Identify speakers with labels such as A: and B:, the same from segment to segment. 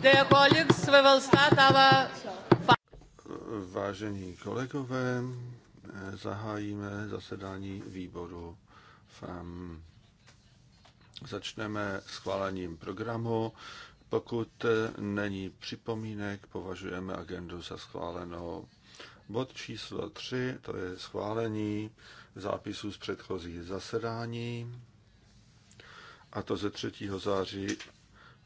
A: Dear colleagues, we will
B: Vážení kolegové, zahájíme zasedání výboru FAM. Začneme schválením programu. Pokud není připomínek, považujeme agendu za schválenou. Bod číslo 3, to je schválení zápisů z předchozích zasedání, a to ze 3. září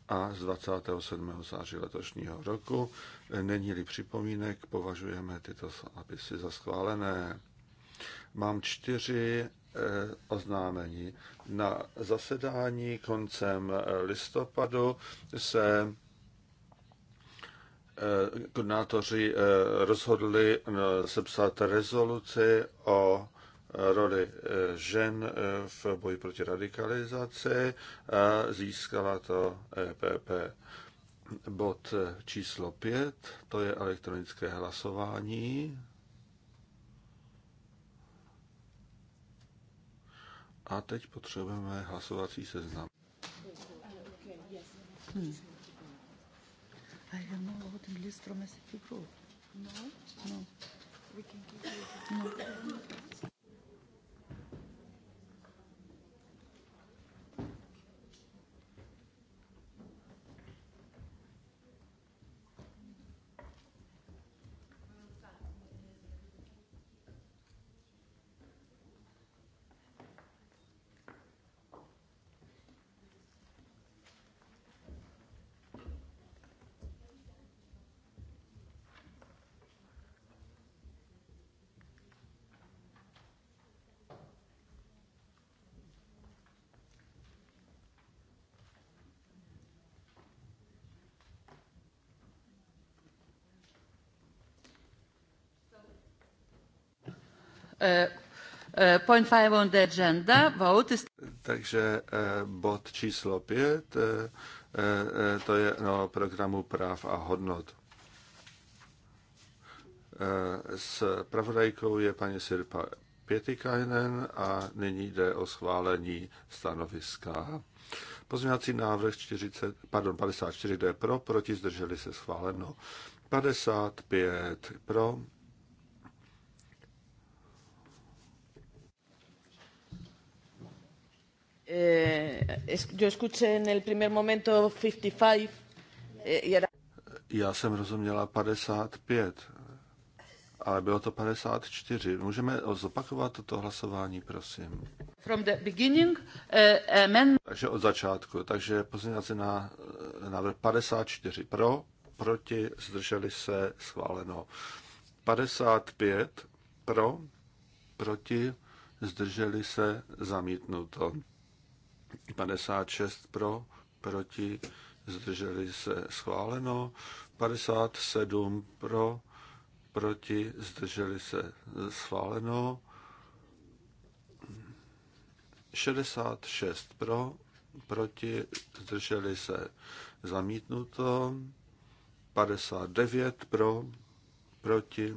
B: a z 27. září letošního roku. E, není-li připomínek, považujeme tyto zápisy za schválené. Mám čtyři e, oznámení. Na zasedání koncem e, listopadu se koordinátoři rozhodli sepsat rezoluci o roli eh, žen eh, v boji proti radikalizaci. a Získala to EPP. Bod eh, číslo 5, to je elektronické hlasování. A teď potřebujeme hlasovací seznam.
A: Hmm. no No. Point five on the agenda, vote
B: Takže eh, bod číslo pět, eh, eh, to je no, programu práv a hodnot. S pravodajkou je paní Sirpa Pětikajnen a nyní jde o schválení stanoviska. Pozměňovací návrh 40, pardon, 54, kde je pro, proti, zdrželi se schváleno. 55 pro,
A: Eh,
C: yo escuché en el primer momento 55 eh, y
B: Já jsem rozuměla 55, ale bylo to 54. Můžeme zopakovat toto hlasování, prosím.
A: From the beginning, uh, eh, amen.
B: Takže od začátku. Takže pozměňovací na návrh 54 pro, proti, zdrželi se, schváleno. 55 pro, proti, zdrželi se, zamítnuto. 56 pro, proti, zdrželi se schváleno, 57 pro, proti, zdrželi se schváleno, 66 pro, proti, zdrželi se zamítnuto, 59 pro, proti,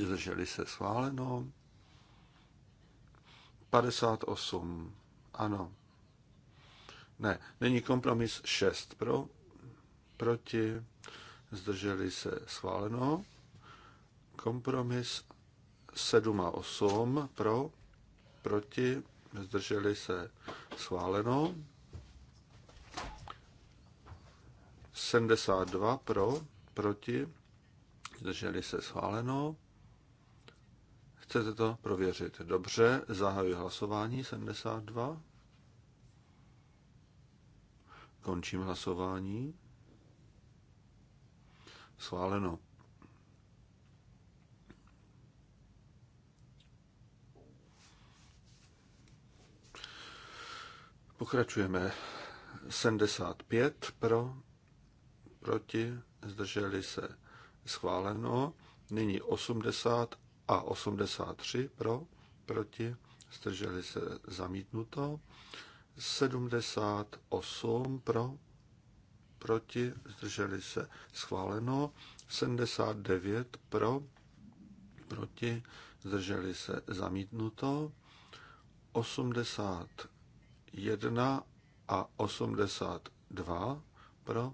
B: zdrželi se schváleno, 58 ano, ne, není kompromis 6 pro, proti, zdrželi se schváleno. Kompromis 7 a 8 pro, proti, zdrželi se schváleno. 72 pro, proti, zdrželi se schváleno. Chcete to prověřit? Dobře, zahajuji hlasování 72. Končím hlasování. Schváleno. Pokračujeme. 75 pro, proti, zdrželi se schváleno. Nyní 80 a 83 pro, proti, zdrželi se zamítnuto. 78 pro, proti, zdrželi se schváleno, 79 pro, proti, zdrželi se zamítnuto, 81 a 82 e, pro,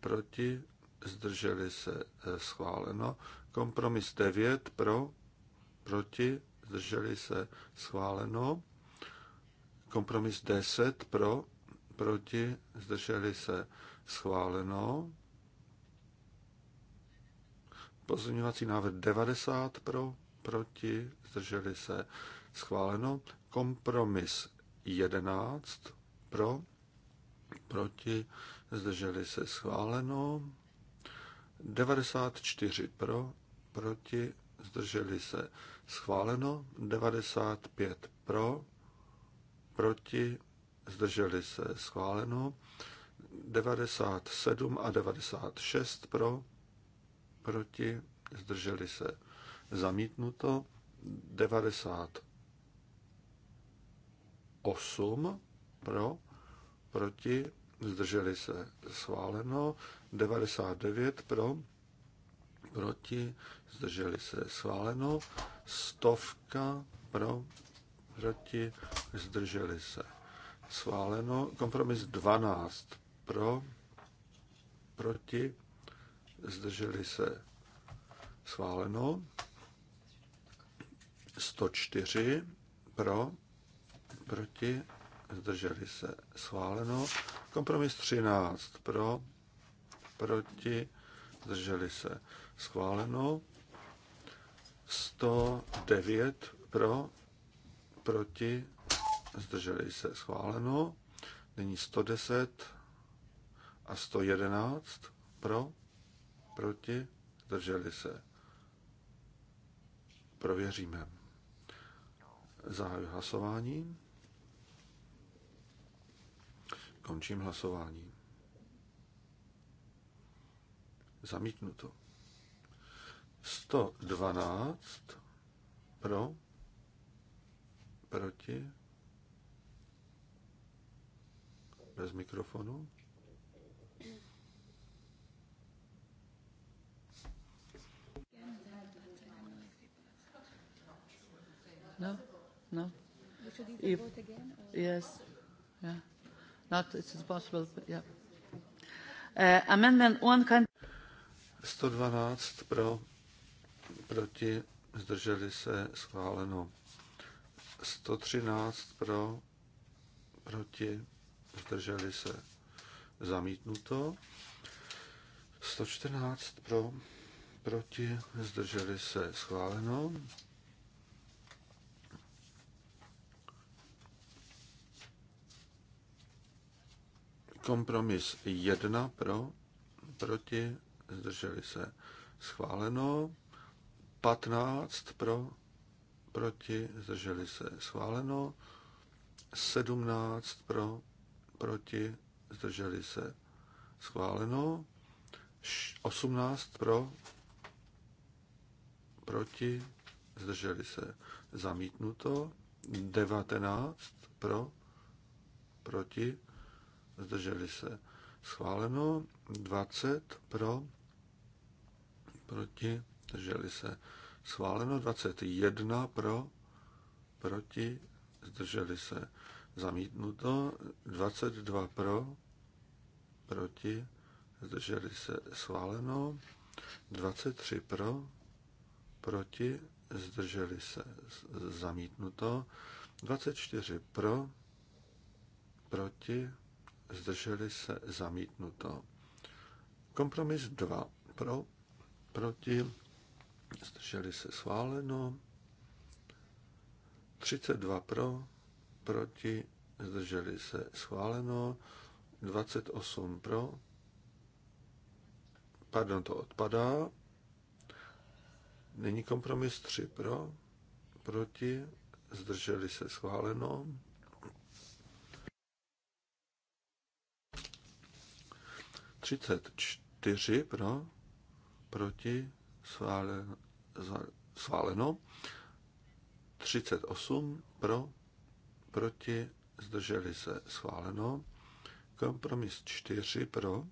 B: proti, zdrželi se schváleno, kompromis 9 pro, proti, zdrželi se schváleno, Kompromis 10 pro, proti, zdrželi se schváleno. Pozměňovací návrh 90 pro, proti, zdrželi se schváleno. Kompromis 11 pro, proti, zdrželi se schváleno. 94 pro, proti, zdrželi se schváleno. 95 pro, proti, zdrželi se schváleno, 97 a 96 pro, proti, zdrželi se zamítnuto, 98 pro, proti, zdrželi se schváleno, 99 pro, proti, zdrželi se schváleno, stovka pro, proti, zdrželi se. Sváleno Kompromis 12 pro, proti, zdrželi se. Sváleno 104 pro, proti, zdrželi se. Sváleno Kompromis 13 pro, proti, zdrželi se. Sváleno 109 pro, proti, zdrželi se schváleno. Nyní 110 a 111 pro, proti, zdrželi se. Prověříme. Zahajuji hlasování. Končím hlasování. Zamítnuto. 112 pro, Proti? Bez mikrofonu?
A: No, no. if, Yes, yeah. Not it's possible, but yeah. Uh, amendment one can...
B: 112 pro, proti, zdrželi se, schváleno. 113 pro, proti, zdrželi se zamítnuto. 114 pro, proti, zdrželi se schváleno. Kompromis 1 pro, proti, zdrželi se schváleno. 15 pro, proti, zdrželi se schváleno, 17 pro, proti, zdrželi se schváleno, 18 pro, proti, zdrželi se zamítnuto, 19 pro, proti, zdrželi se schváleno, 20 pro, proti, zdrželi se schváleno 21 pro, proti, zdrželi se, zamítnuto 22 pro, proti, zdrželi se, schváleno 23 pro, proti, zdrželi se, zamítnuto 24 pro, proti, zdrželi se, zamítnuto. Kompromis 2 pro, proti, zdrželi se schváleno, 32 pro, proti, zdrželi se schváleno, 28 pro, pardon, to odpadá, není kompromis 3 pro, proti, zdrželi se schváleno, Třicet čtyři pro, proti, schváleno, schváleno. 38 pro, proti, zdrželi se, schváleno. Kompromis 4 pro,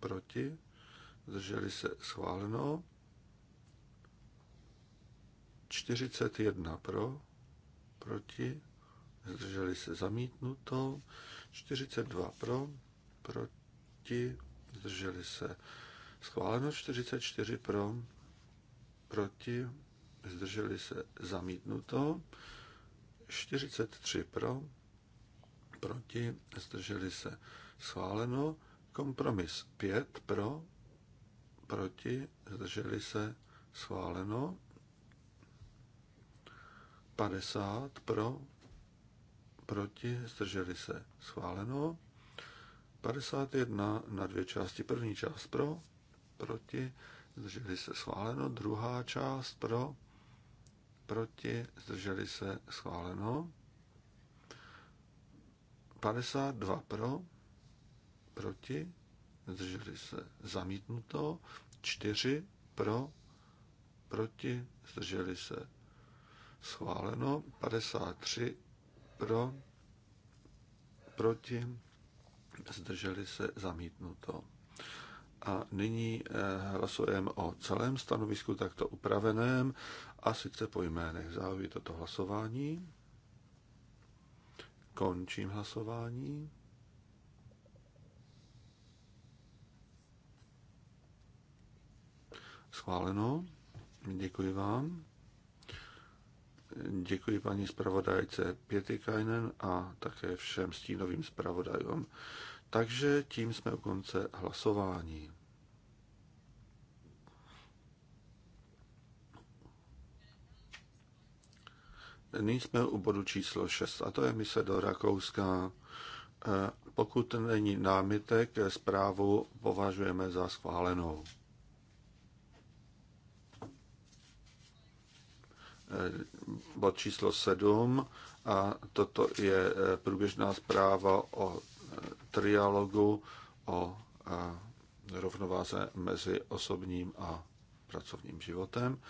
B: proti, zdrželi se, schváleno. 41 pro, proti, zdrželi se, zamítnuto. 42 pro, proti, zdrželi se, schváleno. 44 pro, proti, zdrželi se zamítnuto, 43 pro, proti, zdrželi se schváleno, kompromis 5 pro, proti, zdrželi se schváleno, 50 pro, proti, zdrželi se schváleno, 51 na dvě části, první část pro, proti, zdrželi se schváleno. Druhá část pro, proti, zdrželi se schváleno. 52 pro, proti, zdrželi se zamítnuto. 4 pro, proti, zdrželi se schváleno. 53 pro, proti, zdrželi se zamítnuto. A nyní eh, hlasujeme o celém stanovisku takto upraveném a sice po jménech zahajuji toto hlasování. Končím hlasování. Schváleno. Děkuji vám. Děkuji paní zpravodajce Pětikajnen a také všem stínovým zpravodajům. Takže tím jsme u konce hlasování. Nyní jsme u bodu číslo 6, a to je mise do Rakouska. E, pokud není námitek, zprávu považujeme za schválenou. E, bod číslo 7 a toto je e, průběžná zpráva o trialogu o e, rovnováze mezi osobním a pracovním životem.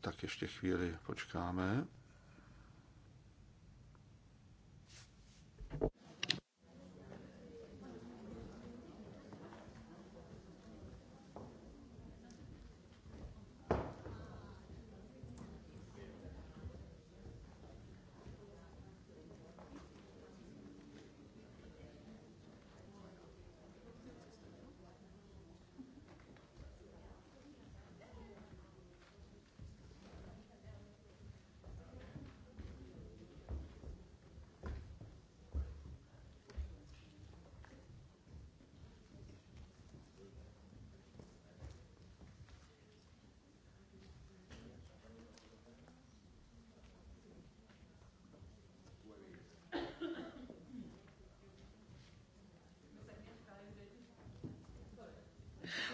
B: Tak ještě chvíli počkáme.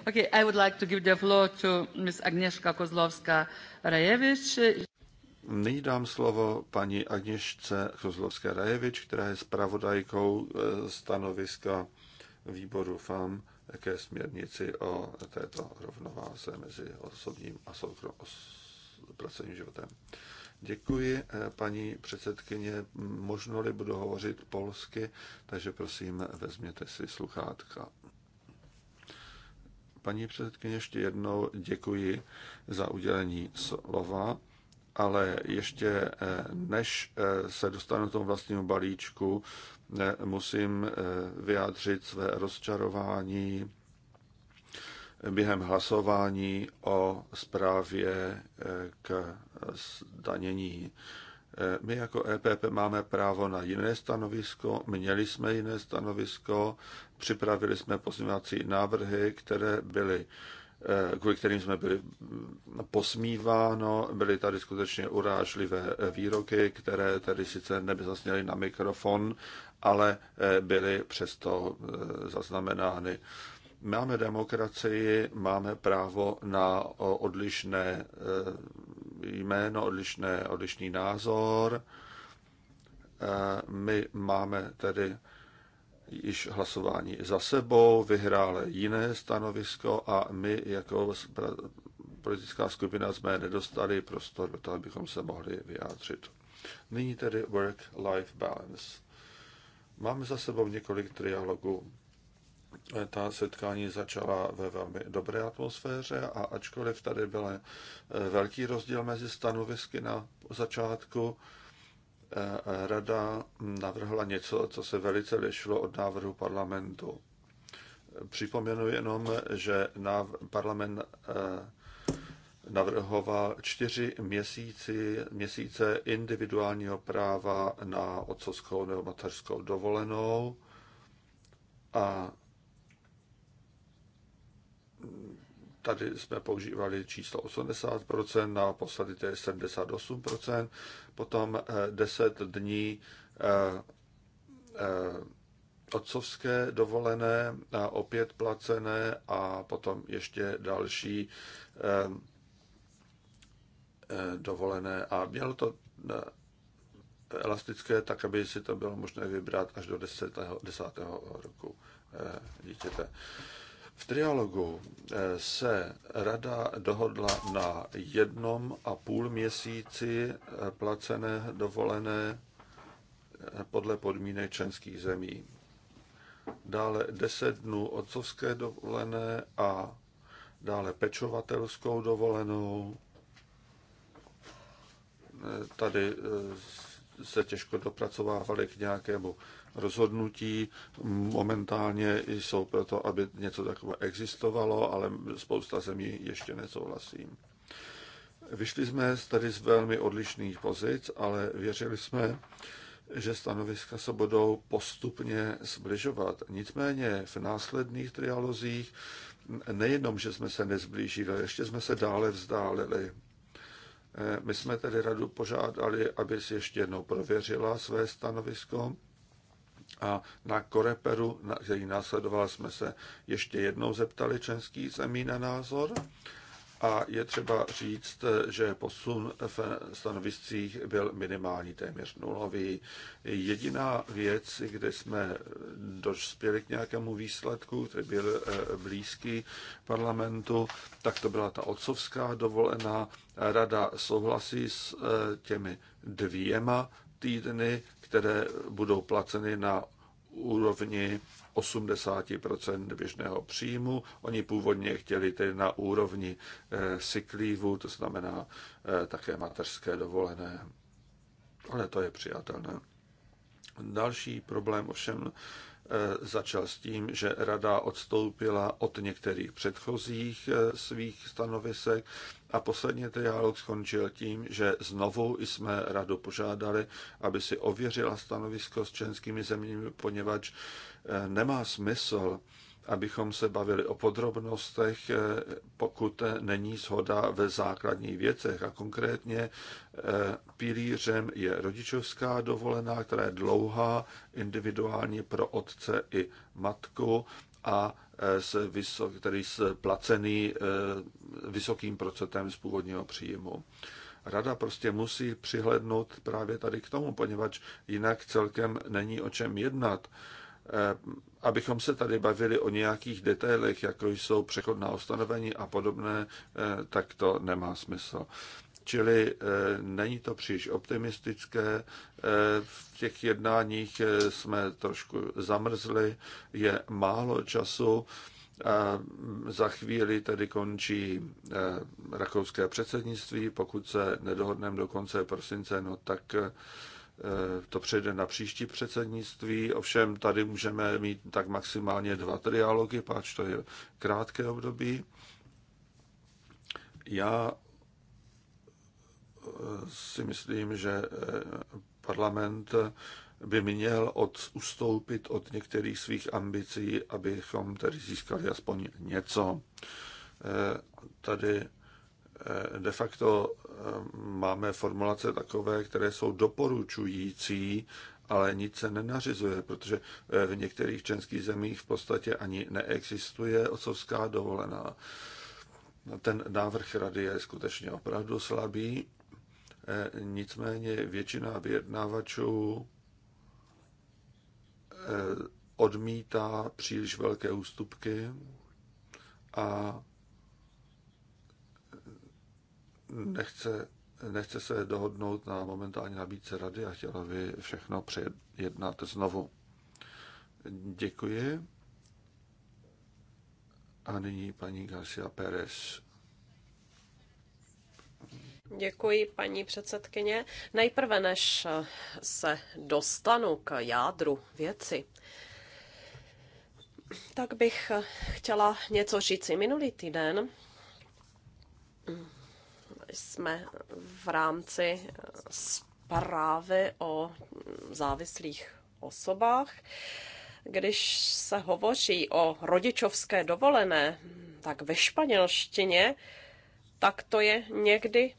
A: Okay, I would like to give the floor to Ms. Agnieszka rajewicz
B: Nyní dám slovo paní Agněšce Kozlovské Rajevič, která je zpravodajkou e, stanoviska výboru FAM ke směrnici o této rovnováze mezi osobním a soukrom, os, pracovním životem. Děkuji, e, paní předsedkyně. Možno-li budu hovořit polsky, takže prosím, vezměte si sluchátka. Paní předsedkyně, ještě jednou děkuji za udělení slova, ale ještě eh, než eh, se dostanu k tomu vlastnímu balíčku, eh, musím vyjádřit své rozčarování během hlasování o zprávě k zdanění my jako EPP máme právo na jiné stanovisko, měli jsme jiné stanovisko, připravili jsme pozměňovací návrhy, které byly eh, kvůli kterým jsme byli mm, posmíváno, byly tady skutečně urážlivé eh, výroky, které tady sice nebyly na mikrofon, ale eh, byly přesto zaznamenány. Máme demokracii, máme právo na odlišné eh, jméno, odlišné, odlišný názor. Eh, my máme tedy již hlasování za sebou, vyhrále jiné stanovisko a my jako politická skupina jsme nedostali prostor do toho, abychom se mohli vyjádřit. Nyní tedy work-life balance. Máme za sebou několik trialogů ta setkání začala ve velmi dobré atmosféře a ačkoliv tady byl eh, velký rozdíl mezi stanovisky na začátku, eh, eh, rada navrhla něco, co se velice lišilo od návrhu parlamentu. Připomenu jenom, že parlament navrhoval čtyři měsíci, měsíce individuálního práva na otcovskou nebo mateřskou dovolenou a Tady jsme používali číslo 80%, naposledy to je 78%, potom 10 eh, dní eh, eh, otcovské dovolené, opět placené a potom ještě další dovolené. A mělo to elastické, tak aby si to bylo možné vybrat až do 10. 10. roku dítěte. V trialogu eh, se rada dohodla na jednom a půl měsíci eh, placené dovolené eh, podle podmínek členských zemí. Dále 10 dnů otcovské dovolené a dále pečovatelskou dovolenou. Tady se těžko dopracovávali k nějakému rozhodnutí. Momentálně jsou proto, aby něco takové existovalo, ale spousta zemí ještě nesouhlasí. Vyšli jsme tady z velmi odlišných pozic, ale věřili jsme, že stanoviska se budou postupně zbližovat. Nicméně v následných trialozích nejenom, že jsme se nezblížili, ještě jsme se dále vzdálili. Eh, my jsme tedy radu požádali, aby si ještě jednou prověřila své stanovisko a na Koreperu, který následoval, jsme se ještě jednou zeptali členský zemí na názor a je třeba říct, že posun v stanoviscích byl minimální, téměř nulový. Jediná věc, kde jsme dospěli k nějakému výsledku, který byl eh, blízký parlamentu, tak to byla ta otcovská dovolená. Rada souhlasí s eh, těmi dvěma týdny, které budou placeny na úrovni 80 běžného příjmu. Oni původně chtěli tedy na úrovni eh, sick leave, to znamená eh, také mateřské dovolené. Ale to je přijatelné. Další problém ovšem eh, začal s tím, že rada odstoupila od některých předchozích svých stanovisek a posledně dialog skončil tím, že znovu jsme radu požádali, aby si ověřila stanovisko s členskými zeměmi, poněvadž eh, nemá smysl, abychom se bavili o podrobnostech, eh, pokud eh, není shoda ve základních věcech. A konkrétně pilířem je rodičovská dovolená, která je dlouhá, individuální pro otce i matku a Eh, s vysok, tedy s placený eh, vysokým procentem z původního příjmu. Rada prostě musí přihlednout právě tady k tomu, poněvadž jinak celkem není o čem jednat. Eh, abychom se tady bavili o nějakých detailech, jako jsou přechodná ustanovení a podobné, tak to nemá smysl. Čili eh, není to příliš optimistické. Eh, v těch jednáních eh, jsme trošku zamrzli, je málo času. A za chvíli tedy končí rakouské předsednictví. Pokud se nedohodneme do konce prosince, no tak to přejde na příští předsednictví. Ovšem tady můžeme mít tak maximálně dva triálogy, páč to je krátké období. Já si myslím, že eh, parlament by měl od, ustoupit od některých svých ambicí, abychom tedy získali aspoň něco. Eh, tady eh, de facto máme formulace takové, které jsou doporučující, ale nic se nenařizuje, protože v některých členských zemích v podstatě ani neexistuje otcovská dovolená. Ten návrh rady je skutečně opravdu slabý E, nicméně většina vyjednávačů e, odmítá příliš velké ústupky a nechce, nechce se dohodnout na momentální nabídce rady a chtěla by všechno přejednat znovu. Děkuji. A nyní paní Garcia Pérez.
D: Děkuji, paní předsedkyně. Nejprve, než eh, se dostanu k jádru věci, tak bych eh, chtěla něco říci. Minulý týden mm, jsme v rámci eh, zprávy o mm, závislých osobách. Když se hovoří o rodičovské dovolené, tak ve španělštině, tak to je někdy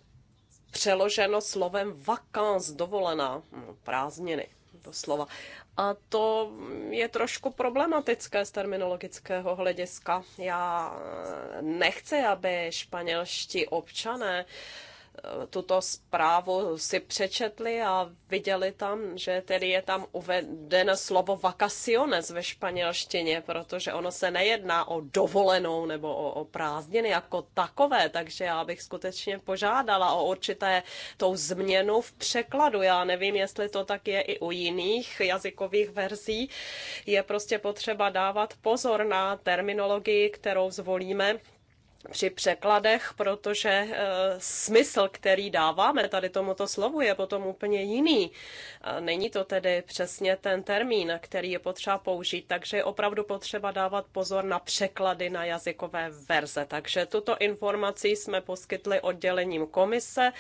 D: přeloženo slovem vacances, dovolená, no, prázdniny, to slova. A to je trošku problematické z terminologického hlediska. Já eh, nechci, aby španělští občané tuto zprávu si přečetli a viděli tam, že tedy je tam uvedeno slovo vacaciones ve španělštině, protože ono se nejedná o dovolenou nebo o, o prázdniny jako takové, takže já bych skutečně požádala o určité tou změnu v překladu. Já nevím, jestli to tak je i u jiných jazykových verzí. Je prostě potřeba dávat pozor na terminologii, kterou zvolíme při překladech, protože eh, smysl, který dáváme tady tomuto slovu, je potom úplně jiný. Eh, není to tedy přesně ten termín, který je potřeba použít, takže je opravdu potřeba dávat pozor na překlady na jazykové verze. Takže tuto informaci jsme poskytli oddělením komise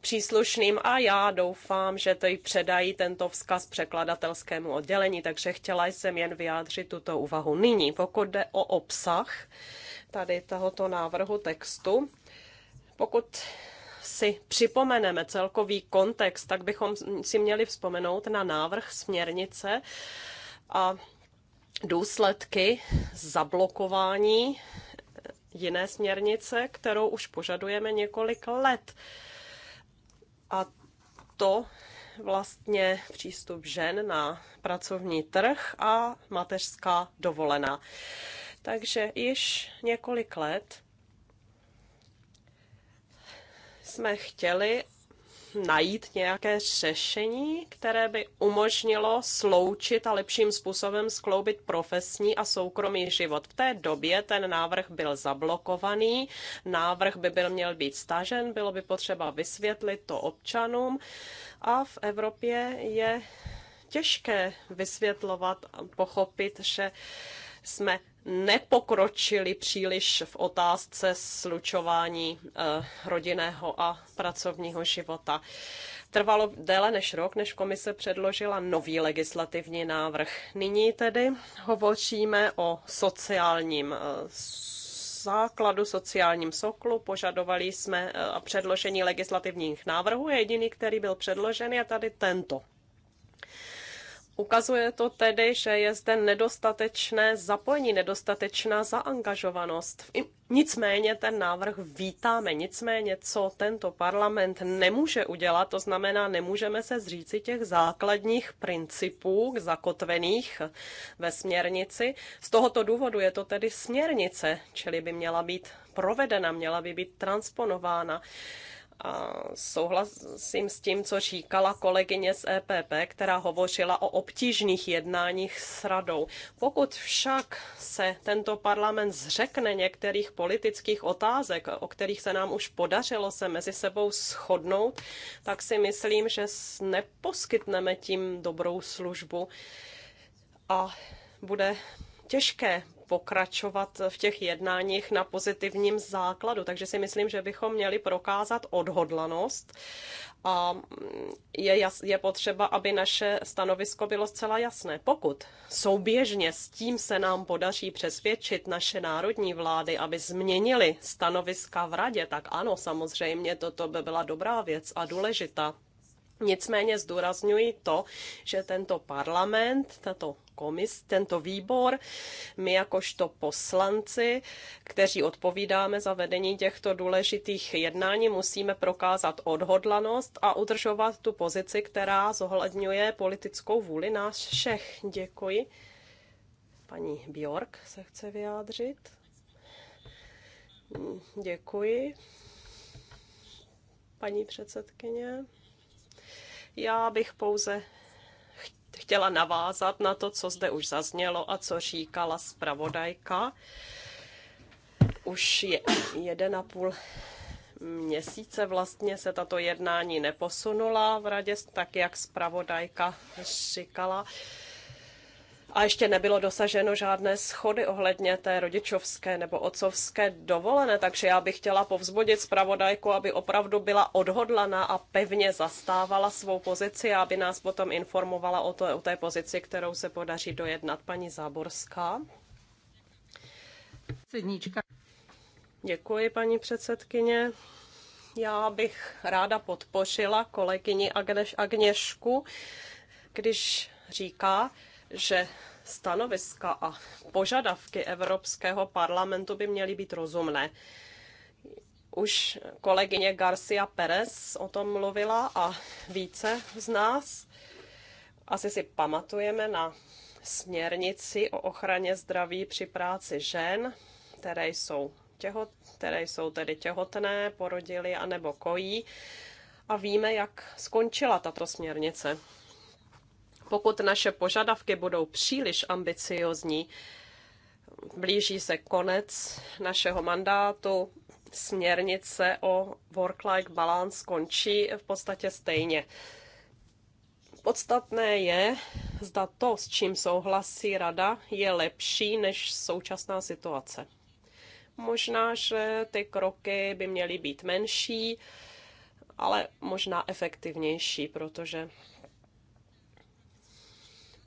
D: příslušným a já doufám, že to předají tento vzkaz překladatelskému oddělení, takže chtěla jsem jen vyjádřit tuto úvahu. Nyní, pokud jde o obsah, tady tohoto návrhu textu. Pokud si připomeneme celkový kontext, tak bychom si měli vzpomenout na návrh směrnice a důsledky zablokování jiné směrnice, kterou už požadujeme několik let. A to vlastně přístup žen na pracovní trh a mateřská dovolená. Takže již několik let jsme chtěli najít nějaké řešení, které by umožnilo sloučit a lepším způsobem skloubit profesní a soukromý život. V té době ten návrh byl zablokovaný, návrh by byl měl být stažen, bylo by potřeba vysvětlit to občanům a v Evropě je těžké vysvětlovat a pochopit, že jsme nepokročili příliš v otázce slučování eh, rodinného a pracovního života. Trvalo déle než rok, než komise předložila nový legislativní návrh. Nyní tedy hovoříme o sociálním eh, základu sociálním soklu. Požadovali jsme eh, předložení legislativních návrhů. Jediný, který byl předložen, je tady tento Ukazuje to tedy, že je zde nedostatečné zapojení, nedostatečná zaangažovanost. Nicméně ten návrh vítáme, nicméně co tento parlament nemůže udělat, to znamená, nemůžeme se zříci těch základních principů zakotvených ve směrnici. Z tohoto důvodu je to tedy směrnice, čili by měla být provedena, měla by být transponována. A souhlasím s tím, co říkala kolegyně z EPP, která hovořila o obtížných jednáních s radou. Pokud však se tento parlament zřekne některých politických otázek, o kterých se nám už podařilo se mezi sebou shodnout, tak si myslím, že neposkytneme tím dobrou službu a bude těžké pokračovat v těch jednáních na pozitivním základu. Takže si myslím, že bychom měli prokázat odhodlanost a je, jas, je potřeba, aby naše stanovisko bylo zcela jasné. Pokud souběžně s tím se nám podaří přesvědčit naše národní vlády, aby změnili stanoviska v radě, tak ano, samozřejmě toto by byla dobrá věc a důležitá. Nicméně zdůrazňuji to, že tento parlament, tato komis, tento výbor, my jakožto poslanci, kteří odpovídáme za vedení těchto důležitých jednání, musíme prokázat odhodlanost a udržovat tu pozici, která zohledňuje politickou vůli nás všech. Děkuji. Paní Bjork se chce vyjádřit. Děkuji. Paní předsedkyně. Já bych pouze chtěla navázat na to, co zde už zaznělo a co říkala zpravodajka. Už je jeden a půl měsíce vlastně se tato jednání neposunula v radě, tak jak zpravodajka říkala a ještě nebylo dosaženo žádné schody ohledně té rodičovské nebo otcovské dovolené, takže já bych chtěla povzbudit zpravodajku, aby opravdu byla odhodlaná a pevně zastávala svou pozici a aby nás potom informovala o, to, o té pozici, kterou se podaří dojednat paní Záborská. Sednička. Děkuji, paní předsedkyně. Já bych ráda podpořila kolegyni Agneš, Agněšku, když říká, že stanoviska a požadavky Evropského parlamentu by měly být rozumné. Už kolegyně Garcia Perez o tom mluvila a více z nás. Asi si pamatujeme na směrnici o ochraně zdraví při práci žen, které jsou, těho, které jsou tedy těhotné, porodily anebo kojí. A víme, jak skončila tato směrnice pokud naše požadavky budou příliš ambiciozní, blíží se konec našeho mandátu, směrnice o work-life balance končí v podstatě stejně. Podstatné je, zda to, s čím souhlasí rada, je lepší než současná situace. Možná, že ty kroky by měly být menší, ale možná efektivnější, protože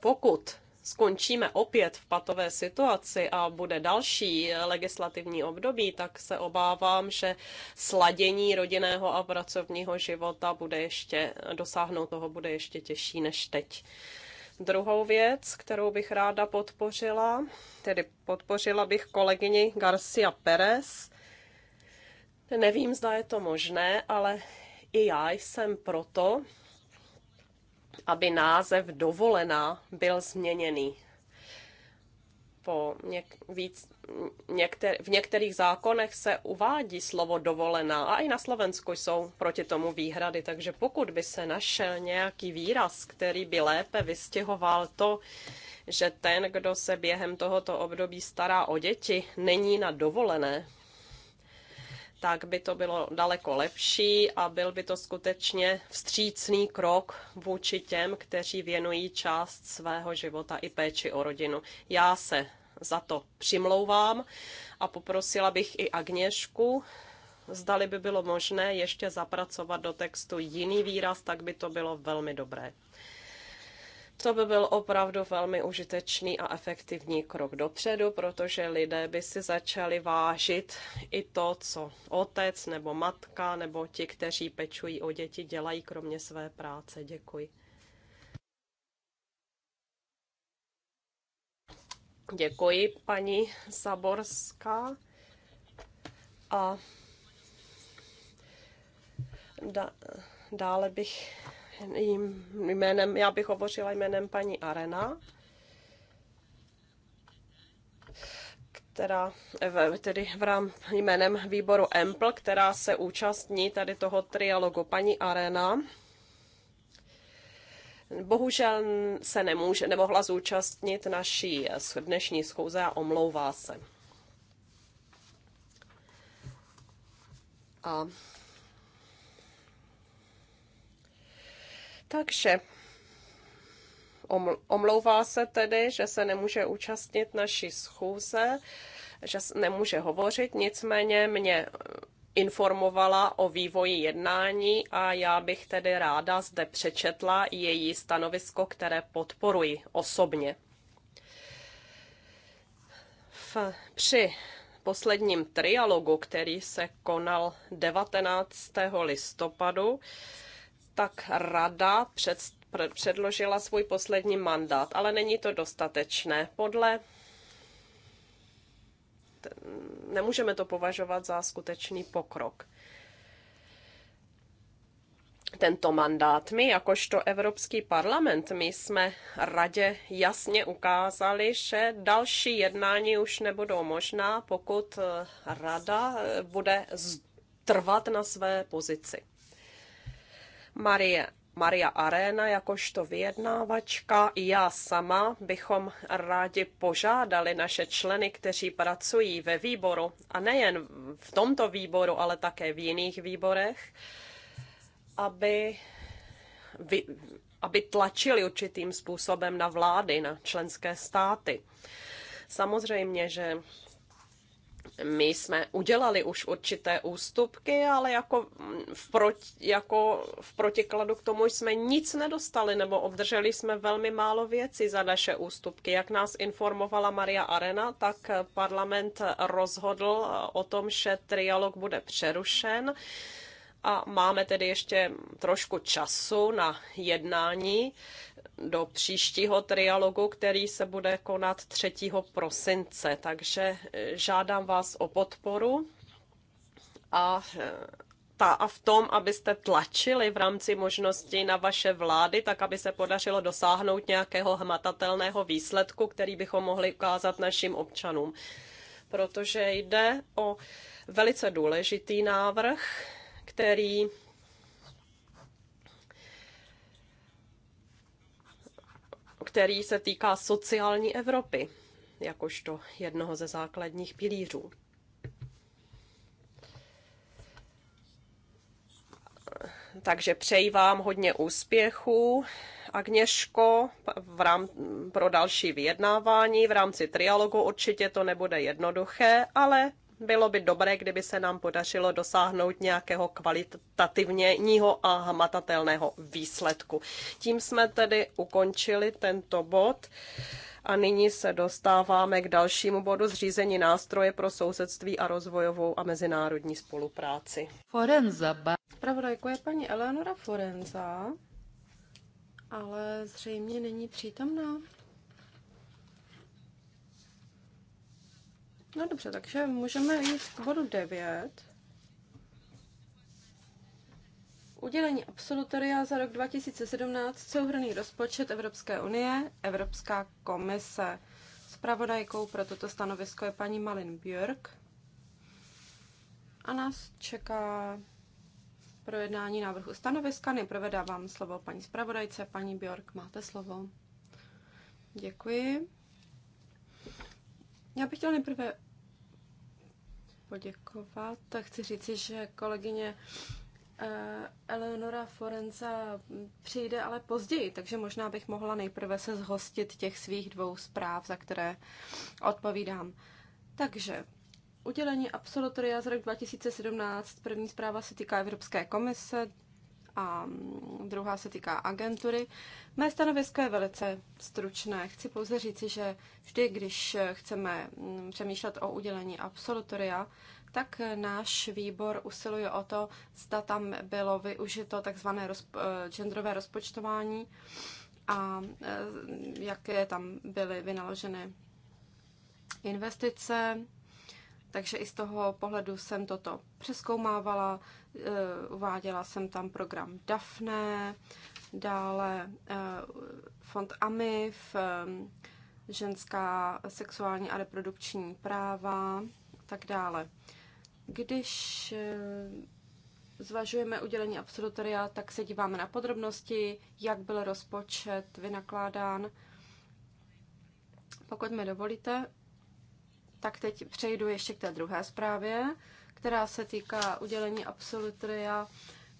D: pokud skončíme opět v patové situaci a bude další legislativní období, tak se obávám, že sladění rodinného a pracovního života bude ještě, dosáhnout toho bude ještě těžší než teď. Druhou věc, kterou bych ráda podpořila, tedy podpořila bych kolegyni Garcia Perez. Nevím, zda je to možné, ale i já jsem proto, aby název dovolená byl změněný. Po něk- víc, někter- v některých zákonech se uvádí slovo dovolená a i na Slovensku jsou proti tomu výhrady, takže pokud by se našel nějaký výraz, který by lépe vystěhoval to, že ten, kdo se během tohoto období stará o děti, není na dovolené, tak by to bylo daleko lepší a byl by to skutečně vstřícný krok vůči těm, kteří věnují část svého života i péči o rodinu. Já se za to přimlouvám a poprosila bych i Agněšku, zdali by bylo možné ještě zapracovat do textu jiný výraz, tak by to bylo velmi dobré. To by byl opravdu velmi užitečný a efektivní krok dopředu, protože lidé by si začali vážit i to, co otec nebo matka nebo ti, kteří pečují o děti, dělají kromě své práce. Děkuji. Děkuji, paní Saborská. A da, dále bych jménem, já bych hovořila jménem paní Arena, která tedy v rám jménem výboru EMPL, která se účastní tady toho trialogu. Paní Arena bohužel se nemůže, nemohla zúčastnit naší dnešní schůze a omlouvá se. A Takže omlouvá se tedy, že se nemůže účastnit naší schůze, že nemůže hovořit, nicméně mě eh, informovala o vývoji jednání a já bych tedy ráda zde přečetla její stanovisko, které podporuji osobně. V, při posledním trialogu, který se konal 19. listopadu, tak rada před, předložila svůj poslední mandát, ale není to dostatečné. Podle nemůžeme to považovat za skutečný pokrok. Tento mandát my, jakožto Evropský parlament, my jsme radě jasně ukázali, že další jednání už nebudou možná, pokud eh, rada eh, bude trvat na své pozici. Marie Maria Arena jakožto vyjednávačka i já sama bychom rádi požádali naše členy, kteří pracují ve výboru, a nejen v tomto výboru, ale také v jiných výborech, aby, vy, aby tlačili určitým způsobem na vlády, na členské státy. Samozřejmě, že my jsme udělali už určité ústupky, ale jako v, proti, jako v protikladu k tomu jsme nic nedostali nebo obdrželi jsme velmi málo věcí za naše ústupky. Jak nás informovala Maria Arena, tak parlament rozhodl o tom, že trialog bude přerušen a máme tedy ještě trošku času na jednání do příštího trialogu, který se bude konat 3. prosince. Takže eh, žádám vás o podporu a eh, ta a v tom, abyste tlačili v rámci možností na vaše vlády, tak aby se podařilo dosáhnout nějakého hmatatelného výsledku, který bychom mohli ukázat našim občanům. Protože jde o velice důležitý návrh, který který se týká sociální Evropy, jakožto jednoho ze základních pilířů. Takže přeji vám hodně úspěchů, Agněško, v rám, pro další vyjednávání v rámci trialogu. Určitě to nebude jednoduché, ale bylo by dobré, kdyby se nám podařilo dosáhnout nějakého kvalitativního a hmatatelného výsledku. Tím jsme tedy ukončili tento bod. A nyní se dostáváme k dalšímu bodu zřízení nástroje pro sousedství a rozvojovou a mezinárodní spolupráci.
E: Forenza. Pravodajko je paní Eleonora Forenza, ale zřejmě není přítomná. No dobře, takže můžeme jít k bodu 9. Udělení absolutoria za rok 2017, souhrný rozpočet Evropské unie, Evropská komise. Spravodajkou pro toto stanovisko je paní Malin Björk. A nás čeká projednání návrhu stanoviska. Nejprve dávám slovo paní zpravodajce. Paní Björk, máte slovo. Děkuji. Já bych chtěla nejprve poděkovat. Chci říci, že kolegyně eh, Eleonora Forenza přijde ale později, takže možná bych mohla nejprve se zhostit těch svých dvou zpráv, za které odpovídám. Takže udělení absolutoria z roku 2017. První zpráva se týká Evropské komise, a druhá se týká agentury. Mé stanovisko je velice stručné. Chci pouze říci, že vždy, když chceme mm, přemýšlet o udělení absolutoria, tak náš výbor usiluje o to, zda tam bylo využito takzvané rozpo- eh, genderové rozpočtování a eh, jaké tam byly vynaloženy investice. Takže i z toho pohledu jsem toto přeskoumávala. Eh, uváděla jsem tam program DAFNE, dále eh, fond AMIF, eh, ženská sexuální a reprodukční práva a tak dále. Když zvažujeme udělení absolutoria, tak se díváme na podrobnosti, jak byl rozpočet vynakládán. Pokud mi dovolíte, tak teď přejdu ještě k té druhé zprávě která se týká udělení absolutoria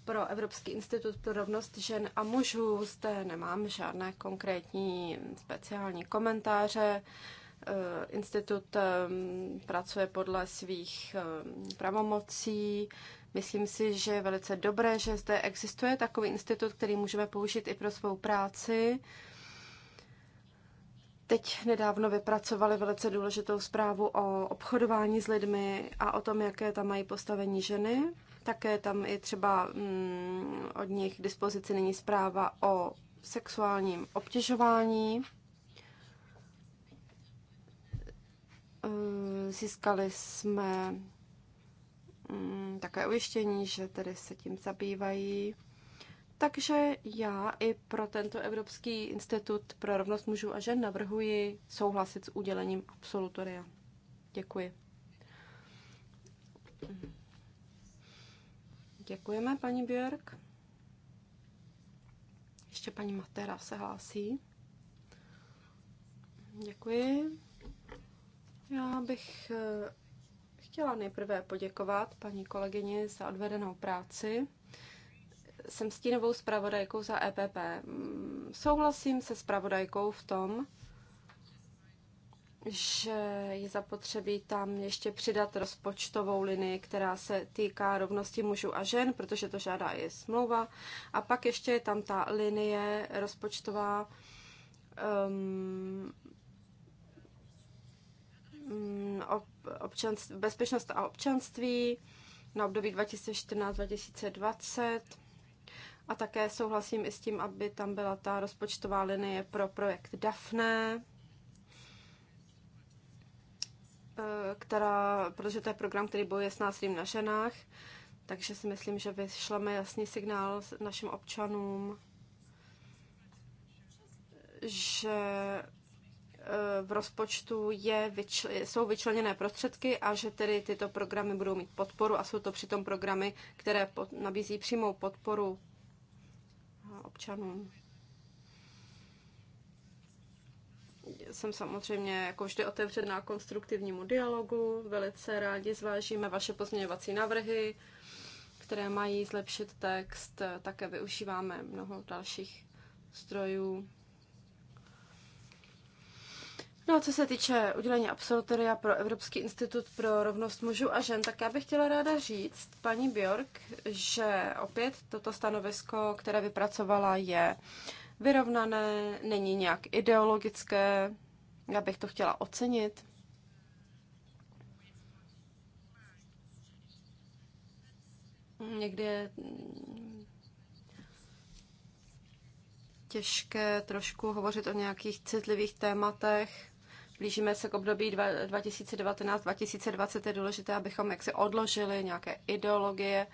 E: pro Evropský institut pro rovnost žen a mužů. Zde nemám žádné konkrétní speciální komentáře. Eh, institut eh, pracuje podle svých eh, pravomocí. Myslím si, že je velice dobré, že zde existuje takový institut, který můžeme použít i pro svou práci teď nedávno vypracovali velice důležitou zprávu o obchodování s lidmi a o tom, jaké tam mají postavení ženy. Také tam i třeba mm, od nich k dispozici není zpráva o sexuálním obtěžování. Eh, získali jsme mm, také ujištění, že tedy se tím zabývají. Takže já i pro tento Evropský institut pro rovnost mužů a žen navrhuji souhlasit s udělením absolutoria. Děkuji. Děkujeme, paní Björk. Ještě paní Matera se hlásí. Děkuji. Já bych eh, chtěla nejprve poděkovat paní kolegyni za odvedenou práci jsem stínovou zpravodajkou za EPP. Souhlasím se zpravodajkou v tom, že je zapotřebí tam ještě přidat rozpočtovou linii, která se týká rovnosti mužů a žen, protože to žádá i smlouva. A pak ještě je tam ta linie rozpočtová um, občanství, bezpečnost a občanství na období 2014-2020. A také souhlasím i s tím, aby tam byla ta rozpočtová linie pro projekt DAFNE, eh, která, protože to je program, který bojuje s násilím na ženách, takže si myslím, že vyšleme jasný signál našim občanům, že eh, v rozpočtu je, jsou vyčleněné prostředky a že tedy tyto programy budou mít podporu a jsou to přitom programy, které nabízí přímou podporu občanům. Jsem samozřejmě jako vždy otevřená konstruktivnímu dialogu. Velice rádi zvážíme vaše pozměňovací návrhy, které mají zlepšit text. Také využíváme mnoho dalších strojů No a co se týče udělení absolutoria pro Evropský institut pro rovnost mužů a žen, tak já bych chtěla ráda říct, paní Bjork, že opět toto stanovisko, které vypracovala, je vyrovnané, není nějak ideologické. Já bych to chtěla ocenit. Někdy je těžké trošku hovořit o nějakých citlivých tématech, blížíme se k období 2019-2020, je důležité, abychom jaksi odložili nějaké ideologie,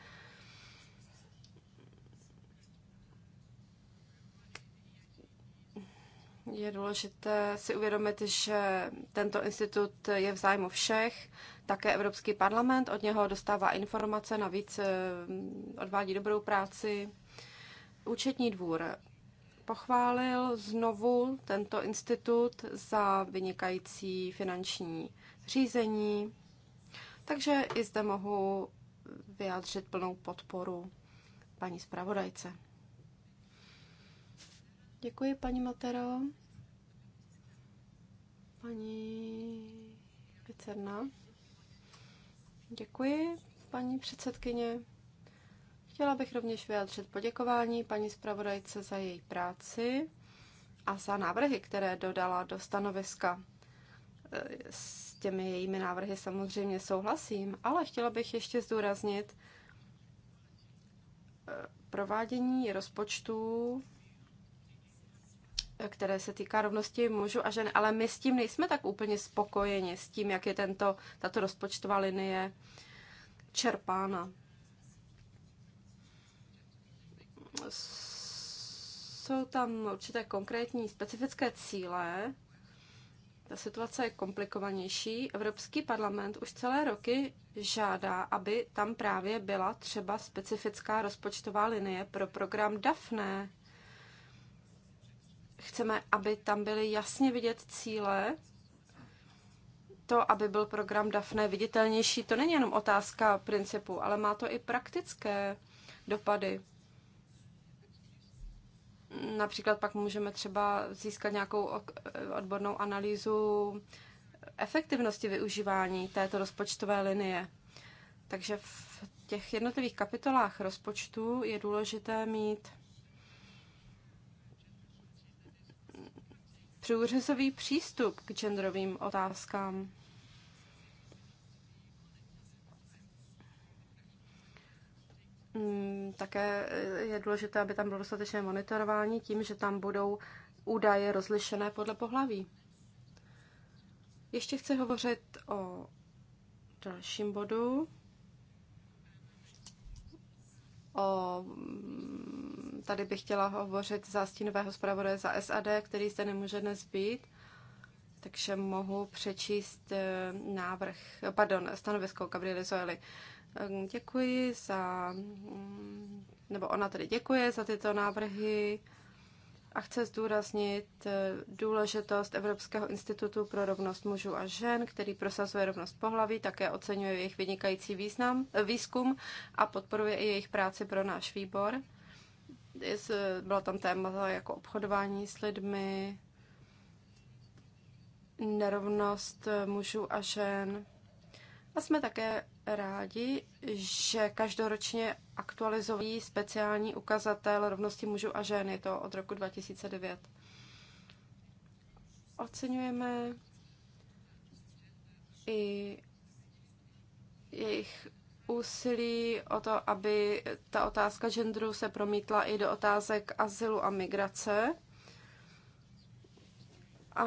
E: Je důležité si uvědomit, že tento institut je v zájmu všech. Také Evropský parlament od něho dostává informace, navíc eh, odvádí dobrou práci. Účetní dvůr pochválil znovu tento institut za vynikající finanční řízení, takže i zde mohu vyjádřit plnou podporu paní zpravodajce. Děkuji, paní Matero. Paní Picerna. Děkuji, paní předsedkyně. Chtěla bych rovněž vyjádřit poděkování paní zpravodajce za její práci a za návrhy, které dodala do stanoviska. E, s těmi jejími návrhy samozřejmě souhlasím, ale chtěla bych ještě zdůraznit e, provádění rozpočtů, e, které se týká rovnosti mužů a žen, ale my s tím nejsme tak úplně spokojeni, s tím, jak je tento, tato rozpočtová linie čerpána. jsou tam určité konkrétní specifické cíle. Ta situace je komplikovanější. Evropský parlament už celé roky žádá, aby tam právě byla třeba specifická rozpočtová linie pro program DAFNE. Chceme, aby tam byly jasně vidět cíle, to, aby byl program DAFNE viditelnější, to není jenom otázka principu, ale má to i praktické dopady. Například pak můžeme třeba získat nějakou odbornou analýzu efektivnosti využívání této rozpočtové linie. Takže v těch jednotlivých kapitolách rozpočtu je důležité mít průřezový přístup k genderovým otázkám. Mm, také je důležité, aby tam bylo dostatečné monitorování tím, že tam budou údaje rozlišené podle pohlaví. Ještě chci hovořit o dalším bodu, o, mm, tady bych chtěla hovořit za stínového zpravodaje za SAD, který zde nemůže dnes být, takže mohu přečíst eh, návrh, pardon, stanovisko Gabriely Zoely. Ehm, děkuji za, mm, nebo ona tedy děkuje za tyto návrhy a chce zdůraznit eh, důležitost Evropského institutu pro rovnost mužů a žen, který prosazuje rovnost pohlaví, také oceňuje jejich vynikající význam, eh, výzkum a podporuje i jejich práci pro náš výbor. Eh, bylo tam téma jako obchodování s lidmi, nerovnost mužů a žen. A jsme také rádi, že každoročně aktualizují speciální ukazatel rovnosti mužů a žen. Je to od roku 2009. Oceňujeme i jejich úsilí o to, aby ta otázka genderu se promítla i do otázek azylu a migrace. A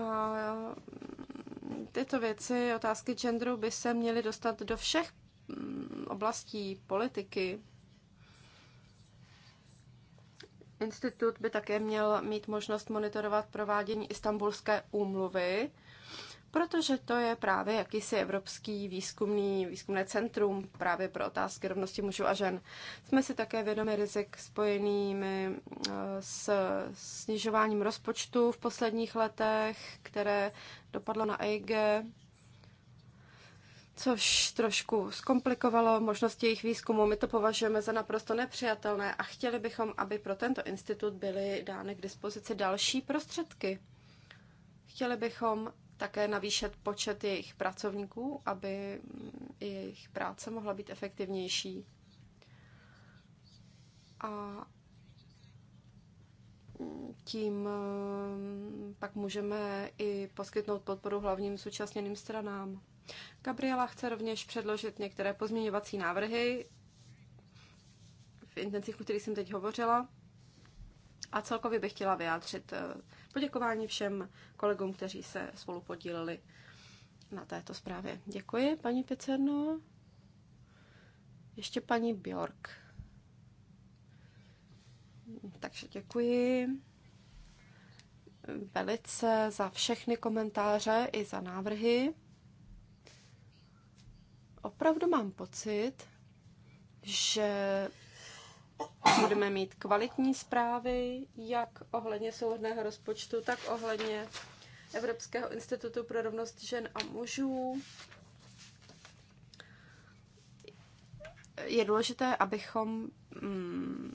E: tyto věci, otázky genderu, by se měly dostat do všech Mm, oblastí politiky. Institut by také měl mít možnost monitorovat provádění istambulské úmluvy, protože to je právě jakýsi evropský výzkumný, výzkumné centrum právě pro otázky rovnosti mužů a žen. Jsme si také vědomi rizik spojenými eh, s snižováním rozpočtu v posledních letech, které dopadlo na EIG což trošku zkomplikovalo možnosti jejich výzkumu. My to považujeme za naprosto nepřijatelné a chtěli bychom, aby pro tento institut byly dány k dispozici další prostředky. Chtěli bychom také navýšet počet jejich pracovníků, aby mm, jejich práce mohla být efektivnější. A tím mm, pak můžeme i poskytnout podporu hlavním současněným stranám. Gabriela chce rovněž předložit některé pozměňovací návrhy v intencích, o kterých jsem teď hovořila. A celkově bych chtěla vyjádřit eh, poděkování všem kolegům, kteří se spolu podíleli na této zprávě. Děkuji, paní Picerno. Ještě paní Bjork. Takže děkuji velice za všechny komentáře i za návrhy opravdu mám pocit, že budeme mít kvalitní zprávy, jak ohledně souhodného rozpočtu, tak ohledně Evropského institutu pro rovnost žen a mužů. Je důležité, abychom mm,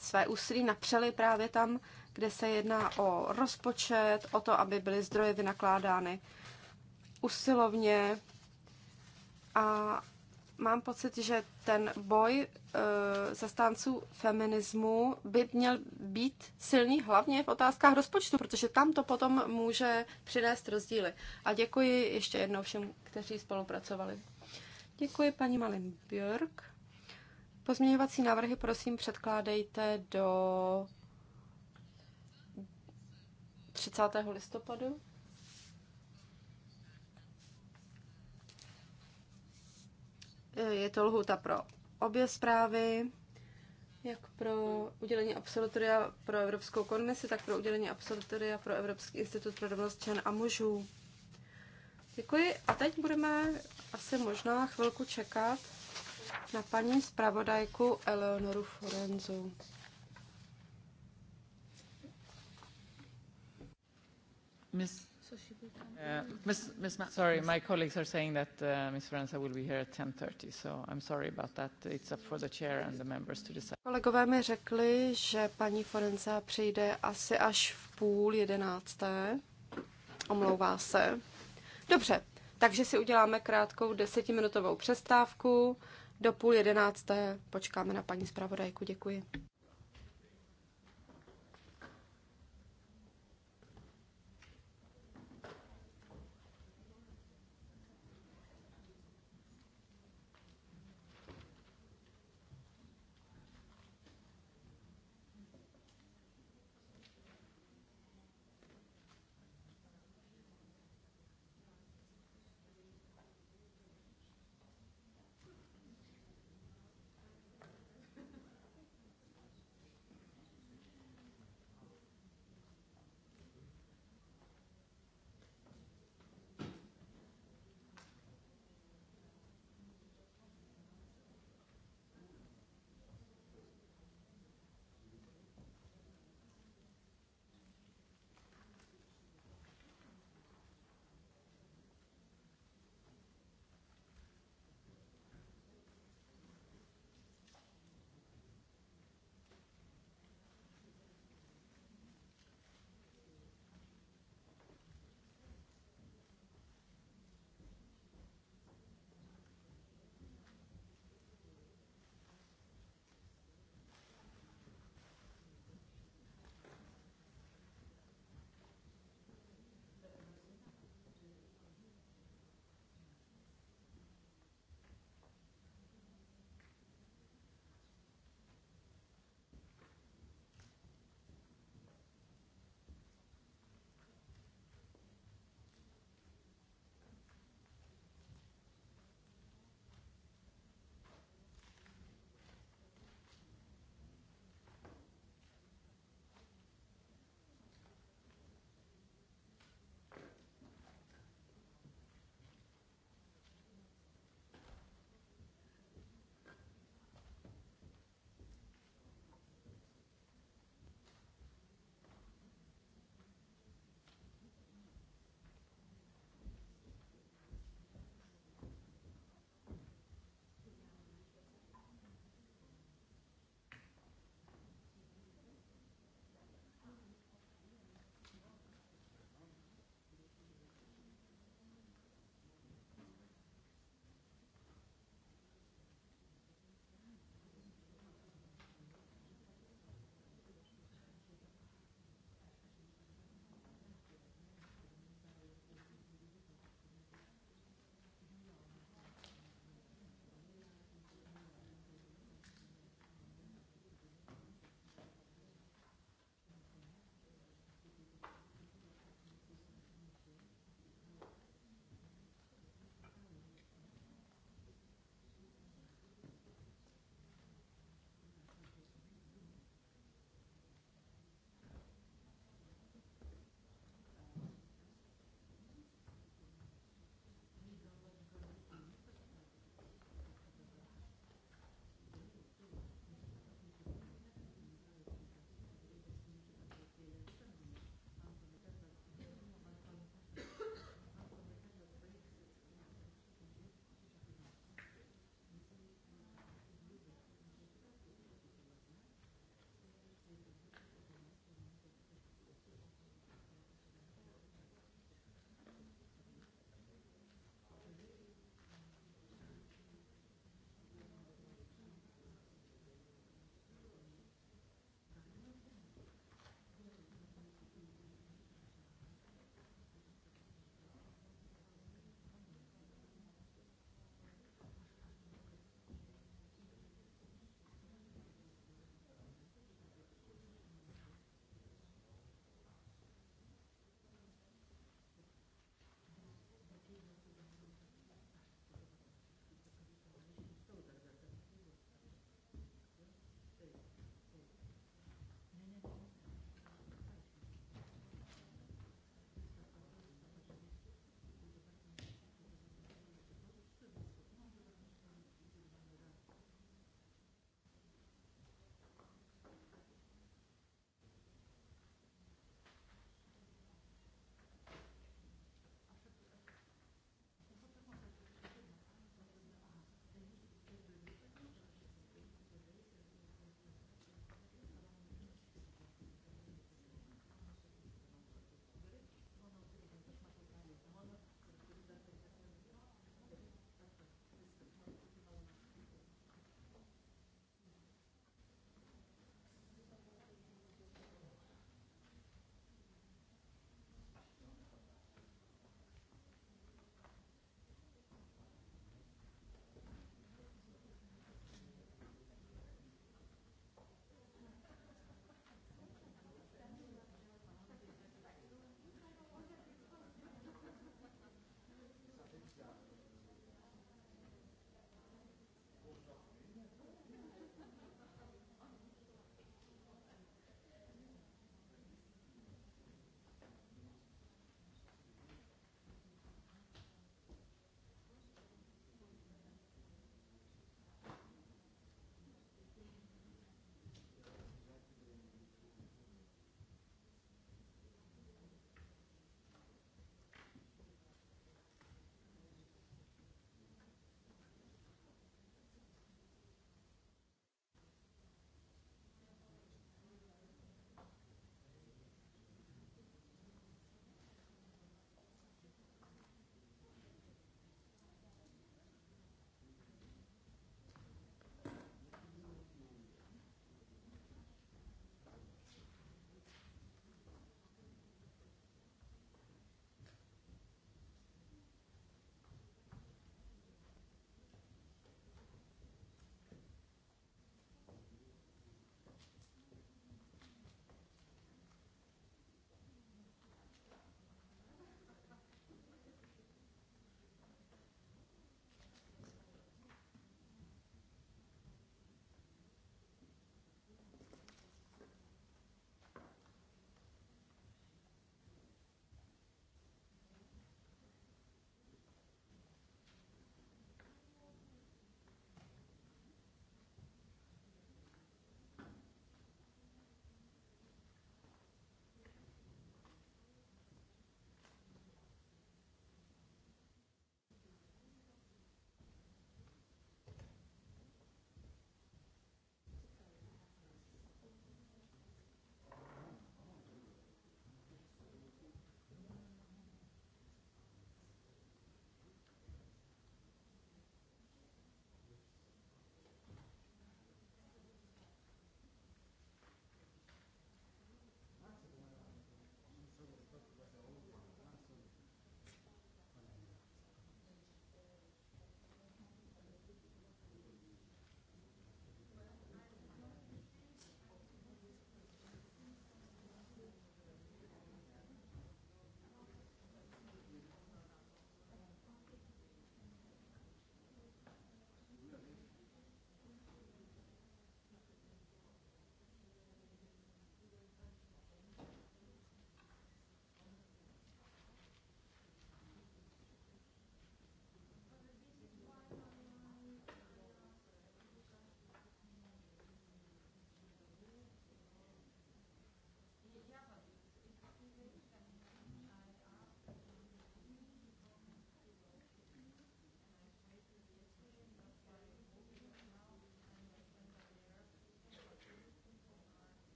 E: své úsilí napřeli právě tam, kde se jedná o rozpočet, o to, aby byly zdroje vynakládány usilovně, a mám pocit, že ten boj e, zastánců feminismu by měl být silný hlavně v otázkách rozpočtu, protože tam to potom může přinést rozdíly. A děkuji ještě jednou všem, kteří spolupracovali. Děkuji paní Malin Björk. Pozměňovací návrhy prosím předkládejte do 30. listopadu. Je to lhuta pro obě zprávy, jak pro udělení absolutoria pro Evropskou komisi, tak pro udělení absolutoria pro Evropský institut pro rovnost žen a mužů. Děkuji a teď budeme asi možná chvilku čekat na paní zpravodajku Eleonoru Forenzu.
A: Miss Uh, Ms. Ms. Sorry, my colleagues are saying that uh, Ms. Ferenza will be here at 10.30, so I'm sorry about that. It's up for the chair and the members to decide.
E: Kolegové mi řekli, že paní Forenza přijde asi až v půl jedenácté. Omlouvá se. Dobře, takže si uděláme krátkou desetiminutovou přestávku. Do půl jedenácté počkáme na paní zpravodajku. Děkuji.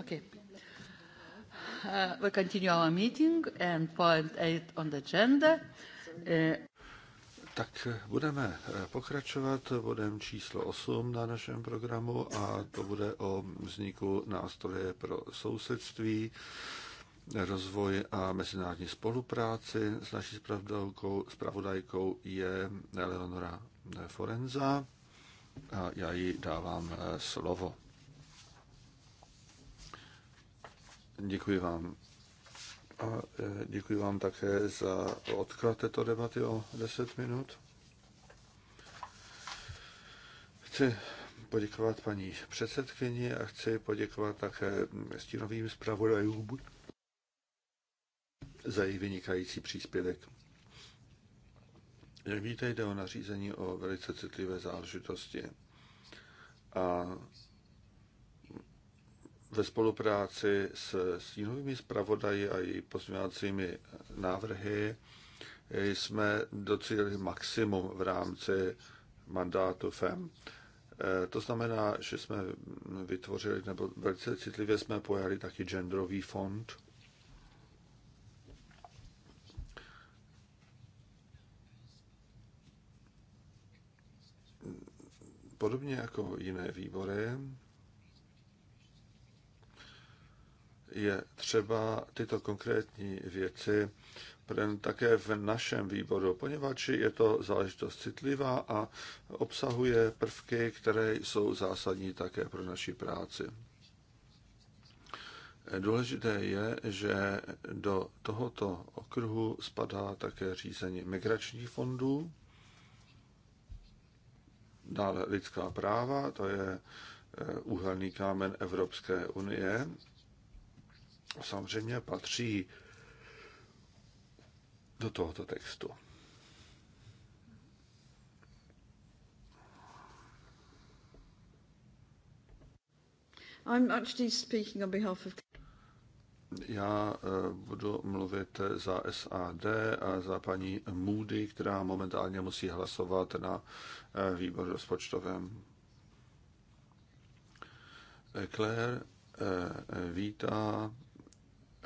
A: okay. Uh, we continue our meeting and point eight on the agenda. Uh,
B: tak uh, budeme uh, pokračovat bodem číslo 8 na našem programu a to bude o vzniku nástroje pro sousedství, rozvoj a mezinárodní spolupráci. S naší zpravodajkou je Eleonora Forenza a já jí dávám uh, slovo. Děkuji vám. A eh, děkuji vám také za odklad této debaty o 10 minut. Chci poděkovat paní předsedkyni a chci poděkovat také stínovým zpravodajům za jejich vynikající příspěvek. Jak víte, jde o nařízení o velice citlivé záležitosti. A ve spolupráci s stínovými zpravodaji a její pozměňovacími návrhy jsme docílili maximum v rámci mandátu FEM. E, to znamená, že jsme vytvořili, nebo velice citlivě jsme pojali taky genderový fond. Podobně jako jiné výbory, je třeba tyto konkrétní věci také v našem výboru, poněvadž je to záležitost citlivá a obsahuje prvky, které jsou zásadní také pro naši práci. Důležité je, že do tohoto okruhu spadá také řízení migračních fondů, dále lidská práva, to je úhelný eh, kámen Evropské unie samozřejmě patří do tohoto textu.
E: I'm actually speaking on behalf of...
B: Já eh, budu mluvit za SAD a za paní Moody, která momentálně musí hlasovat na eh, výboru rozpočtovém. Eh, Claire vítá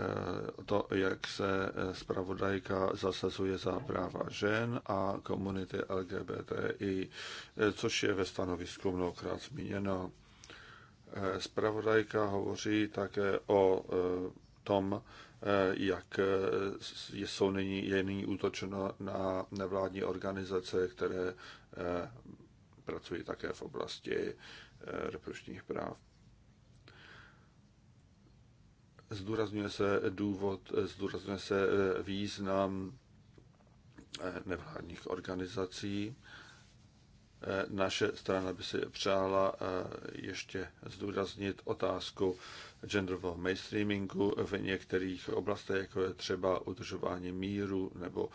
B: Eh, to, jak se eh, zpravodajka zasazuje za práva žen a komunity LGBTI, eh, což je ve stanovisku mnohokrát zmíněno. Zpravodajka hovoří také o tom, jak jsou nyní, je nyní útočeno na nevládní organizace, které pracují také v oblasti reprodukčních práv zdůrazňuje se důvod, zdůrazňuje se eh, význam eh, nevládních organizací. Eh, naše strana by si přála ještě zdůraznit otázku genderového mainstreamingu v některých oblastech, jako je třeba udržování míru nebo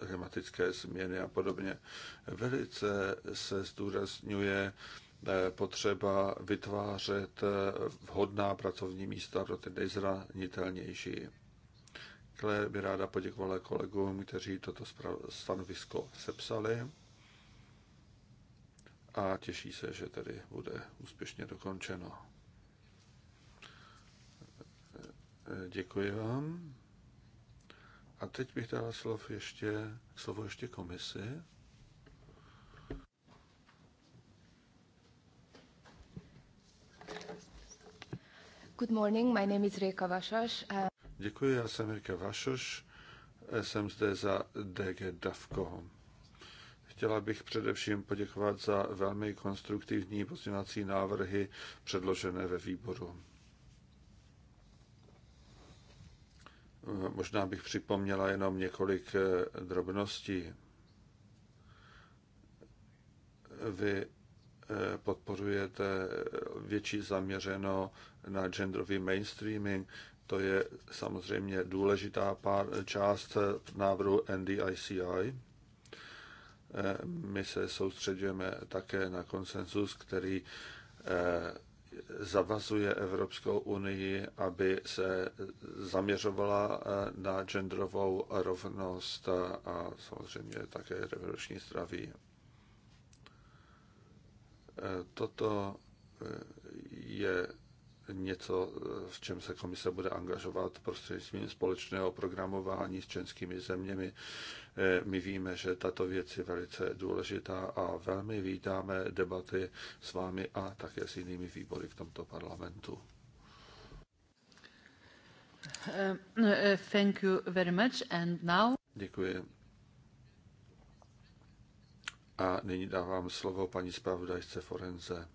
B: klimatické změny a podobně. Velice se zdůrazňuje potřeba vytvářet eh, vhodná pracovní místa pro ty nejzranitelnější. Claire by ráda poděkovala kolegům, kteří toto stanovisko sepsali a těší se, že tedy bude úspěšně dokončeno. Eh, děkuji vám. A teď bych dala slov ještě, slovo ještě komisi.
E: Good morning, my name is Rika Vašoš.
B: Děkuji, já jsem Rika Vašoš, jsem zde za DG Davko. Chtěla bych především poděkovat za velmi konstruktivní pozměňovací návrhy předložené ve výboru. Možná bych připomněla jenom několik eh, drobností. Vy podporujete větší zaměřeno na genderový mainstreaming. To je samozřejmě důležitá pár, část návrhu NDICI. My se soustředujeme také na konsensus, který eh, zavazuje Evropskou unii, aby se zaměřovala eh, na genderovou rovnost a samozřejmě také revoluční zdraví. Toto eh, je něco, v čem se komise bude angažovat prostřednictvím společného programování s českými zeměmi. Eh, my víme, že tato věc je velice důležitá a velmi vítáme debaty s vámi a také s jinými výbory v tomto parlamentu.
A: Eh, no, thank you very much and now...
B: Děkuji. A nyní dávám slovo paní zpravodajce Forenze.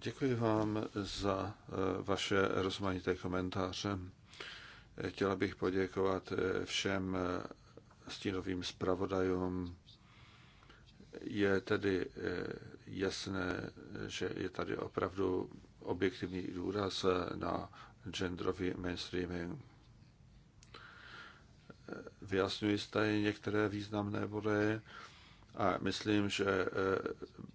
B: Děkuji vám za eh, vaše rozmanité komentáře. Chtěla bych poděkovat eh, všem eh, stínovým zpravodajům. Je tedy jasné, že je tady opravdu objektivní důraz na genderový mainstreaming vyjasňují tady některé významné body a myslím, že eh,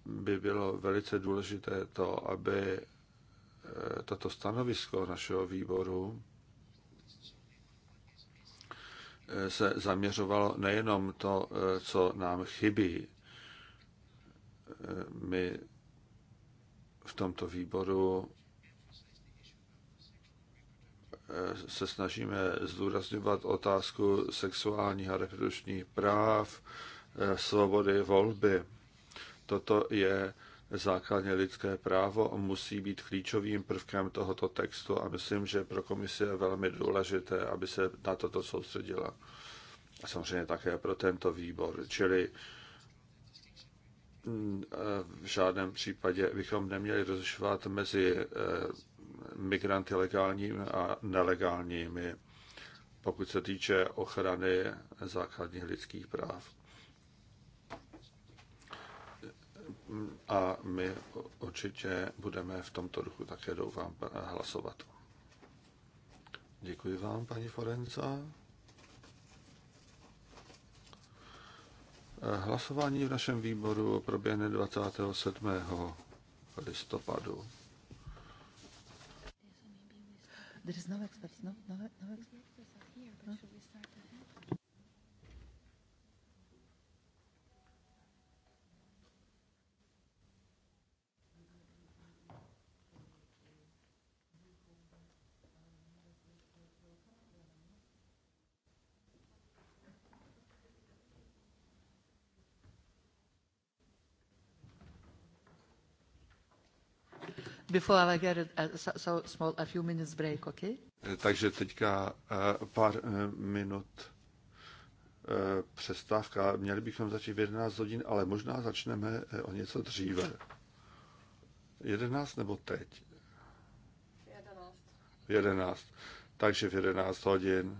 B: by bylo velice důležité to, aby eh, toto stanovisko našeho výboru eh, se zaměřovalo nejenom to, co nám chybí. My v tomto výboru se snažíme zdůrazňovat otázku sexuálních a reprodukčních práv, eh, svobody volby. Toto je základně lidské právo a musí být klíčovým prvkem tohoto textu a myslím, že pro komisi je velmi důležité, aby se na toto soustředila. A samozřejmě také pro tento výbor. Čili mm, eh, v žádném případě bychom neměli rozlišovat mezi eh, migranty legálními a nelegálními, pokud se týče ochrany základních lidských práv. A my určitě budeme v tomto duchu také, doufám, hlasovat. Děkuji vám, paní Forenca. Hlasování v našem výboru proběhne 27. listopadu.
A: There is no experts, no, no, no experts. before I get uh, so small, a few minutes break, okay?
B: Eh, takže teďka eh, pár eh, minut přestávka. Měli bychom začít v 11 hodin, ale možná začneme o něco dříve. 11 nebo teď? 11. 11. Takže v 11 hodin.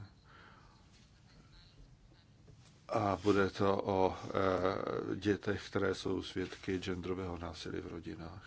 B: A bude to o dětech, které jsou svědky genderového násilí v rodinách.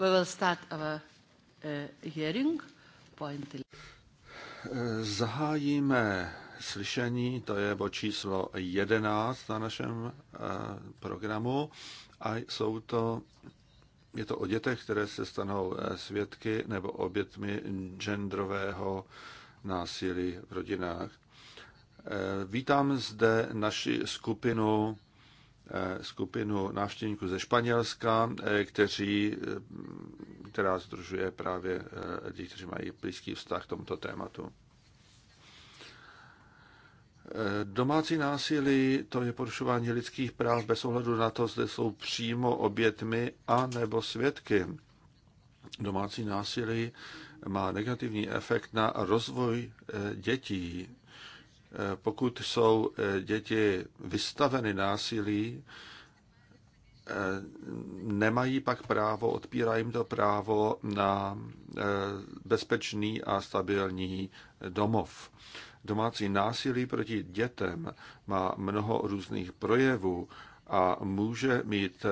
A: We will start our eh, hearing. Point.
B: Zahájíme slyšení, to je bod číslo 11 na našem eh, programu a jsou to je to o dětech, které se stanou eh, svědky nebo obětmi genderového násilí v rodinách. Vítám zde naši skupinu Eh, skupinu návštěvníků ze Španělska, eh, kteří, eh, která združuje právě lidi, kteří mají blízký vztah k tomuto tématu. Domácí násilí to je porušování lidských práv bez ohledu na to, zde jsou přímo obětmi a nebo svědky. Domácí násilí má negativní efekt na rozvoj dětí pokud jsou eh, děti vystaveny násilí, eh, nemají pak právo, odpírá jim to právo na eh, bezpečný a stabilní domov. Domácí násilí proti dětem má mnoho různých projevů a může mít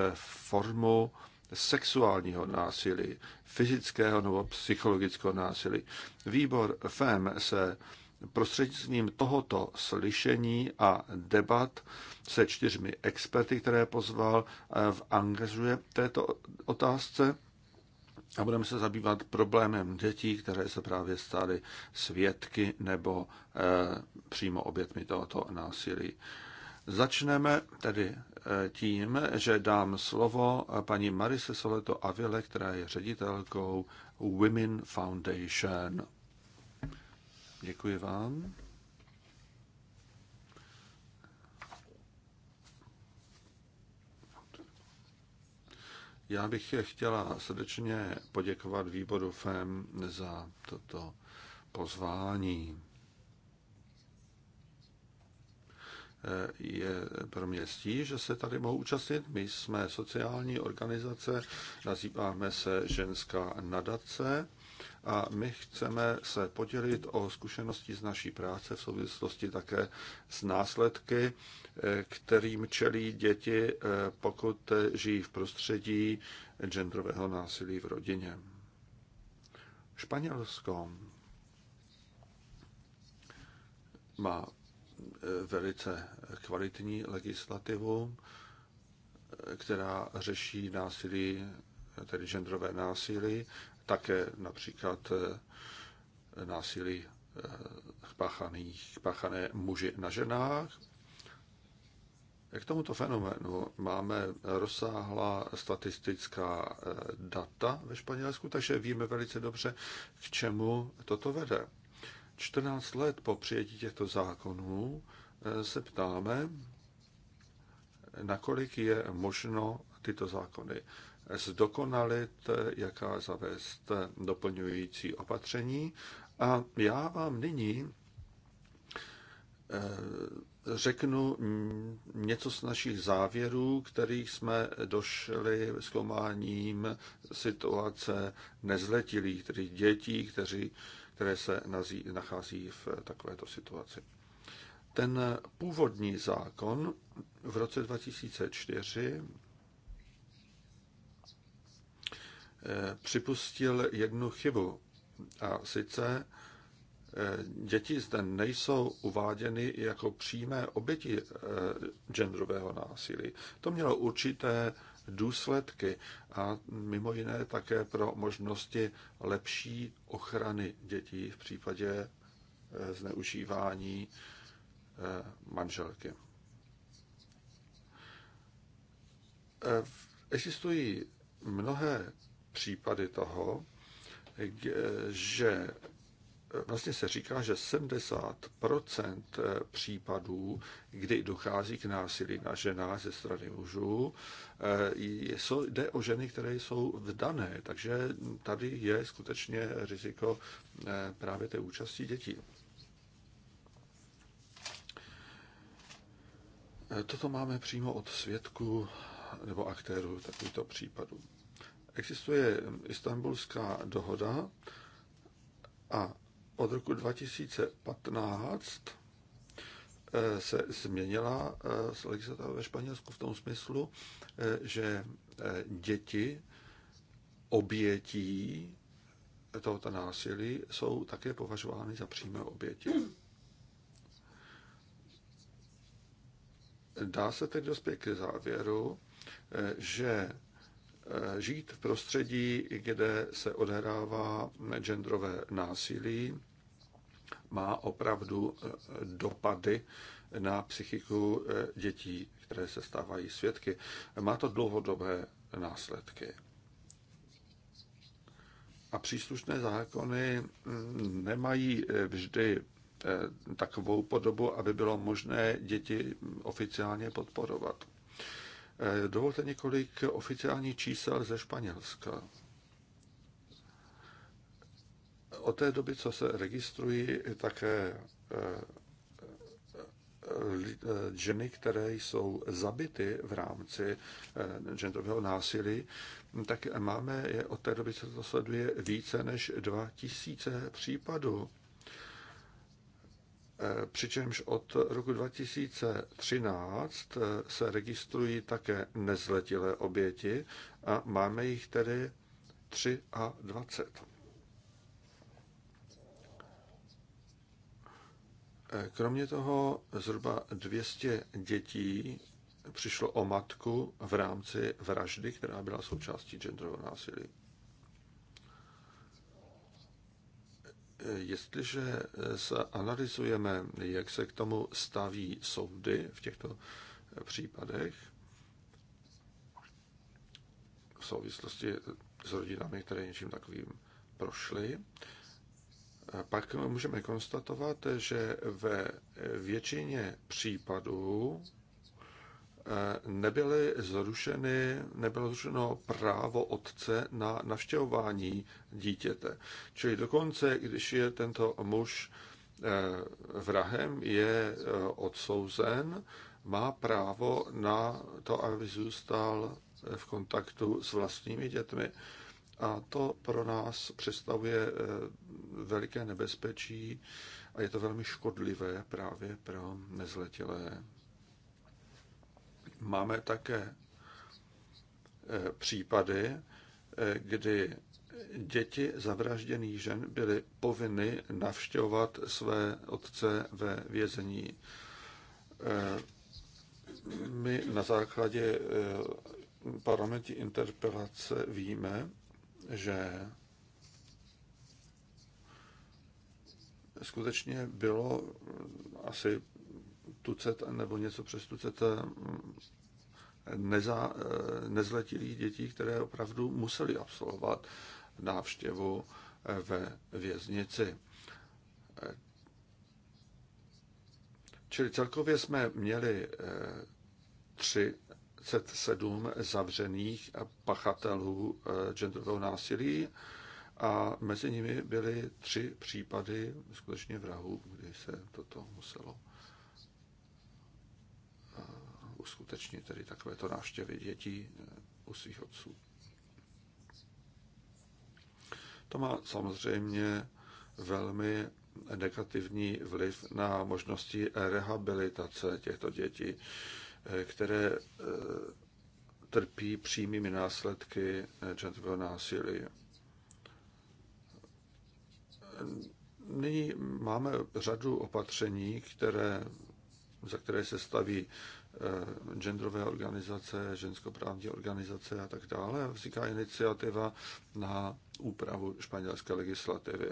B: formu sexuálního násilí, fyzického nebo psychologického násilí. Výbor FEM se prostřednictvím tohoto slyšení a debat se čtyřmi experty, které pozval, eh, v angažuje této otázce a budeme se zabývat problémem dětí, které se právě staly svědky nebo eh, přímo obětmi tohoto násilí. Začneme tedy eh, tím, že dám slovo paní Marise Soleto Avile, která je ředitelkou Women Foundation. Děkuji vám. Já bych chtěla srdečně poděkovat výboru FEM za toto pozvání. Je pro mě stí, že se tady mohu účastnit. My jsme sociální organizace, nazýváme se Ženská nadace a my chceme se podělit o zkušenosti z naší práce v souvislosti také s následky, eh, kterým čelí děti, eh, pokud žijí v prostředí genderového násilí v rodině. Španělsko má eh, velice kvalitní legislativu, která řeší násilí, tedy genderové násilí také například eh, násilí eh, páchaných, páchané muži na ženách. K tomuto fenoménu máme rozsáhlá statistická eh, data ve Španělsku, takže víme velice dobře, k čemu toto vede. 14 let po přijetí těchto zákonů se ptáme, nakolik je možno tyto zákony zdokonalit, jaká zavést doplňující opatření. A já vám nyní eh, řeknu něco z našich závěrů, kterých jsme došli zkoumáním situace nezletilých, tedy dětí, kteří, které se nazí, nachází v takovéto situaci. Ten původní zákon v roce 2004 Eh, připustil jednu chybu. A sice eh, děti zde nejsou uváděny jako přímé oběti eh, genderového násilí. To mělo určité důsledky a mimo jiné také pro možnosti lepší ochrany dětí v případě zneužívání manželky. Existují mnohé případy toho, že vlastně se říká, že 70 případů, kdy dochází k násilí na ženách ze strany mužů, eh, jde o ženy, které jsou vdané. Takže tady je skutečně riziko eh, právě té účasti dětí. Eh, toto máme přímo od svědků nebo aktérů takovýchto případů. Existuje Istanbulská dohoda a od roku 2015 eh, se změnila eh, legislativa ve Španělsku v tom smyslu, eh, že děti obětí tohoto násilí jsou také považovány za přímé oběti. Dá se tedy dospět k závěru, že Eh, žít v prostředí, kde se odehrává genderové násilí, má opravdu eh, dopady na psychiku eh, dětí, které se stávají svědky. Má to dlouhodobé následky. A příslušné zákony mm, nemají vždy takovou podobu, aby bylo možné děti mm, oficiálně podporovat. Eh, dovolte několik oficiálních čísel ze Španělska. Od té doby, co se registrují také eh, eh, ženy, které jsou zabity v rámci genderového násilí, tak máme je od té doby, co to sleduje, více než 2000 případů. Eh, přičemž od roku 2013 eh, se registrují také nezletilé oběti a máme jich tedy a 20. Eh, kromě toho zhruba 200 dětí přišlo o matku v rámci vraždy, která byla součástí genderového násilí. jestliže se analyzujeme, jak se k tomu staví soudy v těchto případech, v souvislosti s rodinami, které něčím takovým prošly, pak můžeme konstatovat, že ve většině případů nebyly zrušeny, nebylo zrušeno právo otce na navštěvování dítěte. Čili dokonce, když je tento muž eh, vrahem, je eh, odsouzen, má právo na to, aby zůstal eh, v kontaktu s vlastními dětmi. A to pro nás představuje veliké nebezpečí a je to velmi škodlivé právě pro nezletilé máme také eh, případy, eh, kdy děti zavražděných žen byly povinny navštěvovat své otce ve vězení. Eh, my na základě parlamentní interpelace víme, že skutečně bylo asi tucet nebo něco přes tucet eh, neza, eh, nezletilých dětí, které opravdu museli absolvovat návštěvu eh, ve věznici. Čili celkově jsme měli 37 zavřených pachatelů genderového násilí a mezi nimi byly tři případy skutečně vrahů, kdy se toto muselo uskutečnit tedy takovéto návštěvy dětí eh, u svých otců. To má samozřejmě velmi negativní vliv na možnosti rehabilitace těchto dětí, eh, které eh, trpí přímými následky genderového násilí. Nyní máme řadu opatření, které, za které se staví Eh, genderové organizace, ženskoprávní organizace a tak dále. Vzniká iniciativa na úpravu španělské legislativy.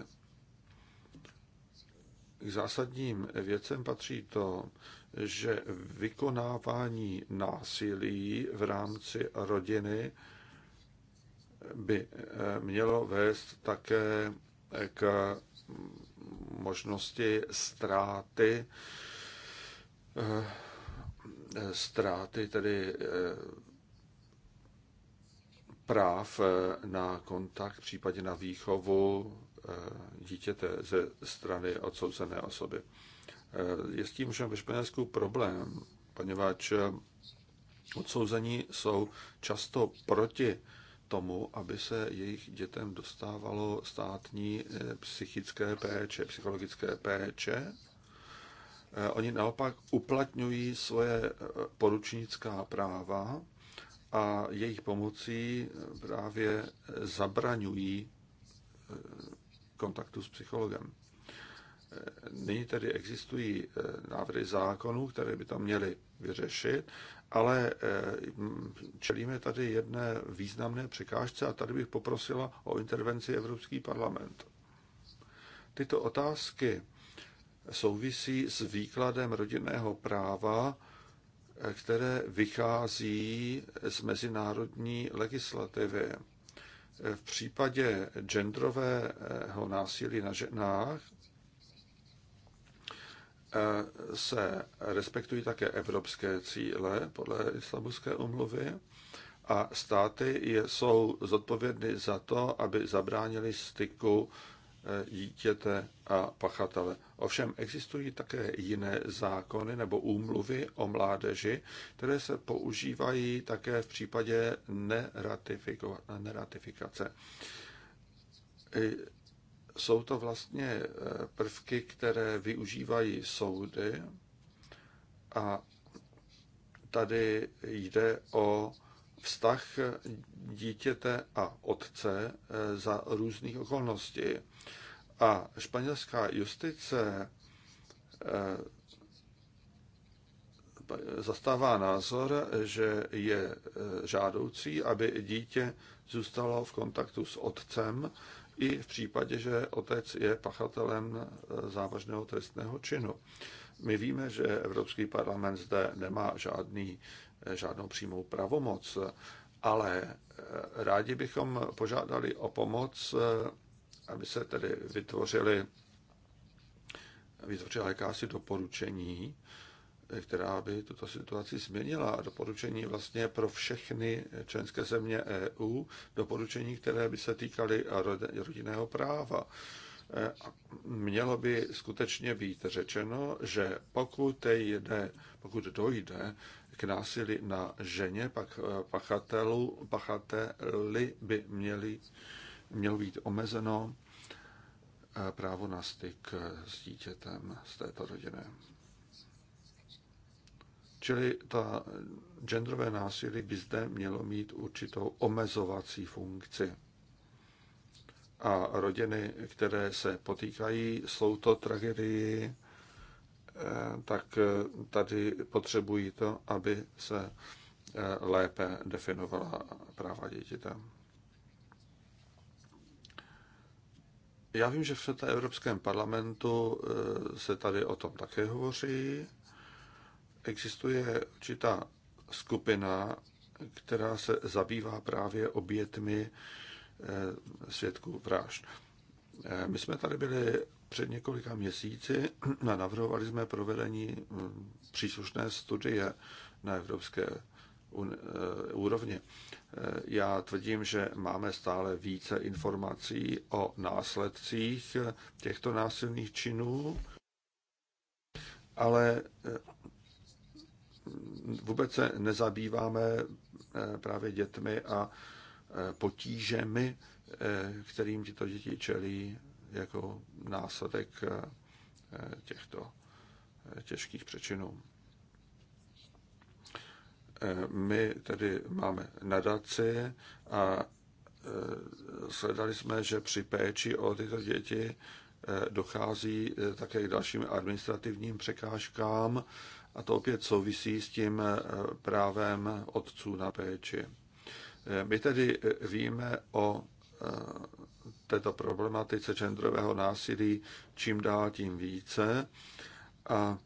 B: K zásadním věcem patří to, že vykonávání násilí v rámci rodiny by eh, mělo vést také k možnosti ztráty eh, ztráty tedy eh, práv eh, na kontakt, případně na výchovu eh, dítěte ze strany odsouzené osoby. Je s tím všem ve Španělsku problém, poněvadž odsouzení jsou často proti tomu, aby se jejich dětem dostávalo státní psychické péče, psychologické péče Eh, oni naopak uplatňují svoje eh, poručnická práva a jejich pomocí eh, právě zabraňují kontaktu s psychologem. Nyní tedy existují návrhy zákonů, které by to měly vyřešit, ale čelíme tady jedné významné překážce a tady bych poprosila o intervenci Evropský parlament. Tyto otázky souvisí s výkladem rodinného práva, které vychází z mezinárodní legislativy. V případě genderového násilí na ženách eh, se respektují také evropské cíle podle Istanbulské umluvy a státy jsou zodpovědny za to, aby zabránili styku dítěte a pachatele. Ovšem existují také jiné zákony nebo úmluvy o mládeži, které se používají také v případě neratifikace. Jsou to vlastně e, prvky, které využívají soudy a tady jde o vztah dítěte a otce eh, za různých okolností. A španělská justice eh, zastává názor, že je eh, žádoucí, aby dítě zůstalo v kontaktu s otcem i v případě, že otec je pachatelem závažného trestného činu. My víme, že Evropský parlament zde nemá žádný žádnou přímou pravomoc, ale eh, rádi bychom požádali o pomoc, eh, aby se tedy vytvořili, vytvořila jakási doporučení, eh, která by tuto situaci změnila. doporučení vlastně pro všechny členské země EU, doporučení, které by se týkaly rodinného práva. Mělo by skutečně být řečeno, že pokud jde, pokud dojde k násilí na ženě, pak eh, pachatelů, pachateli by měli, mělo být omezeno eh, právo na styk eh, s dítětem z této rodiny. Čili ta genderové násilí by zde mělo mít určitou omezovací funkci. A rodiny, které se potýkají s touto tragédií, Eh, tak eh, tady potřebují to, aby se eh, lépe definovala práva dítěte. Já vím, že v té Evropském parlamentu se tady o tom také hovoří. Existuje určitá skupina, která se zabývá právě obětmi svědků vražd. My jsme tady byli před několika měsíci a navrhovali jsme provedení mm, příslušné studie na evropské e, úrovni. E, já tvrdím, že máme stále více informací o následcích těchto násilných činů, ale e, vůbec se nezabýváme právě dětmi a potížemi, kterým tyto děti čelí jako následek eh, eh, těchto eh, těžkých přečinů. My tedy máme nadaci a sledali jsme, že při péči o tyto děti dochází také k dalším administrativním překážkám a to opět souvisí s tím právem otců na péči. My tedy víme o Eh, této problematice genderového násilí čím dál tím více a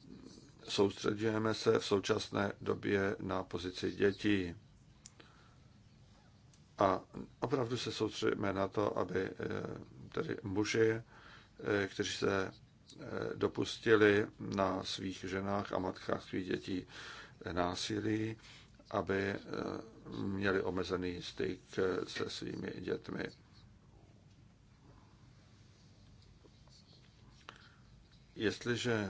B: soustředujeme se v současné době na pozici dětí. A opravdu se soustředíme na to, aby eh, tedy muži, eh, kteří se dopustili na svých ženách a matkách svých dětí násilí, aby měli omezený styk se svými dětmi. Jestliže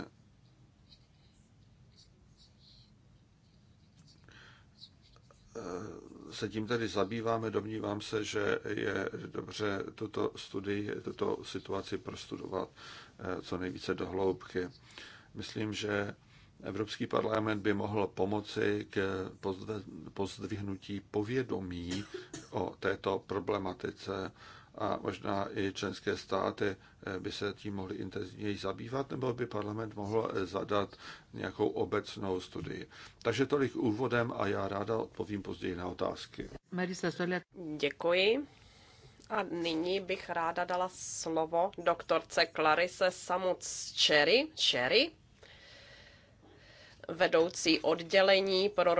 B: se tím tedy zabýváme, domnívám se, že je dobře tuto studii, tuto situaci prostudovat eh, co nejvíce do hloubky. Myslím, že Evropský parlament by mohl pomoci k pozdvihnutí povědomí o této problematice a možná i členské státy eh, by se tím mohly intenzivněji zabývat, nebo by parlament mohl eh, zadat nějakou obecnou studii. Takže tolik úvodem a já ráda odpovím později na otázky.
D: Děkuji. A nyní bych ráda dala slovo doktorce Clarise Samuc Cherry, Cherry vedoucí oddělení pro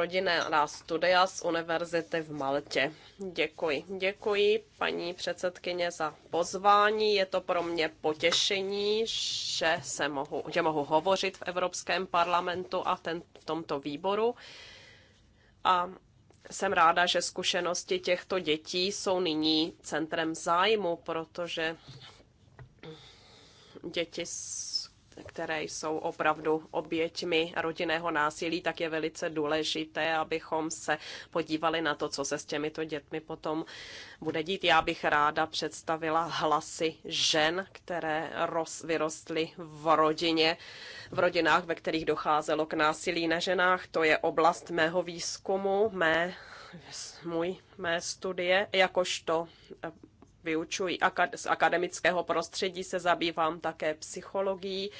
D: a studia z Univerzity v Maltě. Děkuji. Děkuji paní předsedkyně za pozvání. Je to pro mě potěšení, že, se mohu, že mohu hovořit v Evropském parlamentu a ten, v tomto výboru. A jsem ráda, že zkušenosti těchto dětí jsou nyní centrem zájmu, protože děti které jsou opravdu oběťmi rodinného násilí, tak je velice důležité, abychom se podívali na to, co se s těmito dětmi potom bude dít. Já bych ráda představila hlasy žen, které roz, vyrostly v rodině, v rodinách, ve kterých docházelo k násilí na ženách. To je oblast mého výzkumu, mé můj, mé studie, jakožto vyučuji z akademického prostředí, se zabývám také psychologií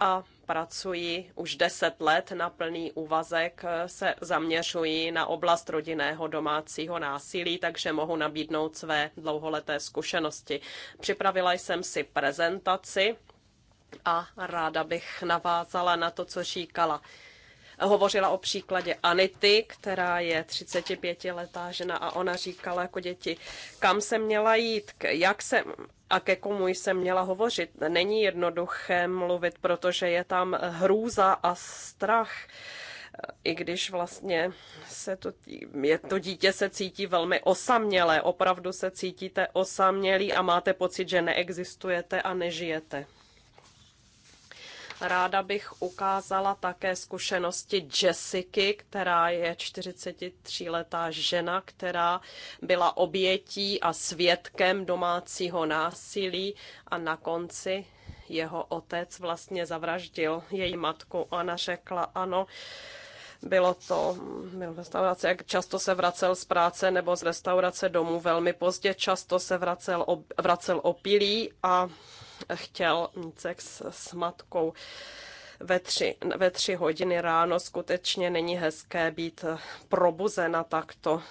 D: a pracuji už deset let na plný úvazek, se zaměřuji na oblast rodinného domácího násilí, takže mohu nabídnout své dlouholeté zkušenosti. Připravila jsem si prezentaci a ráda bych navázala na to, co říkala hovořila o příkladě Anity, která je 35 letá žena a ona říkala jako děti, kam se měla jít, jak se a ke komu jsem měla hovořit. Není jednoduché mluvit, protože je tam hrůza a strach i když vlastně se to, je, to dítě se cítí velmi osamělé, opravdu se cítíte osamělí a máte pocit, že neexistujete a nežijete. Ráda bych ukázala také zkušenosti Jessiky, která je 43-letá žena, která byla obětí a svědkem domácího násilí a na konci jeho otec vlastně zavraždil její matku. Ona řekla ano, bylo to, byl restaurace, jak často se vracel z práce nebo z restaurace domů velmi pozdě, často se vracel, vracel opilý a chtěl mít sex s matkou ve tři, ve tři hodiny ráno. Skutečně není hezké být probuzena takto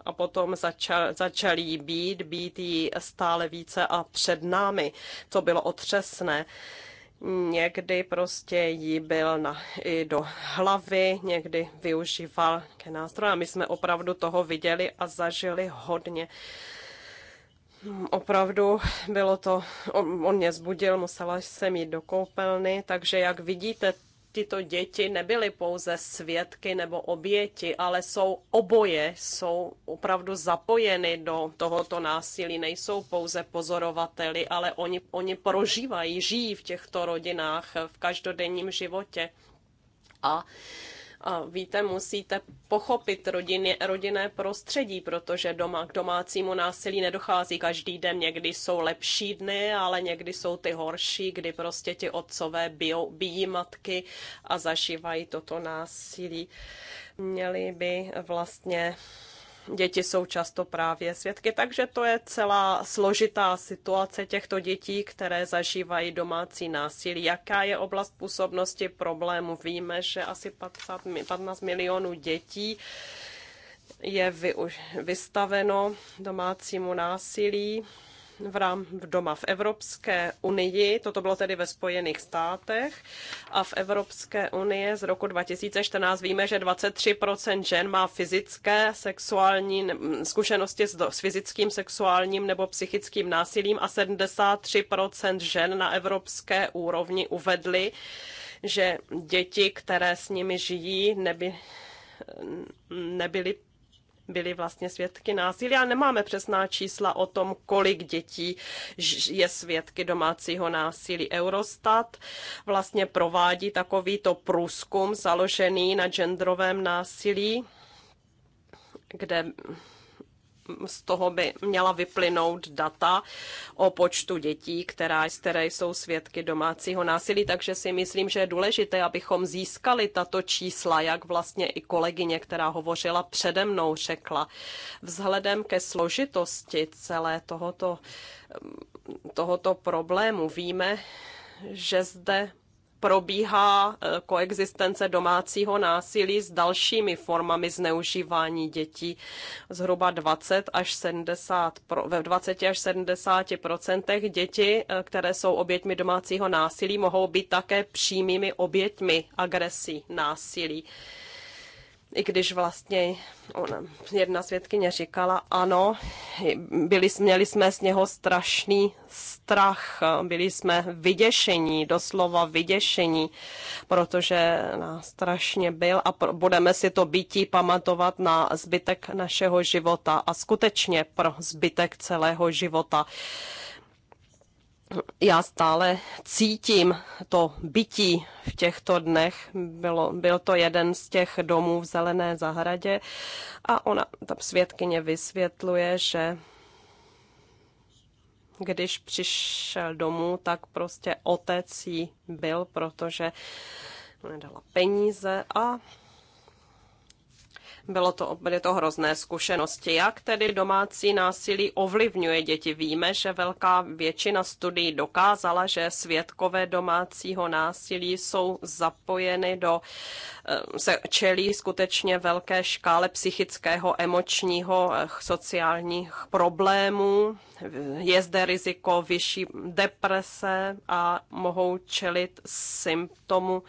D: a potom začal, začal jí být, být jí stále více a před námi, co bylo otřesné. Někdy prostě jí byl na, i do hlavy, někdy využíval ke nástroje a my jsme opravdu toho viděli a zažili hodně. Uh, opravdu bylo to, on, on mě zbudil, musela jsem jít do koupelny, takže jak vidíte, tyto děti nebyly pouze svědky nebo oběti, ale jsou oboje, jsou opravdu zapojeny do tohoto násilí, nejsou pouze pozorovateli, ale oni, oni prožívají, žijí v těchto rodinách v každodenním životě. A víte, musíte pochopit rodiny, rodinné prostředí, protože doma k domácímu násilí nedochází každý den. Někdy jsou lepší dny, ale někdy jsou ty horší, kdy prostě ti otcové bijí matky a zažívají toto násilí. Měli by vlastně děti jsou často právě svědky, takže to je celá složitá situace těchto dětí, které zažívají domácí násilí. Jaká je oblast působnosti problému? Víme, že asi 15 milionů dětí je vystaveno domácímu násilí v rám, doma v Evropské unii, toto bylo tedy ve Spojených státech, a v Evropské unii z roku 2014 víme, že 23% žen má fyzické sexuální mm, zkušenosti s, s fyzickým sexuálním nebo psychickým násilím a 73% žen na evropské úrovni uvedly, že děti, které s nimi žijí, neby, nebyly byli vlastně svědky násilí a nemáme přesná čísla o tom, kolik dětí je svědky domácího násilí. Eurostat vlastně provádí takovýto průzkum založený na genderovém násilí, kde z toho by měla vyplynout data o počtu dětí, která, z které jsou svědky domácího násilí, takže si myslím, že je důležité, abychom získali tato čísla, jak vlastně i kolegyně, která hovořila přede mnou, řekla. Vzhledem ke složitosti celé tohoto, tohoto problému víme, že zde probíhá eh, koexistence domácího násilí s dalšími formami zneužívání dětí. Zhruba 20 až 70, ve 20 až 70 procentech děti, eh, které jsou oběťmi domácího násilí, mohou být také přímými oběťmi agresí násilí i když vlastně ona, jedna světkyně říkala, ano, byli, měli jsme z něho strašný strach, byli jsme vyděšení, doslova vyděšení, protože nás strašně byl a budeme si to bytí pamatovat na zbytek našeho života a skutečně pro zbytek celého života já stále cítím to bytí v těchto dnech. Bylo, byl to jeden z těch domů v Zelené zahradě a ona, tam světkyně vysvětluje, že když přišel domů, tak prostě otec jí byl, protože nedala peníze a bylo to, byly to hrozné zkušenosti. Jak tedy domácí násilí ovlivňuje děti? Víme, že velká většina studií dokázala, že svědkové domácího násilí jsou zapojeny do, eh, se čelí skutečně velké škále psychického, emočního, eh, sociálních problémů. Je zde riziko vyšší deprese a mohou čelit symptomu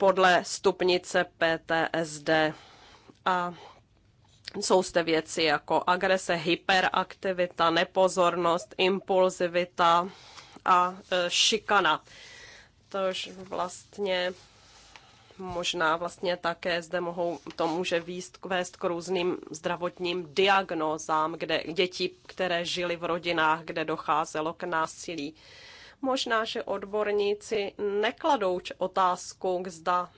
D: podle stupnice PTSD. A jsou zde věci jako agrese, hyperaktivita, nepozornost, impulzivita a e, šikana. Tož vlastně možná vlastně také zde mohou, to může výst, vést k různým zdravotním diagnózám, kde děti, které žily v rodinách, kde docházelo k násilí, Možná, že odborníci nekladou otázku, zda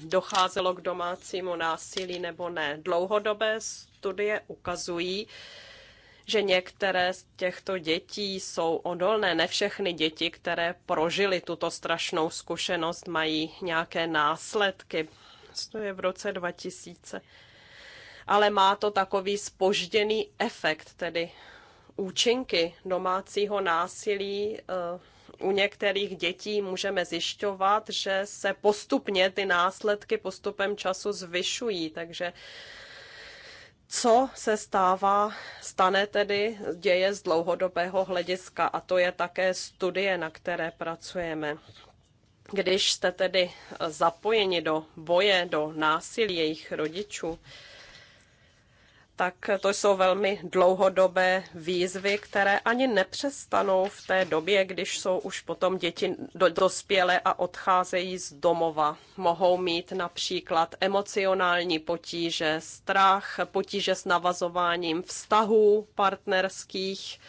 D: docházelo k domácímu násilí nebo ne. Dlouhodobé studie ukazují, že některé z těchto dětí jsou odolné. Ne všechny děti, které prožily tuto strašnou zkušenost, mají nějaké následky. To je v roce 2000. Ale má to takový spožděný efekt, tedy účinky domácího násilí eh, u některých dětí můžeme zjišťovat, že se postupně ty následky postupem času zvyšují, takže co se stává, stane tedy, děje z dlouhodobého hlediska a to je také studie, na které pracujeme. Když jste tedy zapojeni do boje, do násilí jejich rodičů, tak to jsou velmi dlouhodobé výzvy, které ani nepřestanou v té době, když jsou už potom děti dospělé a odcházejí z domova. Mohou mít například emocionální potíže, strach, potíže s navazováním vztahů partnerských.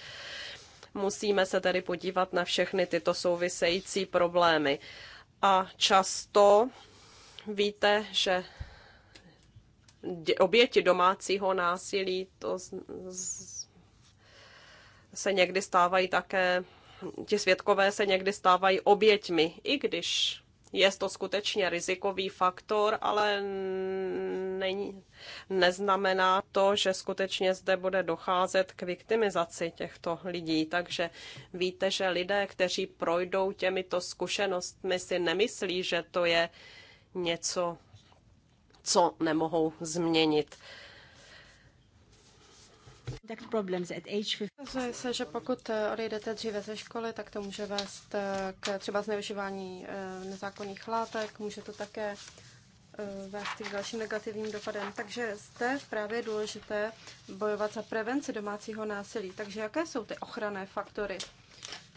D: Musíme se tedy podívat na všechny tyto související problémy. A často víte, že oběti domácího násilí, to z, z, se někdy stávají také, ti světkové se někdy stávají oběťmi, i když je to skutečně rizikový faktor, ale není, neznamená to, že skutečně zde bude docházet k viktimizaci těchto lidí. Takže víte, že lidé, kteří projdou těmito zkušenostmi, si nemyslí, že to je něco co nemohou změnit.
E: Ukazuje se, že pokud eh, odejdete dříve ze školy, tak to může vést eh, k třeba zneužívání eh, nezákonných látek, může to také vést k dalším negativním dopadem. Takže zde právě je důležité bojovat za prevenci domácího násilí. Takže jaké jsou ty ochranné faktory?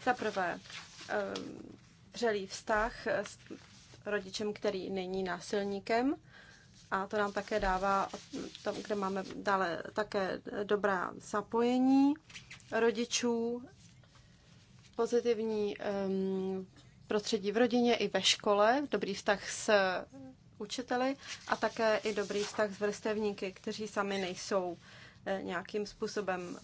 E: Za prvé, vřelý vztah s rodičem, který není násilníkem a to nám také dává, tam, kde máme dále také dobrá zapojení rodičů, pozitivní um, prostředí v rodině i ve škole, dobrý vztah s učiteli a také i dobrý vztah s vrstevníky, kteří sami nejsou eh, nějakým způsobem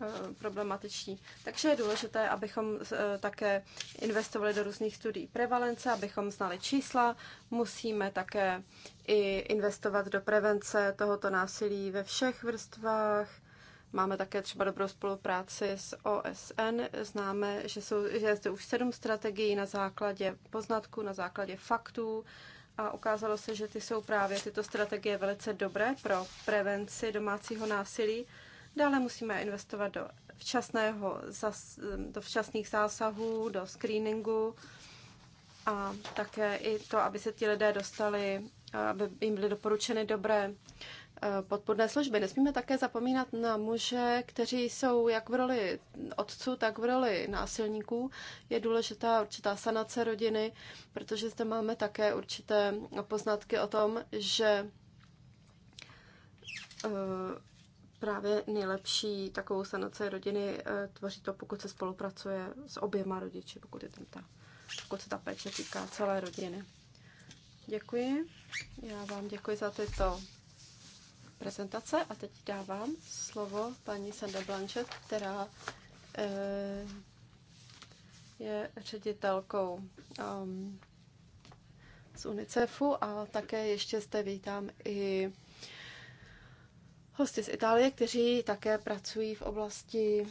E: Eh, problematiční. Takže je důležité, abychom eh, také investovali do různých studií prevalence, abychom znali čísla. Musíme také i investovat do prevence tohoto násilí ve všech vrstvách. Máme také třeba dobrou spolupráci s OSN. Známe, že, jsou, že je zde už sedm strategií na základě poznatků, na základě faktů a ukázalo se, že ty jsou právě tyto strategie velice dobré pro prevenci domácího násilí Dále musíme investovat do včasného, do včasných zásahů, do screeningu a také i to, aby se ti lidé dostali, aby jim byly doporučeny dobré eh, podpůrné služby. Nesmíme také zapomínat na muže, kteří jsou jak v roli otců, tak v roli násilníků. Je důležitá určitá sanace rodiny, protože zde máme také určité poznatky o tom, že eh, právě nejlepší takovou sanace rodiny eh, tvoří to, pokud se spolupracuje s oběma rodiči, pokud, je tam ta, pokud se ta péče týká celé rodiny. Děkuji. Já vám děkuji za tyto prezentace a teď dávám slovo paní Sandra Blanchett, která eh, je ředitelkou um, z UNICEFu a také ještě zde vítám i hosty z Itálie, kteří také pracují v oblasti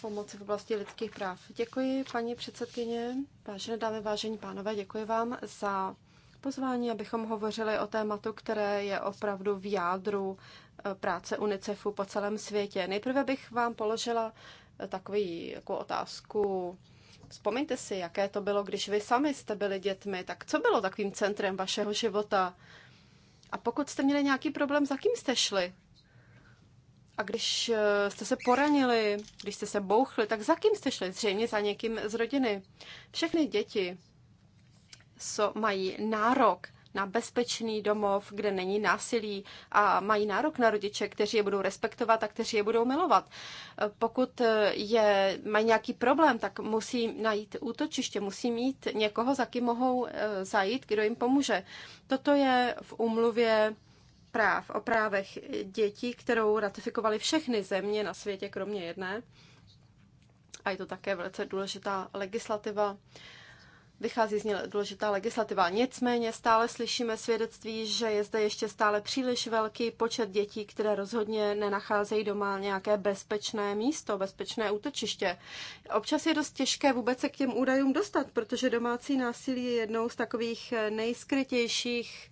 E: pomoci v oblasti lidských práv. Děkuji, paní předsedkyně, vážené dámy, vážení pánové, děkuji vám za pozvání, abychom hovořili o tématu, které je opravdu v jádru eh, práce UNICEFu po celém světě. Nejprve bych vám položila eh, takový jako otázku. Vzpomeňte si, jaké to bylo, když vy sami jste byli dětmi, tak co bylo takovým centrem vašeho života? A pokud jste měli nějaký problém, za kým jste šli? A když eh, jste se poranili, když jste se bouchli, tak za kým jste šli? Zřejmě za někým z rodiny. Všechny děti so, mají nárok na bezpečný domov, kde není násilí a mají nárok na rodiče, kteří je budou respektovat a kteří je budou milovat. Eh, pokud eh, je, mají nějaký problém, tak musí najít útočiště, musí mít někoho, za kým mohou zajít, kdo jim pomůže. Toto je v úmluvě práv, o právech dětí, kterou ratifikovaly všechny země na světě, kromě jedné. A je to také velice důležitá legislativa. Vychází z ní důležitá legislativa. Nicméně stále slyšíme svědectví, že je zde ještě stále příliš velký počet dětí, které rozhodně nenacházejí doma nějaké bezpečné místo, bezpečné útočiště. Občas je dost těžké vůbec se k těm údajům dostat, protože domácí násilí je jednou z takových nejskrytějších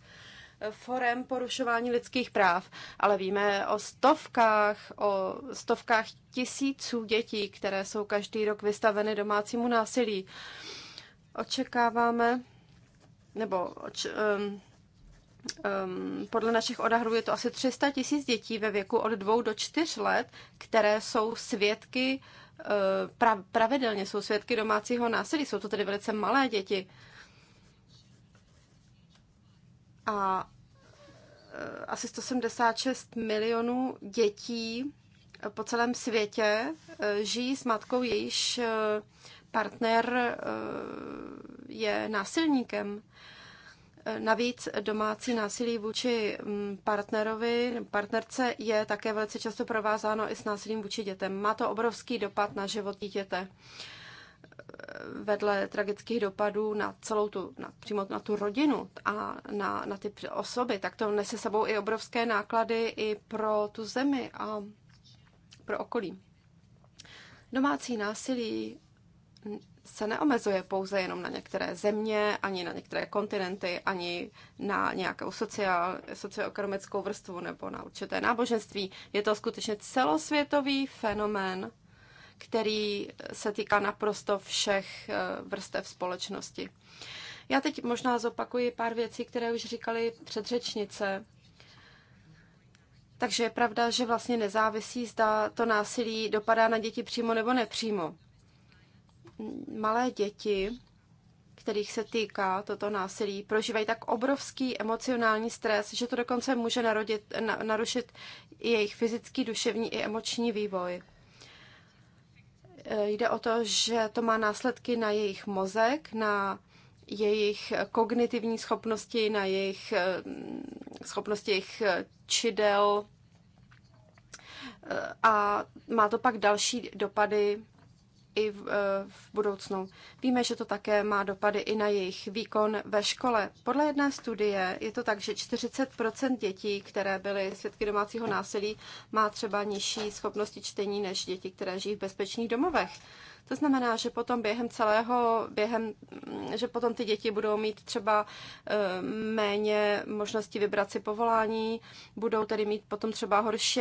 E: forem porušování lidských práv, ale víme o stovkách, o stovkách tisíců dětí, které jsou každý rok vystaveny domácímu násilí. Očekáváme, nebo oč, um, um, podle našich odhadů je to asi 300 tisíc dětí ve věku od dvou do čtyř let, které jsou svědky, uh, pra, pravidelně jsou svědky domácího násilí. Jsou to tedy velice malé děti. Uh, a e, asi 176 milionů dětí e, po celém světě e, žijí s matkou, jejíž partner je násilníkem. Navíc domácí násilí vůči partnerovi, partnerce je také velice často provázáno i s násilím vůči dětem. Má to obrovský dopad na život dítěte vedle tragických dopadů na celou tu, na, přímo na tu rodinu a na, na ty osoby, tak to nese sebou i obrovské náklady i pro tu zemi a pro okolí. Domácí násilí se neomezuje pouze jenom na některé země, ani na některé kontinenty, ani na nějakou sociál, socioekonomickou vrstvu nebo na určité náboženství. Je to skutečně celosvětový fenomén který se týká naprosto všech eh, vrstev společnosti. Já teď možná zopakuji pár věcí, které už říkali předřečnice. Takže je pravda, že vlastně nezávisí, zda to násilí dopadá na děti přímo nebo nepřímo. Malé děti, kterých se týká toto násilí, prožívají tak obrovský emocionální stres, že to dokonce může narodit, na, narušit jejich fyzický, duševní i emoční vývoj. Eh, jde o to, že to má následky na jejich mozek, na jejich kognitivní schopnosti, na jejich eh, schopnosti jejich eh, čidel a má to pak další dopady i v, eh, v budoucnu. Víme, že to také má dopady i na jejich výkon ve škole. Podle jedné studie je to tak, že 40 dětí, které byly svědky domácího násilí, má třeba nižší schopnosti čtení než děti, které žijí v bezpečných domovech. To znamená, že potom během celého, během, že potom ty děti budou mít třeba eh, méně možností vybrat si povolání, budou tedy mít potom třeba horší,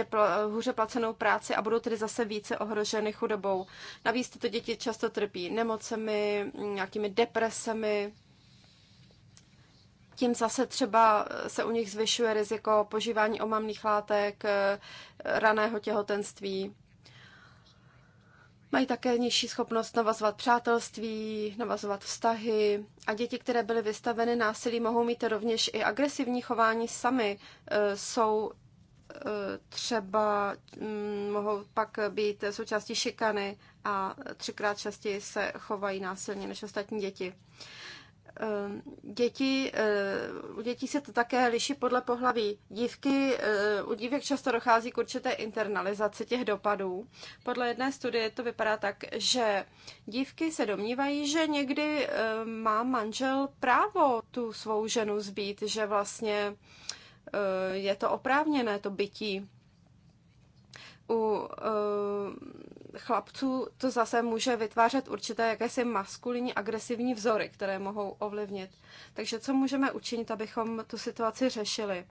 E: hůře placenou práci a budou tedy zase více ohroženy chudobou. Navíc tyto děti často trpí nemocemi, nějakými depresemi, tím zase třeba se u nich zvyšuje riziko požívání omamných látek, eh, raného těhotenství. Mají také nižší schopnost navazovat přátelství, navazovat vztahy a děti, které byly vystaveny násilí, mohou mít rovněž i agresivní chování sami. E, jsou e, třeba, mm, mohou pak být součástí šikany a třikrát častěji se chovají násilně než ostatní děti. Eh, děti, eh, u dětí se to také liší podle pohlaví. Dívky, eh, u dívek často dochází k určité internalizaci těch dopadů. Podle jedné studie to vypadá tak, že dívky se domnívají, že někdy má manžel právo tu svou ženu zbít, že vlastně je to oprávněné, to bytí. U chlapců to zase může vytvářet určité jakési maskulinní agresivní vzory, které mohou ovlivnit. Takže co můžeme učinit, abychom tu situaci řešili?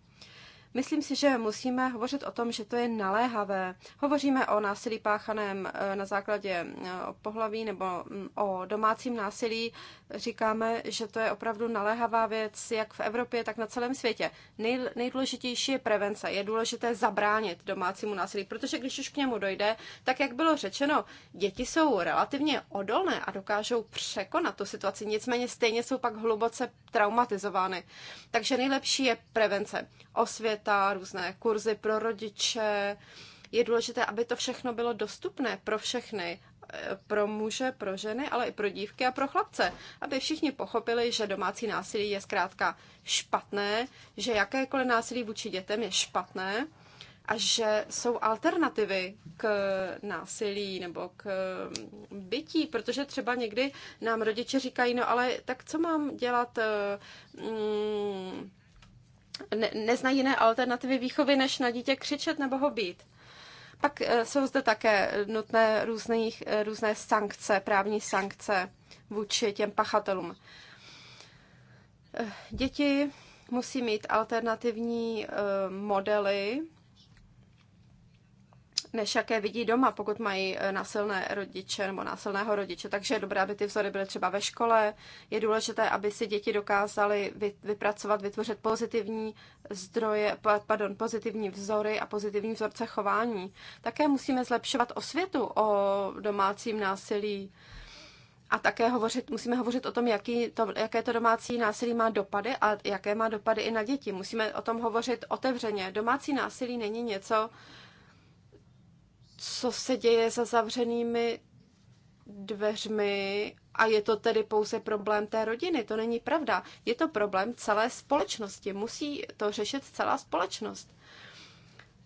E: Myslím si, že musíme hovořit o tom, že to je naléhavé. Hovoříme o násilí páchaném eh, na základě eh, pohlaví nebo mm, o domácím násilí. Říkáme, že to je opravdu naléhavá věc jak v Evropě, tak na celém světě. Nej, nejdůležitější je prevence. Je důležité zabránit domácímu násilí, protože když už k němu dojde, tak jak bylo řečeno, děti jsou relativně odolné a dokážou překonat tu situaci. Nicméně stejně jsou pak hluboce traumatizovány. Takže nejlepší je prevence, osvět léta, různé kurzy pro rodiče. Je důležité, aby to všechno bylo dostupné pro všechny, eh, pro muže, pro ženy, ale i pro dívky a pro chlapce, aby všichni pochopili, že domácí násilí je zkrátka špatné, že jakékoliv násilí vůči dětem je špatné a že jsou alternativy k násilí nebo k mm, bytí, protože třeba někdy nám rodiče říkají, no ale tak co mám dělat? Eh, mm, ne, neznají jiné alternativy výchovy, než na dítě křičet nebo ho být. Pak eh, jsou zde také nutné různých, různé sankce, právní sankce vůči těm pachatelům. Eh, děti musí mít alternativní eh, modely než jaké vidí doma, pokud mají eh, násilné rodiče nebo násilného rodiče. Takže je dobré, aby ty vzory byly třeba ve škole. Je důležité, aby si děti dokázaly vypracovat, vytvořit pozitivní zdroje, pardon, pozitivní vzory a pozitivní vzorce chování. Také musíme zlepšovat osvětu o domácím násilí. A také hovořit, musíme hovořit o tom, jaký to, jaké to domácí násilí má dopady a jaké má dopady i na děti. Musíme o tom hovořit otevřeně. Domácí násilí není něco, co se děje za zavřenými dveřmi a je to tedy pouze problém té rodiny. To není pravda. Je to problém celé společnosti. Musí to řešit celá společnost.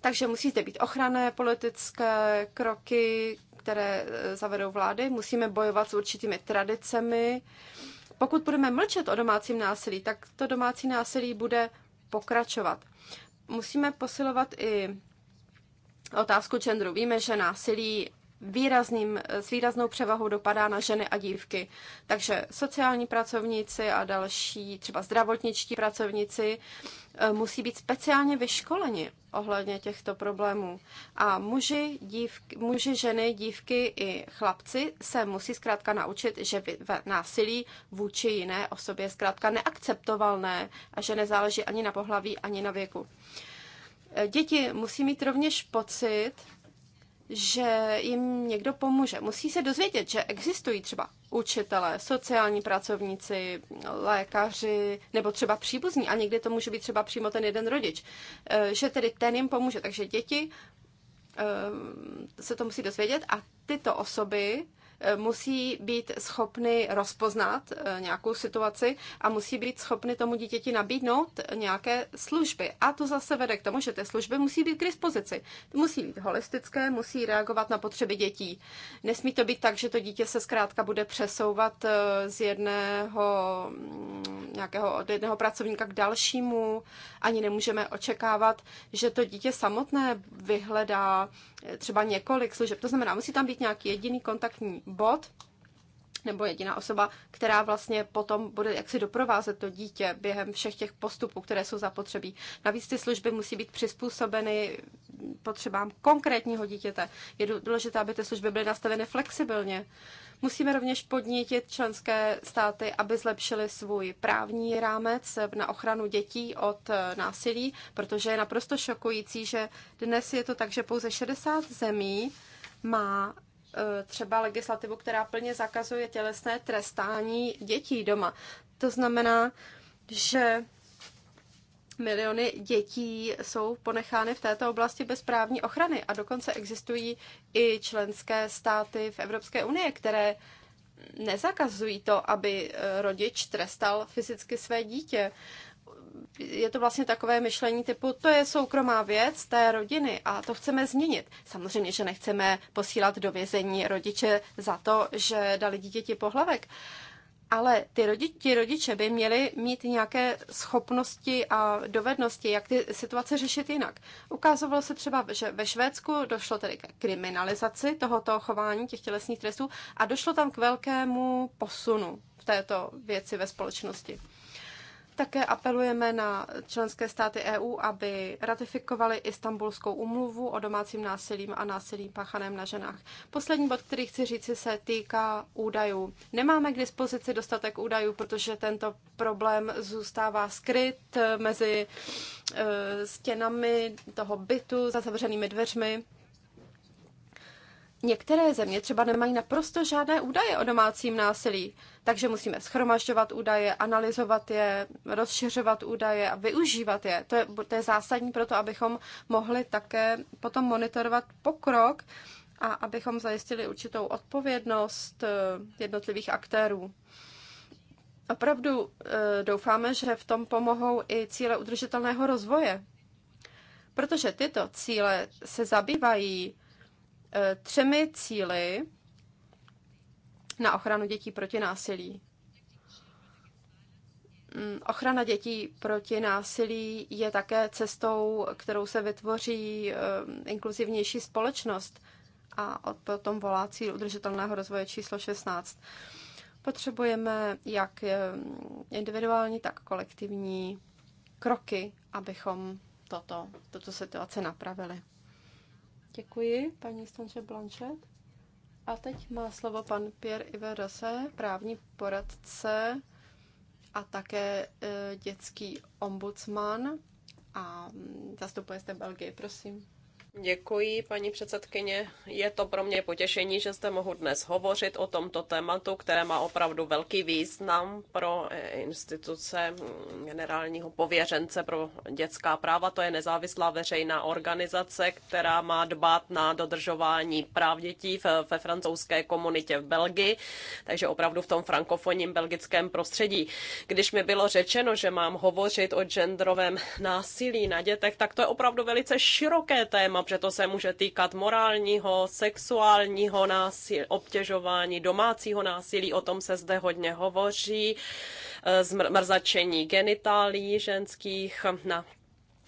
E: Takže musíte být ochranné politické kroky, které e, zavedou vlády. Musíme bojovat s určitými tradicemi. Pokud budeme mlčet o domácím násilí, tak to domácí násilí bude pokračovat. Musíme posilovat i otázku genderu. Víme, že násilí výrazným, s výraznou převahou dopadá na ženy a dívky. Takže sociální pracovníci a další, třeba zdravotničtí pracovníci, eh, musí být speciálně vyškoleni ohledně těchto problémů. A muži, dívky, muži, ženy, dívky i chlapci se musí zkrátka naučit, že násilí vůči jiné osobě je zkrátka neakceptovalné a že nezáleží ani na pohlaví, ani na věku. Děti musí mít rovněž pocit, že jim někdo pomůže. Musí se dozvědět, že existují třeba učitelé, sociální pracovníci, lékaři nebo třeba příbuzní, a někdy to může být třeba přímo ten jeden rodič, eh, že tedy ten jim pomůže. Takže děti eh, se to musí dozvědět a tyto osoby Eh, musí být schopny rozpoznat eh, nějakou situaci a musí být schopny tomu dítěti nabídnout nějaké služby. A to zase vede k tomu, že ty služby musí být k dispozici. Musí být holistické, musí reagovat na potřeby dětí. Nesmí to být tak, že to dítě se zkrátka bude přesouvat eh, z jedného mm, nějakého od jednoho pracovníka k dalšímu. Ani nemůžeme očekávat, že to dítě samotné vyhledá třeba několik služeb. To znamená, musí tam být nějaký jediný kontaktní bod, nebo jediná osoba, která vlastně potom bude jaksi doprovázet to dítě během všech těch postupů, které jsou zapotřebí. Navíc ty služby musí být přizpůsobeny potřebám konkrétního dítěte. Je důležité, aby ty služby byly nastaveny flexibilně. Musíme rovněž podnítit členské státy, aby zlepšili svůj právní rámec na ochranu dětí od eh, násilí, protože je naprosto šokující, že dnes je to tak, že pouze 60 zemí má Eh, třeba legislativu, která plně zakazuje tělesné trestání dětí doma. To znamená, že miliony dětí jsou ponechány v této oblasti bez právní ochrany a dokonce existují i členské státy v Evropské unii, které nezakazují to, aby eh, rodič trestal fyzicky své dítě. Uh, je to vlastně takové myšlení typu, to je soukromá věc té rodiny a to chceme změnit. Samozřejmě, že nechceme posílat do vězení rodiče za to, že dali dítěti pohlavek, ale ty rodiče, rodiče by měli mít nějaké schopnosti a dovednosti, jak ty situace řešit jinak. Ukázovalo se třeba, že ve Švédsku došlo tedy k kriminalizaci tohoto chování těch tělesných trestů a došlo tam k velkému posunu v této věci ve společnosti. Také apelujeme na členské státy EU, aby ratifikovali Istanbulskou umluvu o domácím násilím a násilí páchaném na ženách. Poslední bod, který chci říci, se týká údajů. Nemáme k dispozici dostatek údajů, protože tento problém zůstává skryt mezi eh, stěnami toho bytu, za zavřenými dveřmi. Některé země třeba nemají naprosto žádné údaje o domácím násilí, takže musíme schromažďovat údaje, analyzovat je, rozšiřovat údaje a využívat je. To je, to je zásadní pro to, abychom mohli také potom monitorovat pokrok a abychom zajistili určitou odpovědnost eh, jednotlivých aktérů. Opravdu eh, doufáme, že v tom pomohou i cíle udržitelného rozvoje, protože tyto cíle se zabývají Eh, třemi cíly na ochranu dětí proti násilí. Mm, ochrana dětí proti násilí je také cestou, kterou se vytvoří eh, inkluzivnější společnost a potom volá cíl udržitelného rozvoje číslo 16. Potřebujeme jak eh, individuální, tak kolektivní kroky, abychom toto, toto situaci napravili. Děkuji, paní Stanče Blanchet. A teď má slovo pan Pierre Iverose, právní poradce a také eh, dětský ombudsman a mm, zastupuje zde Belgii, prosím. Děkuji, paní předsedkyně.
D: Je to pro mě potěšení, že zde mohu dnes hovořit o tomto tématu, které má opravdu velký význam pro eh, instituce mm, generálního pověřence pro dětská práva. To je nezávislá veřejná organizace, která má dbát na dodržování práv dětí ve francouzské komunitě v Belgii, takže opravdu v tom frankofonním belgickém prostředí. Když mi bylo řečeno, že mám hovořit o genderovém násilí na dětech, tak to je opravdu velice široké téma, protože to se může týkat morálního, sexuálního násilí, obtěžování, domácího násilí, o tom se zde hodně hovoří, e, zmrzačení genitálí ženských na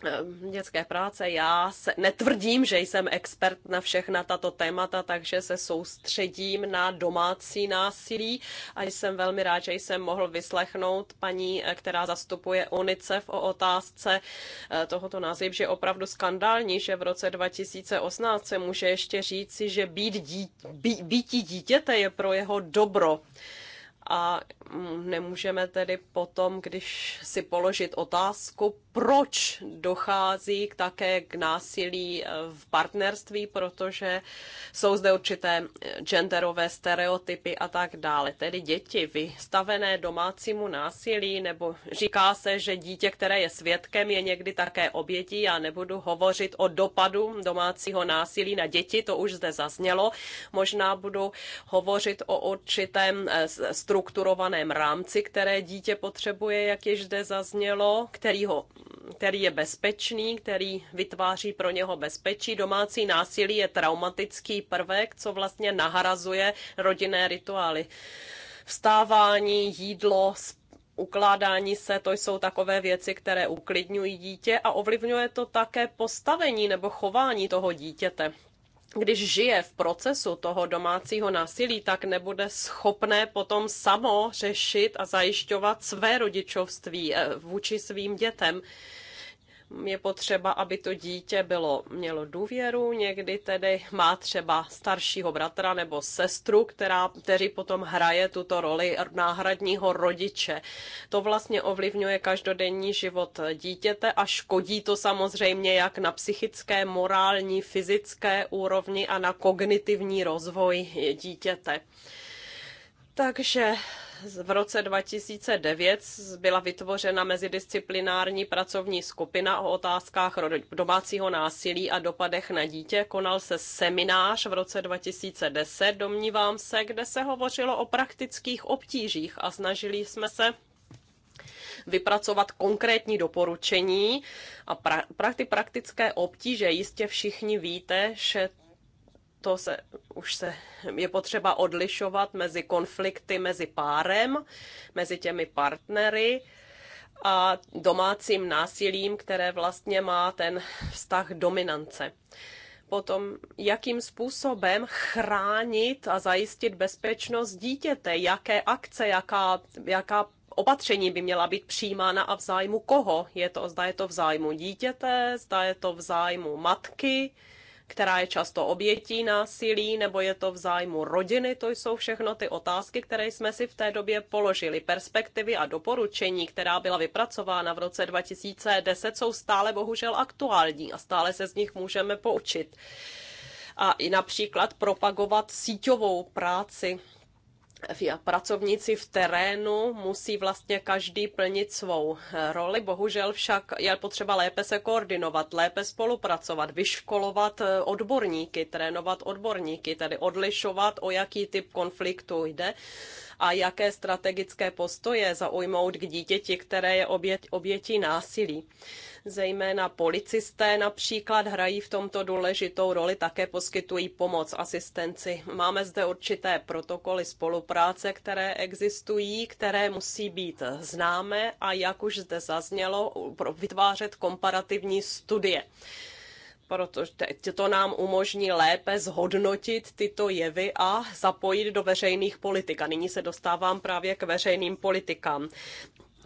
D: Ehm, dětské práce. Já se netvrdím, že jsem expert na všechna tato témata, takže se soustředím na domácí násilí a jsem velmi rád, že jsem mohl vyslechnout paní, eh, která zastupuje UNICEF o otázce eh, tohoto násilí, že je opravdu skandální, že v roce 2018 se může ještě říci, že být dí, bý, býtí dítěte je pro jeho dobro a nemůžeme tedy potom, když si položit otázku, proč dochází k také k násilí eh, v partnerství, protože jsou zde určité genderové stereotypy a tak dále. Tedy děti vystavené domácímu násilí, nebo říká se, že dítě, které je svědkem, je někdy také obětí. Já nebudu hovořit o dopadu domácího násilí na děti, to už zde zaznělo. Možná budu hovořit o určitém eh, strukturovaném rámci, které dítě potřebuje, jak již zde zaznělo, který, ho, který je bezpečný, který vytváří pro něho bezpečí. Domácí násilí je traumatický prvek, co vlastně nahrazuje rodinné rituály. Vstávání, jídlo, ukládání se, to jsou takové věci, které uklidňují dítě a ovlivňuje to také postavení nebo chování toho dítěte když žije v procesu toho domácího násilí, tak nebude schopné potom samo řešit a zajišťovat své rodičovství eh, vůči svým dětem je potřeba, aby to dítě bylo, mělo důvěru, někdy tedy má třeba staršího bratra nebo sestru, která, kteří potom hraje tuto roli náhradního rodiče. To vlastně ovlivňuje každodenní život dítěte a škodí to samozřejmě jak na psychické, morální, fyzické úrovni a na kognitivní rozvoj dítěte. Takže v roce 2009 byla vytvořena mezidisciplinární pracovní skupina o otázkách domácího násilí a dopadech na dítě. Konal se seminář v roce 2010, domnívám se, kde se hovořilo o praktických obtížích a snažili jsme se vypracovat konkrétní doporučení a pra, pra, ty praktické obtíže jistě všichni víte, že to se, už se, je potřeba odlišovat mezi konflikty mezi párem, mezi těmi partnery a domácím násilím, které vlastně má ten vztah dominance. Potom, jakým způsobem chránit a zajistit bezpečnost dítěte, jaké akce, jaká, jaká opatření by měla být přijímána a v zájmu koho. Je to, zda je to v zájmu dítěte, zda je to v zájmu matky, která je často obětí násilí, nebo je to v zájmu rodiny. To jsou všechno ty otázky, které jsme si v té době položili. Perspektivy a doporučení, která byla vypracována v roce 2010, jsou stále bohužel aktuální a stále se z nich můžeme poučit. A i například propagovat síťovou práci pracovníci v terénu musí vlastně každý plnit svou eh, roli. Bohužel však je potřeba lépe se koordinovat, lépe spolupracovat, vyškolovat eh, odborníky, trénovat odborníky, tedy odlišovat, o jaký typ konfliktu jde a jaké strategické postoje zaujmout k dítěti, které je oběť, obětí násilí. Zejména policisté například hrají v tomto důležitou roli, také poskytují pomoc, asistenci. Máme zde určité protokoly spolupráce, které existují, které musí být známé a jak už zde zaznělo, vytvářet komparativní studie protože to nám umožní lépe zhodnotit tyto jevy a zapojit do veřejných politik. A nyní se dostávám právě k veřejným politikám.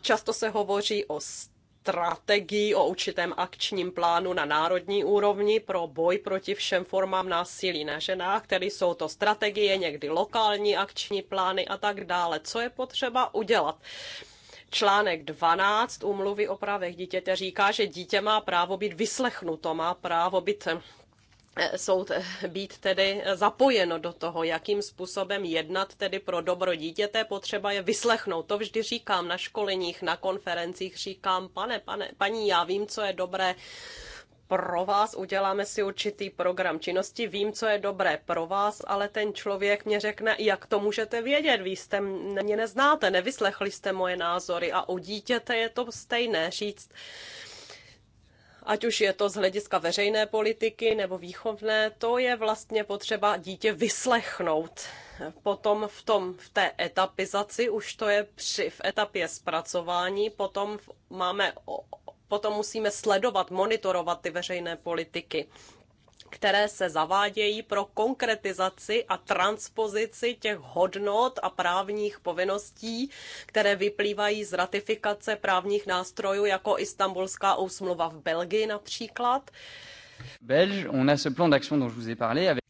D: Často se hovoří o strategii, o určitém akčním plánu na národní úrovni pro boj proti všem formám násilí na ženách, které jsou to strategie, někdy lokální akční plány a tak dále. Co je potřeba udělat? Článek 12 úmluvy o právech dítěte říká, že dítě má právo být vyslechnuto, má právo být eh, soud eh, být tedy zapojeno do toho, jakým způsobem jednat tedy pro dobro dítěte, potřeba je vyslechnout. To vždy říkám na školeních, na konferencích, říkám, pane, pane, paní, já vím, co je dobré pro vás, uděláme si určitý program činnosti, vím, co je dobré pro vás, ale ten člověk mě řekne, jak to můžete vědět, vy jste mě neznáte, nevyslechli jste moje názory a u dítěte je to stejné říct, ať už je to z hlediska veřejné politiky nebo výchovné, to je vlastně potřeba dítě vyslechnout. Potom v, tom, v té etapizaci už to je při, v etapě zpracování, potom v, máme potom musíme sledovat, monitorovat ty veřejné politiky které se zavádějí pro konkretizaci a transpozici těch hodnot a právních povinností, které vyplývají z ratifikace právních nástrojů, jako Istanbulská úsmluva v Belgii například.
A: Belge, on a ce plan d'action dont je vous ai parlé avec...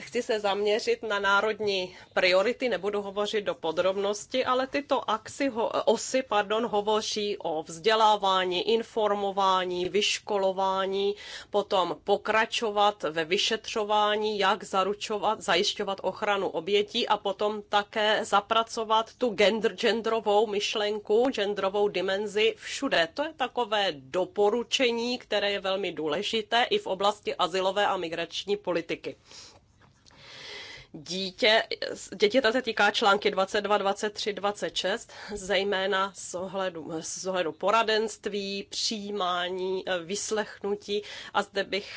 D: Chci se zaměřit na národní priority, nebudu hovořit do podrobnosti, ale tyto axi, osy pardon, hovoří o vzdělávání, informování, vyškolování, potom pokračovat ve vyšetřování, jak zaručovat, zajišťovat ochranu obětí a potom také zapracovat tu gender, genderovou myšlenku, genderovou dimenzi všude. To je takové doporučení, které je velmi důležité i v oblasti asilové a migrační politiky dítě, dětěta se týká články 22, 23, 26, zejména z ohledu, z ohledu poradenství, přijímání, eh, vyslechnutí. A zde bych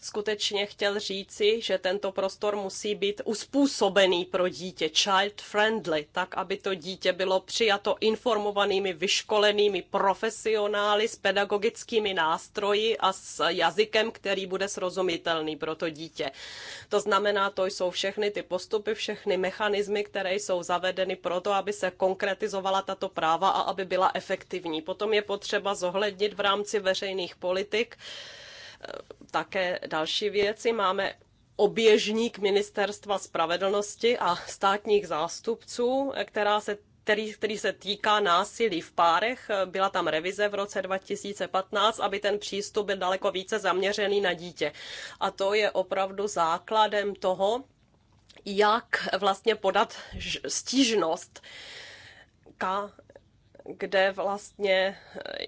D: skutečně chtěl říci, že tento prostor musí být uspůsobený pro dítě, child friendly, tak, aby to dítě bylo přijato informovanými, vyškolenými profesionály s pedagogickými nástroji a s jazykem, který bude srozumitelný pro to dítě. To znamená, to jsou všechny všechny ty postupy, všechny mechanismy, které jsou zavedeny pro to, aby se konkretizovala tato práva a aby byla efektivní. Potom je potřeba zohlednit v rámci veřejných politik eh, také další věci. Máme oběžník Ministerstva spravedlnosti a státních zástupců, která se který, který se týká násilí v párech. Byla tam revize v roce 2015, aby ten přístup byl daleko více zaměřený na dítě. A to je opravdu základem toho, jak vlastně podat stížnost, kde vlastně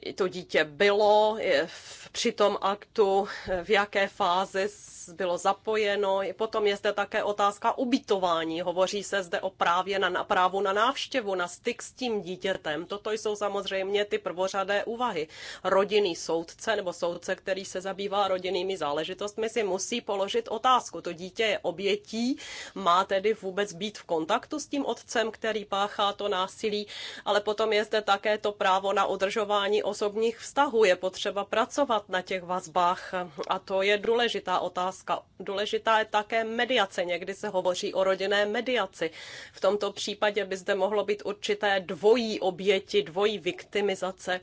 D: eh, to dítě bylo v, při tom aktu, v jaké fázi bylo zapojeno. Potom je zde také otázka ubytování. Hovoří se zde o právě na, na právu na návštěvu, na styk s tím dítětem. Toto jsou samozřejmě ty prvořadé úvahy. Rodinný soudce nebo soudce, který se zabývá rodinnými záležitostmi, si musí položit otázku. To dítě je obětí, má tedy vůbec být v kontaktu s tím otcem, který páchá to násilí, ale potom je zde také to právo na udržování osobních vztahů. Je potřeba pracovat na těch vazbách a to je důležitá otázka otázka. Důležitá je také mediace. Někdy se hovoří o rodinné mediaci. V tomto případě by zde mohlo být určité dvojí oběti, dvojí viktimizace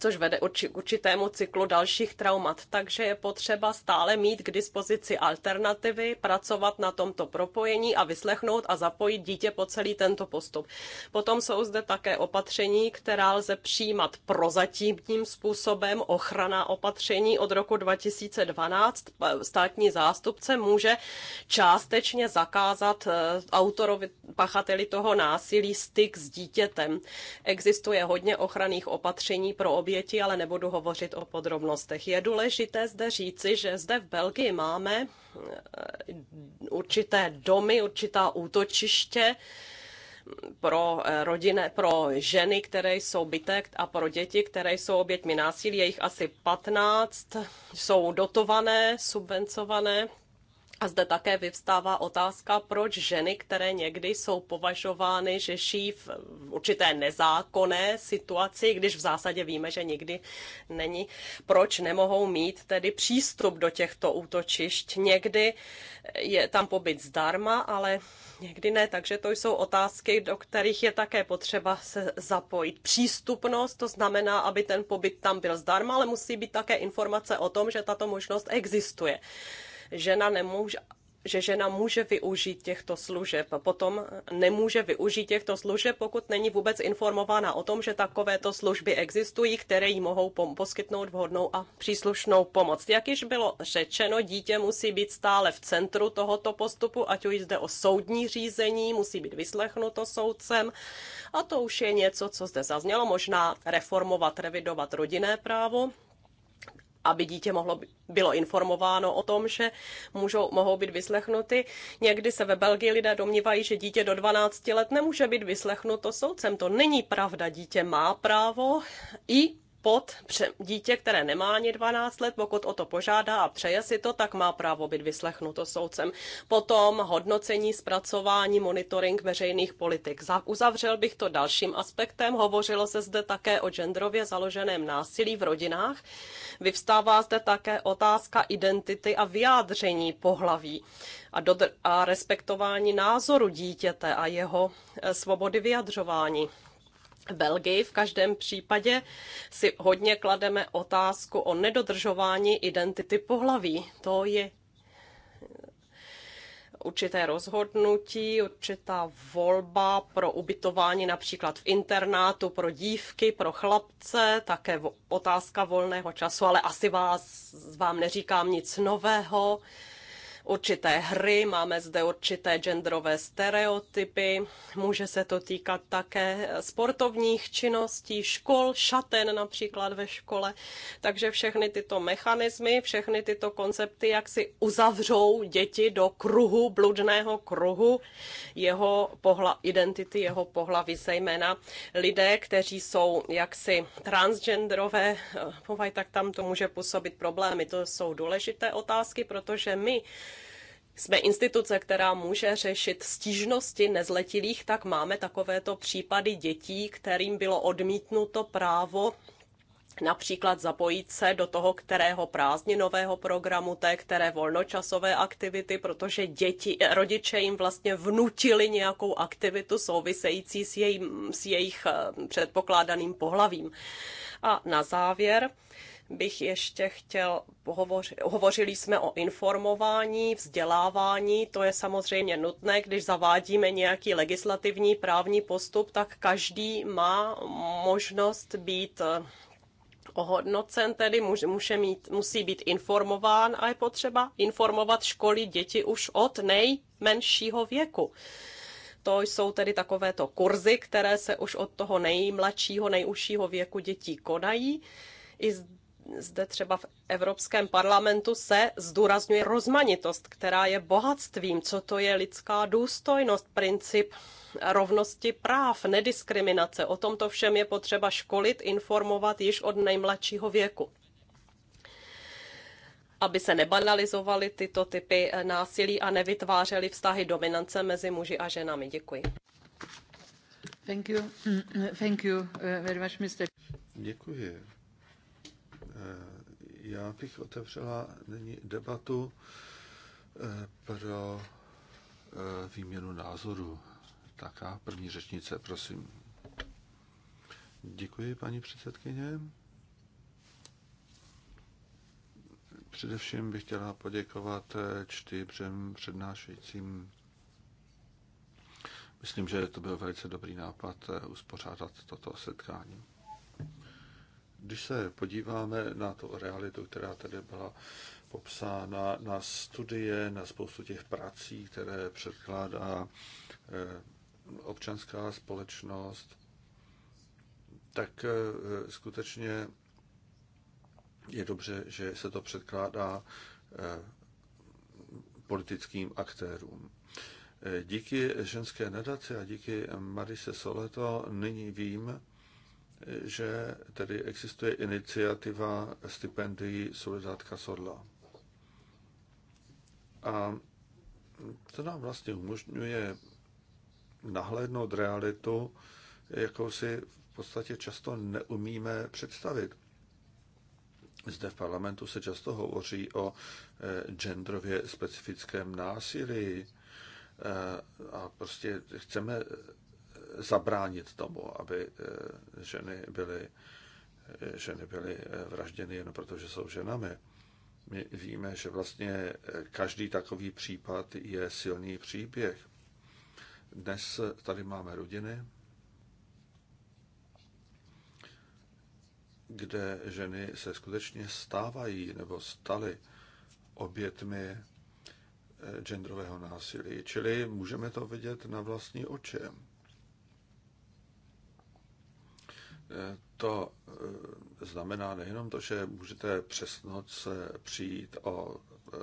D: což vede k určitému cyklu dalších traumat. Takže je potřeba stále mít k dispozici alternativy, pracovat na tomto propojení a vyslechnout a zapojit dítě po celý tento postup. Potom jsou zde také opatření, která lze přijímat prozatímním způsobem. Ochrana opatření od roku 2012 státní zástupce může částečně zakázat eh, autorovi, pachateli toho násilí styk s dítětem. Existuje hodně ochranných opatření pro oběti, ale nebudu hovořit o podrobnostech. Je důležité zde říci, že zde v Belgii máme eh, určité domy, určitá útočiště, pro eh, rodiny, pro ženy, které jsou bytek a pro děti, které jsou oběťmi násilí, je jich asi 15, jsou dotované, subvencované a zde také vyvstává otázka, proč ženy, které někdy jsou považovány, že žijí v určité nezákonné situaci, když v zásadě víme, že nikdy není, proč nemohou mít tedy přístup do těchto útočišť. Někdy je tam pobyt zdarma, ale někdy ne, takže to jsou otázky, do kterých je také potřeba se zapojit. Přístupnost, to znamená, aby ten pobyt tam byl zdarma, ale musí být také informace o tom, že tato možnost existuje žena nemůže že žena může využít těchto služeb. Potom nemůže využít těchto služeb, pokud není vůbec informována o tom, že takovéto služby existují, které jí mohou poskytnout vhodnou a příslušnou pomoc. Jak již bylo řečeno, dítě musí být stále v centru tohoto postupu, ať už jde o soudní řízení, musí být vyslechnuto soudcem. A to už je něco, co zde zaznělo, možná reformovat, revidovat rodinné právo aby dítě mohlo, bylo informováno o tom, že můžou, mohou být vyslechnuty. Někdy se ve Belgii lidé domnívají, že dítě do 12 let nemůže být vyslechnuto soudcem. To není pravda. Dítě má právo i pod dítě, které nemá ani 12 let, pokud o to požádá a přeje si to, tak má právo být vyslechnuto soudcem. Potom hodnocení, zpracování, monitoring veřejných politik. Uzavřel bych to dalším aspektem. Hovořilo se zde také o genderově založeném násilí v rodinách. Vyvstává zde také otázka identity a vyjádření pohlaví a, dodr- a respektování názoru dítěte a jeho e, svobody vyjadřování. Belgii v každém případě si hodně klademe otázku o nedodržování identity pohlaví. To je určité rozhodnutí, určitá volba pro ubytování například v internátu pro dívky, pro chlapce, také otázka volného času, ale asi vás, vám neříkám nic nového určité hry, máme zde určité genderové stereotypy, může se to týkat také sportovních činností, škol, šaten například ve škole. Takže všechny tyto mechanismy, všechny tyto koncepty, jak si uzavřou děti do kruhu, bludného kruhu jeho pohla, identity, jeho pohlaví zejména lidé, kteří jsou jaksi transgenderové, povahy, eh, tak tam to může působit problémy. To jsou důležité otázky, protože my jsme instituce, která může řešit stížnosti nezletilých, tak máme takovéto případy dětí, kterým bylo odmítnuto právo například zapojit se do toho, kterého prázdninového programu, té, které volnočasové aktivity, protože děti, rodiče jim vlastně vnutili nějakou aktivitu související s, jej, s jejich eh, předpokládaným pohlavím. A na závěr, bych ještě chtěl hovořit. Hovořili jsme o informování, vzdělávání. To je samozřejmě nutné, když zavádíme nějaký legislativní právní postup, tak každý má možnost být eh, ohodnocen, tedy může, může mít, musí být informován a je potřeba informovat školy děti už od nejmenšího věku. To jsou tedy takovéto kurzy, které se už od toho nejmladšího, nejužšího věku dětí konají. I zde třeba v Evropském parlamentu se zdůrazňuje rozmanitost, která je bohatstvím, co to je lidská důstojnost, princip rovnosti práv, nediskriminace. O tomto všem je potřeba školit, informovat již od nejmladšího věku aby se nebanalizovaly tyto typy násilí a nevytvářely vztahy dominance mezi muži a ženami. Děkuji.
A: Thank you. Mm, mm, thank you uh, very much, Mr.
B: Děkuji Eh, já bych otevřela nyní debatu eh, pro eh, výměnu názorů. Tak a první řečnice, prosím. Děkuji, paní předsedkyně. Především bych chtěla poděkovat čtyřem přednášejícím. Myslím, že to byl velice dobrý nápad uspořádat toto setkání. Když se podíváme na tu realitu, která tady byla popsána, na studie, na spoustu těch prací, které předkládá eh, občanská společnost, tak eh, skutečně je dobře, že se to předkládá eh, politickým aktérům. Díky ženské nadaci a díky Marise Soleto nyní vím, že tedy existuje iniciativa stipendií Solidátka Sodla. A to nám vlastně umožňuje nahlédnout realitu, jakou si v podstatě často neumíme představit. Zde v parlamentu se často hovoří o e, genderově specifickém násilí e, a prostě chceme zabránit tomu, aby eh, ženy byly, eh, ženy byly eh, vražděny jen proto, že jsou ženami. My víme, že vlastně každý takový případ je silný příběh. Dnes tady máme rodiny, kde ženy se skutečně stávají nebo staly obětmi genderového násilí. Čili můžeme to vidět na vlastní oči. to eh, znamená nejenom to, že můžete přes noc eh, přijít o eh,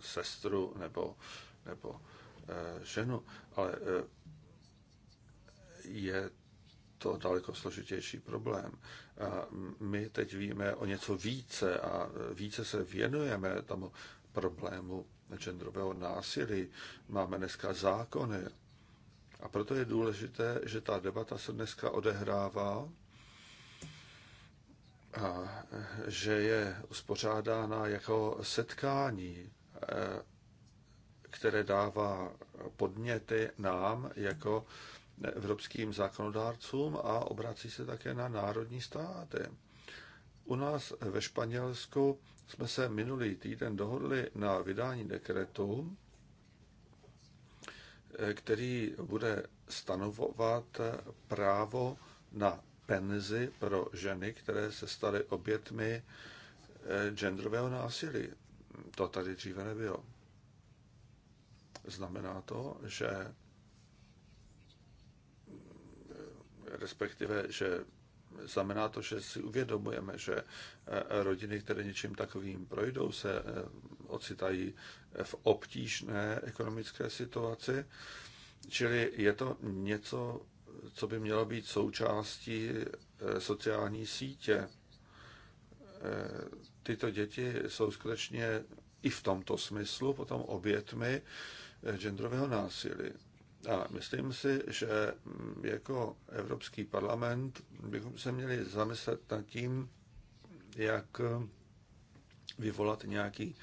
B: sestru nebo, nebo ženu, ale je to daleko složitější problém. A my teď víme o něco více a více se věnujeme tomu problému genderového násilí. Máme dneska zákony, a proto je důležité, že ta debata se dneska odehrává a že je uspořádána jako setkání, eh, které dává podněty nám jako evropským zákonodárcům a obrací se také na národní státy. U nás ve Španělsku jsme se minulý týden dohodli na vydání dekretu, který bude stanovovat právo na penzi pro ženy, které se staly obětmi eh, genderového násilí. To tady dříve nebylo. Znamená to, že respektive, že znamená to, že si uvědomujeme, že eh, rodiny, které něčím takovým projdou, se eh, ocitají v obtížné ekonomické situaci. Čili je to něco, co by mělo být součástí eh, sociální sítě. Tyto děti jsou skutečně i v tomto smyslu potom obětmi genderového násilí. A myslím si, že jako Evropský parlament bychom se měli zamyslet nad tím, jak vyvolat nějaký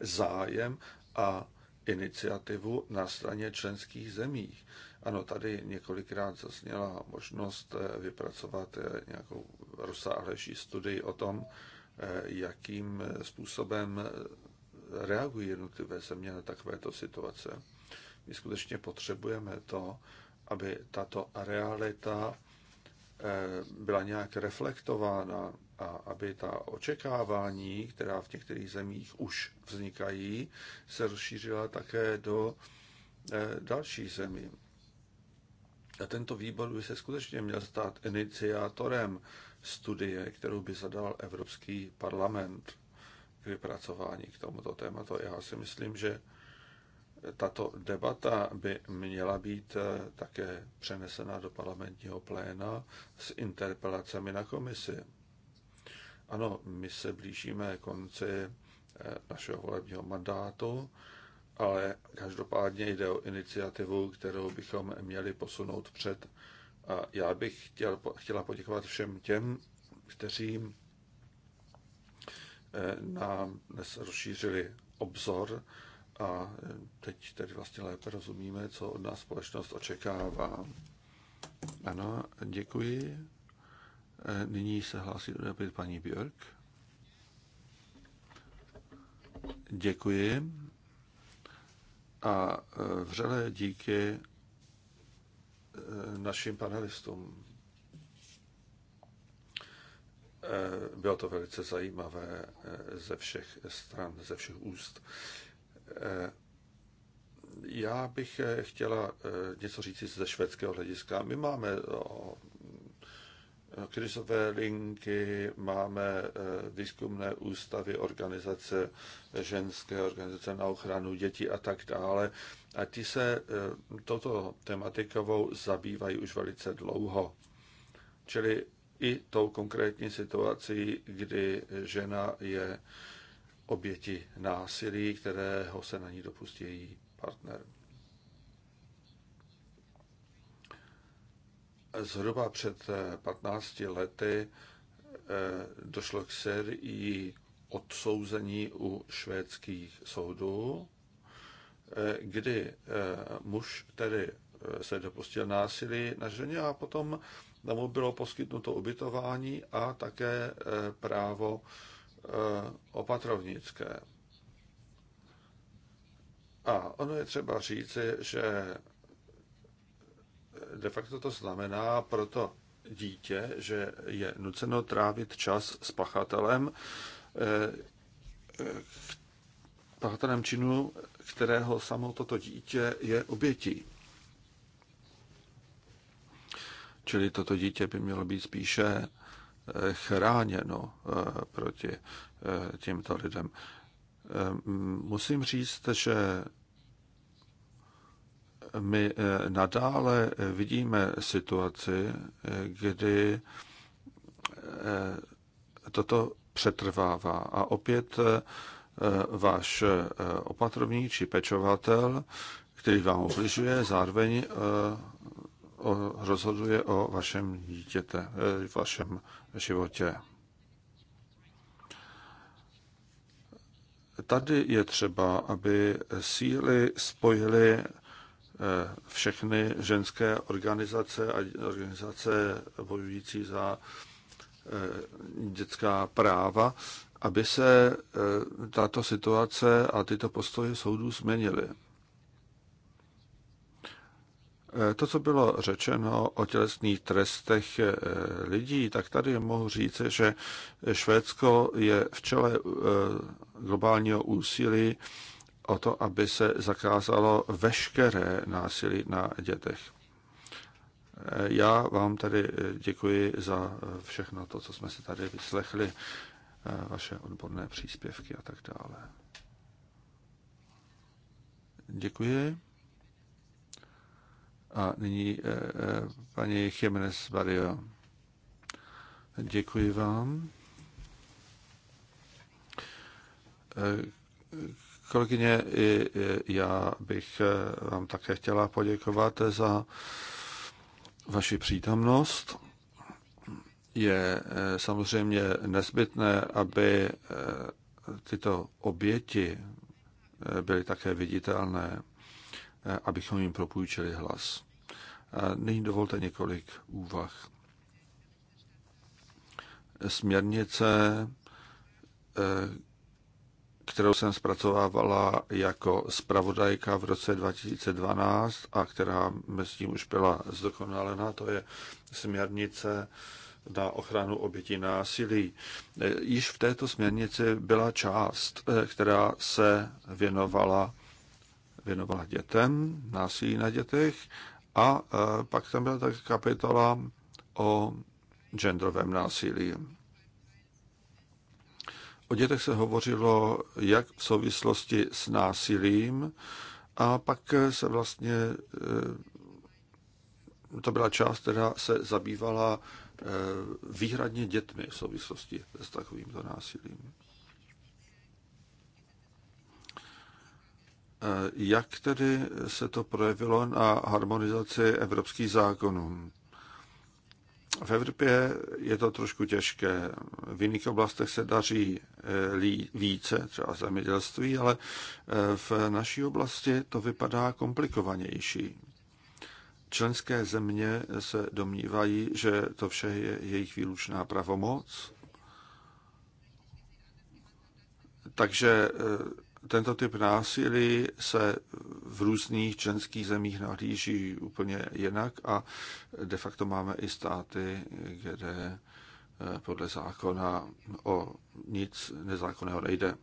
B: zájem a iniciativu na straně členských zemí. Ano, tady několikrát zasněla možnost vypracovat nějakou rozsáhlejší studii o tom, jakým způsobem reagují jednotlivé země na takovéto situace. My skutečně potřebujeme to, aby tato realita eh, byla nějak reflektována a aby ta očekávání, která v některých zemích už vznikají, se rozšířila také do eh, dalších zemí. A tento výbor by se skutečně měl stát iniciátorem studie, kterou by zadal Evropský parlament k vypracování k tomuto tématu. Já si myslím, že tato debata by měla být eh, také přenesena do parlamentního pléna s interpelacemi na komisi. Ano, my se blížíme konci eh, našeho volebního mandátu, ale každopádně jde o iniciativu, kterou bychom měli posunout před. A já bych chtěl, chtěla poděkovat všem těm, kteří eh, nám dnes rozšířili obzor a eh, teď tedy vlastně lépe rozumíme, co od nás společnost očekává. Ano, děkuji. Eh, nyní se hlásí opět paní Björk. Děkuji. A eh, vřelé díky našim panelistům. Bylo to velice zajímavé ze všech stran, ze všech úst. Eh, já bych eh, chtěla eh, něco říct ze švédského hlediska. My máme krizové linky, máme výzkumné ústavy, organizace ženské, organizace na ochranu dětí a tak dále. A ti se toto tematikovou zabývají už velice dlouho. Čili i tou konkrétní situací, kdy žena je oběti násilí, kterého se na ní dopustí její partner. Zhruba před 15 eh, lety eh, došlo k sérii odsouzení u švédských soudů, eh, kdy muž tedy se dopustil násilí na ženě a potom mu bylo poskytnuto ubytování a také právo Eh, opatrovnické. A ono je třeba říci, že de facto to znamená proto dítě, že je nuceno trávit čas s pachatelem, eh, eh, pachatelem činu, kterého samo toto dítě je obětí. Čili toto dítě by mělo být spíše chráněno eh, proti eh, těmto lidem. Eh, musím říct, že my nadále vidíme situaci, kdy toto přetrvává. A opět váš opatrovník či pečovatel, který vám obližuje, zároveň rozhoduje o vašem dítěte, eh, vašem životě. Tady je třeba, aby síly spojily eh, všechny ženské organizace a organizace bojující za eh, dětská práva, aby se tato situace a tyto postoje soudů změnily. Eh, to, co bylo řečeno o tělesných trestech eh, lidí, tak tady mohu říct, že Švédsko je v čele eh, globálního úsilí o to, aby se zakázalo veškeré násilí na dětech. Já vám tady děkuji za všechno to, co jsme si tady vyslechli, vaše odborné příspěvky a tak dále. Děkuji. A nyní eh, eh, paní Jiménez Barrio. Děkuji vám. Eh, kolegyně, já bych vám také chtěla poděkovat za vaši přítomnost. Je samozřejmě nezbytné, aby tyto oběti byly také viditelné abychom jim propůjčili hlas. Nyní dovolte několik úvah. Směrnice, eh, kterou jsem zpracovávala jako zpravodajka v roce 2012 a která mezi tím už byla zdokonalena, to je směrnice na ochranu obětí násilí. Eh, již v této směrnici byla část, eh, která se věnovala věnovala dětem, násilí na dětech a e, pak tam byla také kapitola o genderovém násilí. O dětech se hovořilo jak v souvislosti s násilím, a pak se vlastně, e, to byla část, která se zabývala e, výhradně dětmi v souvislosti s takovýmto násilím. Eh, jak tedy se to projevilo na harmonizaci evropských zákonů? V Evropě je to trošku těžké. V jiných oblastech se daří eh, více, třeba zemědělství, ale eh, v naší oblasti to vypadá komplikovanější. Členské země se domnívají, že to vše je jejich výlučná pravomoc. Takže tento typ násilí se v různých členských zemích nahlíží úplně jinak a de facto máme i státy, kde eh, podle zákona o nic nezákonného nejde.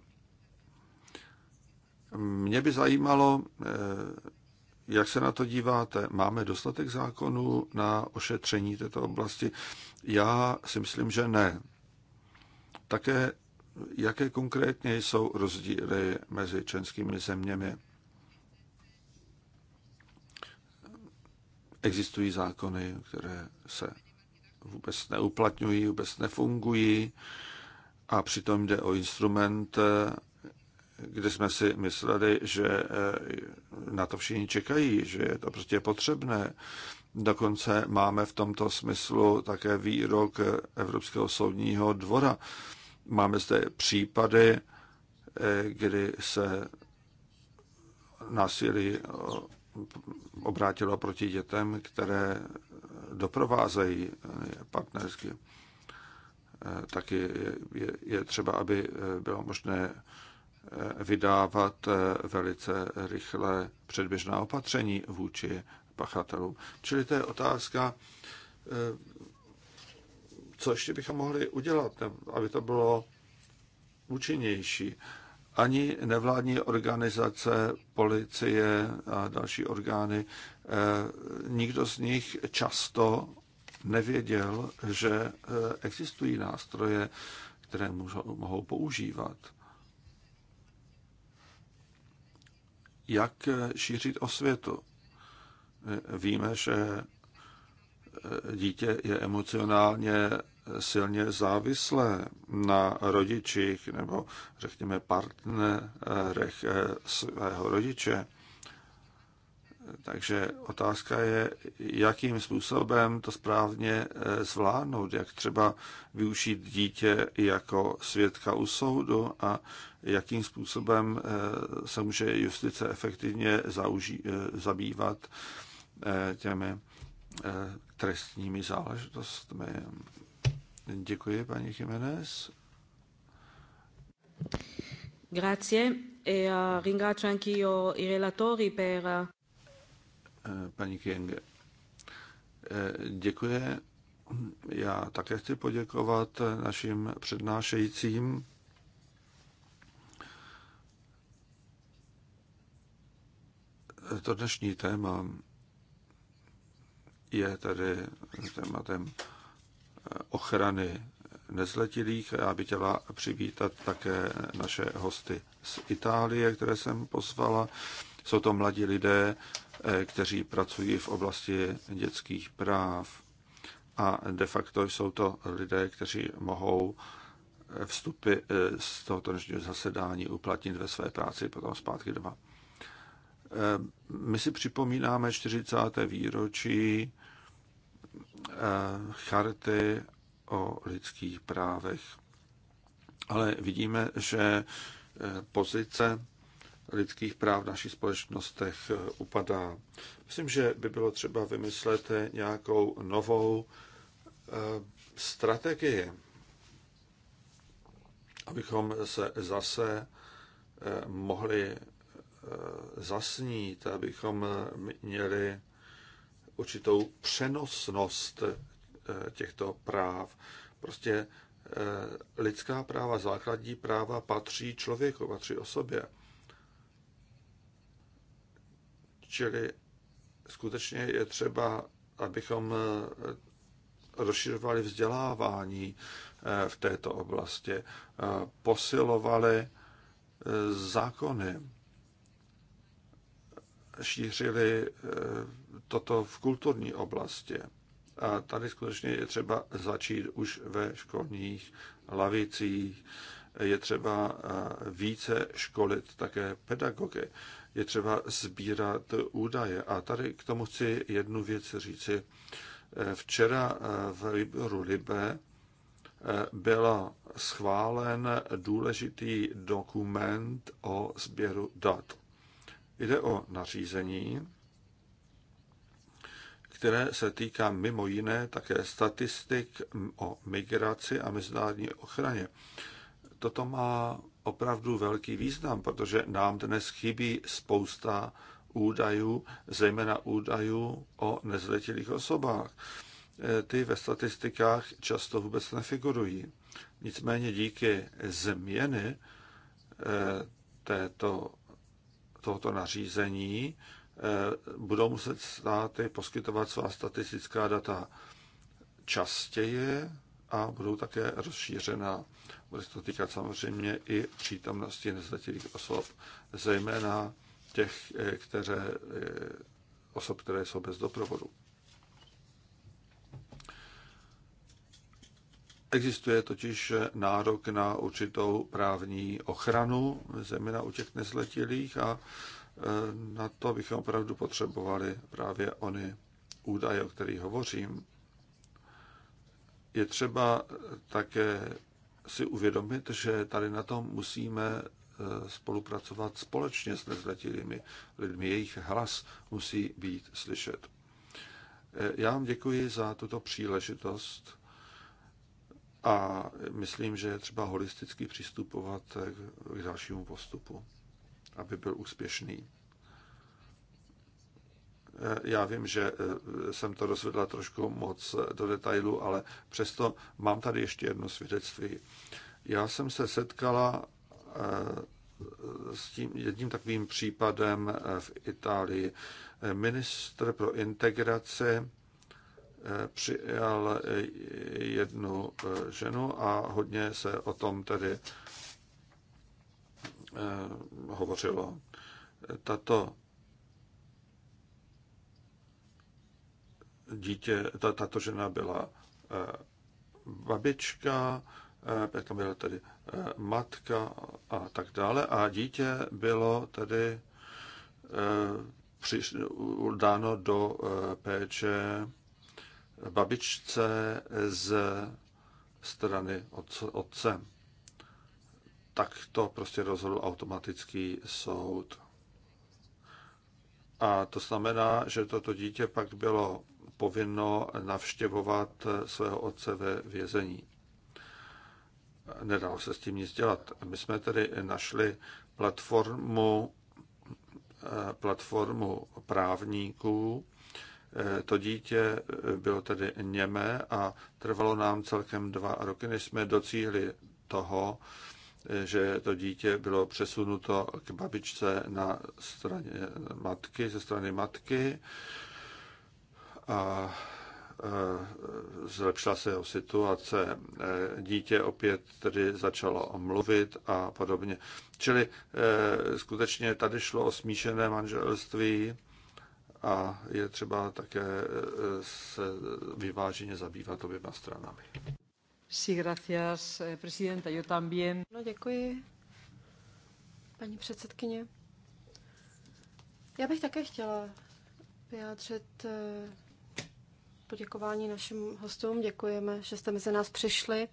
B: Mě by zajímalo, eh, jak se na to díváte? Máme dostatek zákonů na ošetření této oblasti? Já si myslím, že ne. Také jaké konkrétně jsou rozdíly mezi členskými zeměmi. Existují zákony, které se vůbec neuplatňují, vůbec nefungují a přitom jde o instrument, kde jsme si mysleli, že eh, na to všichni čekají, že je to prostě potřebné. Dokonce máme v tomto smyslu také výrok Evropského soudního dvora, Máme zde případy, eh, kdy se násilí eh, obrátilo proti dětem, které doprovázejí eh, partnersky. Taky je, je, je třeba, aby bylo možné vydávat velice rychle předběžná opatření vůči pachatelům. Čili to je otázka co ještě bychom mohli udělat, aby to bylo účinnější. Ani nevládní organizace, policie a další orgány, eh, nikdo z nich často nevěděl, že eh, existují nástroje, které mohou používat. Jak eh, šířit osvětu? Víme, že dítě je emocionálně silně závislé na rodičích nebo řekněme partnerech eh, svého rodiče. Takže otázka je, jakým způsobem to správně eh, zvládnout, jak třeba využít dítě jako svědka u soudu a jakým způsobem eh, se může justice efektivně zauží, zabývat těmi trestními záležitostmi. Děkuji, paní Jiménez.
D: Grazie e uh, ringrazio anch'io i relatori per... Eh,
B: eh, Pani Kienge, děkuji. Já také chci poděkovat našim přednášejícím. To dnešní téma je tedy tématem ochrany nezletilých. Já bych chtěla přivítat také naše hosty z Itálie, které jsem pozvala. Jsou to mladí lidé, eh, kteří pracují v oblasti dětských práv a de facto jsou to lidé, kteří mohou eh, vstupy eh, z tohoto dnešního zasedání uplatnit ve své práci potom zpátky doma. My si připomínáme 40. výročí charty o lidských právech. Ale vidíme, že e, pozice lidských práv v našich společnostech e, upadá. Myslím, že by bylo třeba vymyslet nějakou novou e, strategii, abychom se zase mohli zasnít, abychom měli určitou přenosnost eh, těchto práv. Prostě eh, lidská práva, základní práva patří člověku, patří osobě. Čili skutečně je třeba, abychom eh, rozšiřovali vzdělávání v této oblasti, posilovali zákony, šířili toto v kulturní oblasti. A tady skutečně je třeba začít už ve školních lavicích. Je třeba více školit také pedagogy. Je třeba sbírat údaje. A tady k tomu chci jednu věc říci. Včera v výboru Libe byl schválen důležitý dokument o sběru dat. Jde o nařízení, které se týká mimo jiné také statistik o migraci a mezinárodní ochraně. Toto má opravdu velký význam, protože nám dnes chybí spousta údajů, zejména údajů o nezletilých osobách. Ty ve statistikách často vůbec nefigurují. Nicméně díky změny eh, této, tohoto nařízení Eh, budou muset státy poskytovat svá statistická data častěji a budou také rozšířena. Bude se to týkat samozřejmě i přítomnosti nezletilých osob, zejména těch, eh, které, eh, osob, které jsou bez doprovodu. Existuje totiž nárok na určitou právní ochranu, zejména u těch nezletilých, a Eh, na to bychom opravdu potřebovali právě ony údaje, o kterých hovořím. Je třeba také si uvědomit, že tady na tom musíme eh, spolupracovat společně s nezletilými lidmi. Jejich hlas musí být slyšet. Eh, já vám děkuji za tuto příležitost a myslím, že je třeba holisticky přistupovat k dalšímu postupu aby byl úspěšný. Eh, já vím, že eh, jsem to rozvedla trošku moc eh, do detailu, ale přesto mám tady ještě jedno svědectví. Já jsem se setkala s tím jedním takovým případem v Itálii. Ministr pro integraci přijal jednu ženu a hodně se o tom tedy Eh, hovořilo. Tato dítě, tato žena byla eh, babička, eh, potom byla tedy matka a tak dále. A dítě bylo tedy dáno do péče babičce z strany otce tak to prostě rozhodl automatický soud. A to znamená, že toto dítě pak bylo povinno navštěvovat svého otce ve vězení. Nedalo se s tím nic dělat. My jsme tedy našli platformu, eh, platformu právníků. Eh, to dítě bylo tedy němé a trvalo nám celkem dva roky, než jsme docíli toho, že to dítě bylo přesunuto k babičce na straně matky, ze strany matky a e, zlepšila se jeho situace. E, dítě opět tedy začalo mluvit a podobně. Čili e, skutečně tady šlo o smíšené manželství a je třeba také se vyváženě zabývat oběma stranami.
A: Eh, no, děkuji,
E: paní předsedkyně. Já bych také chtěla vyjádřit eh, poděkování našim hostům. Děkujeme, že jste mezi nás přišli.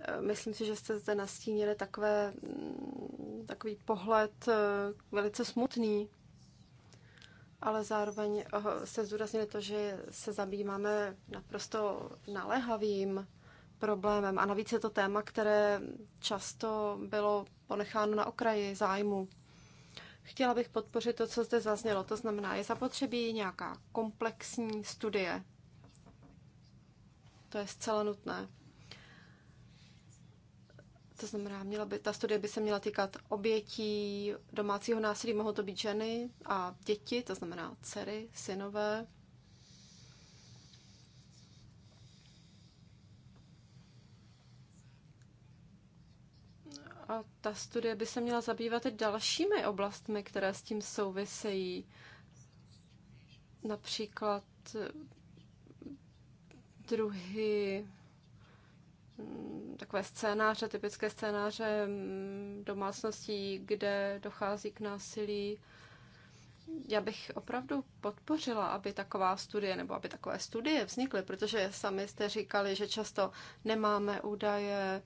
E: Eh, myslím si, že jste zde nastínili takové, mm, takový pohled velice smutný, ale zároveň jste zdůraznili to, že se zabýváme naprosto naléhavým problémem. A navíc je to téma, které často bylo ponecháno na okraji zájmu. Chtěla bych podpořit to, co zde zaznělo. To znamená, je zapotřebí nějaká komplexní studie. To je zcela nutné. To znamená, měla by, ta studie by se měla týkat obětí domácího násilí. Mohou to být ženy a děti, to znamená dcery, synové. A ta studie by se měla zabývat i dalšími oblastmi, které s tím souvisejí. Například eh, druhy mm, takové scénáře, typické scénáře mm, domácností, kde dochází k násilí. Já bych opravdu podpořila, aby taková studie nebo aby takové studie vznikly, protože sami jste říkali, že často nemáme údaje,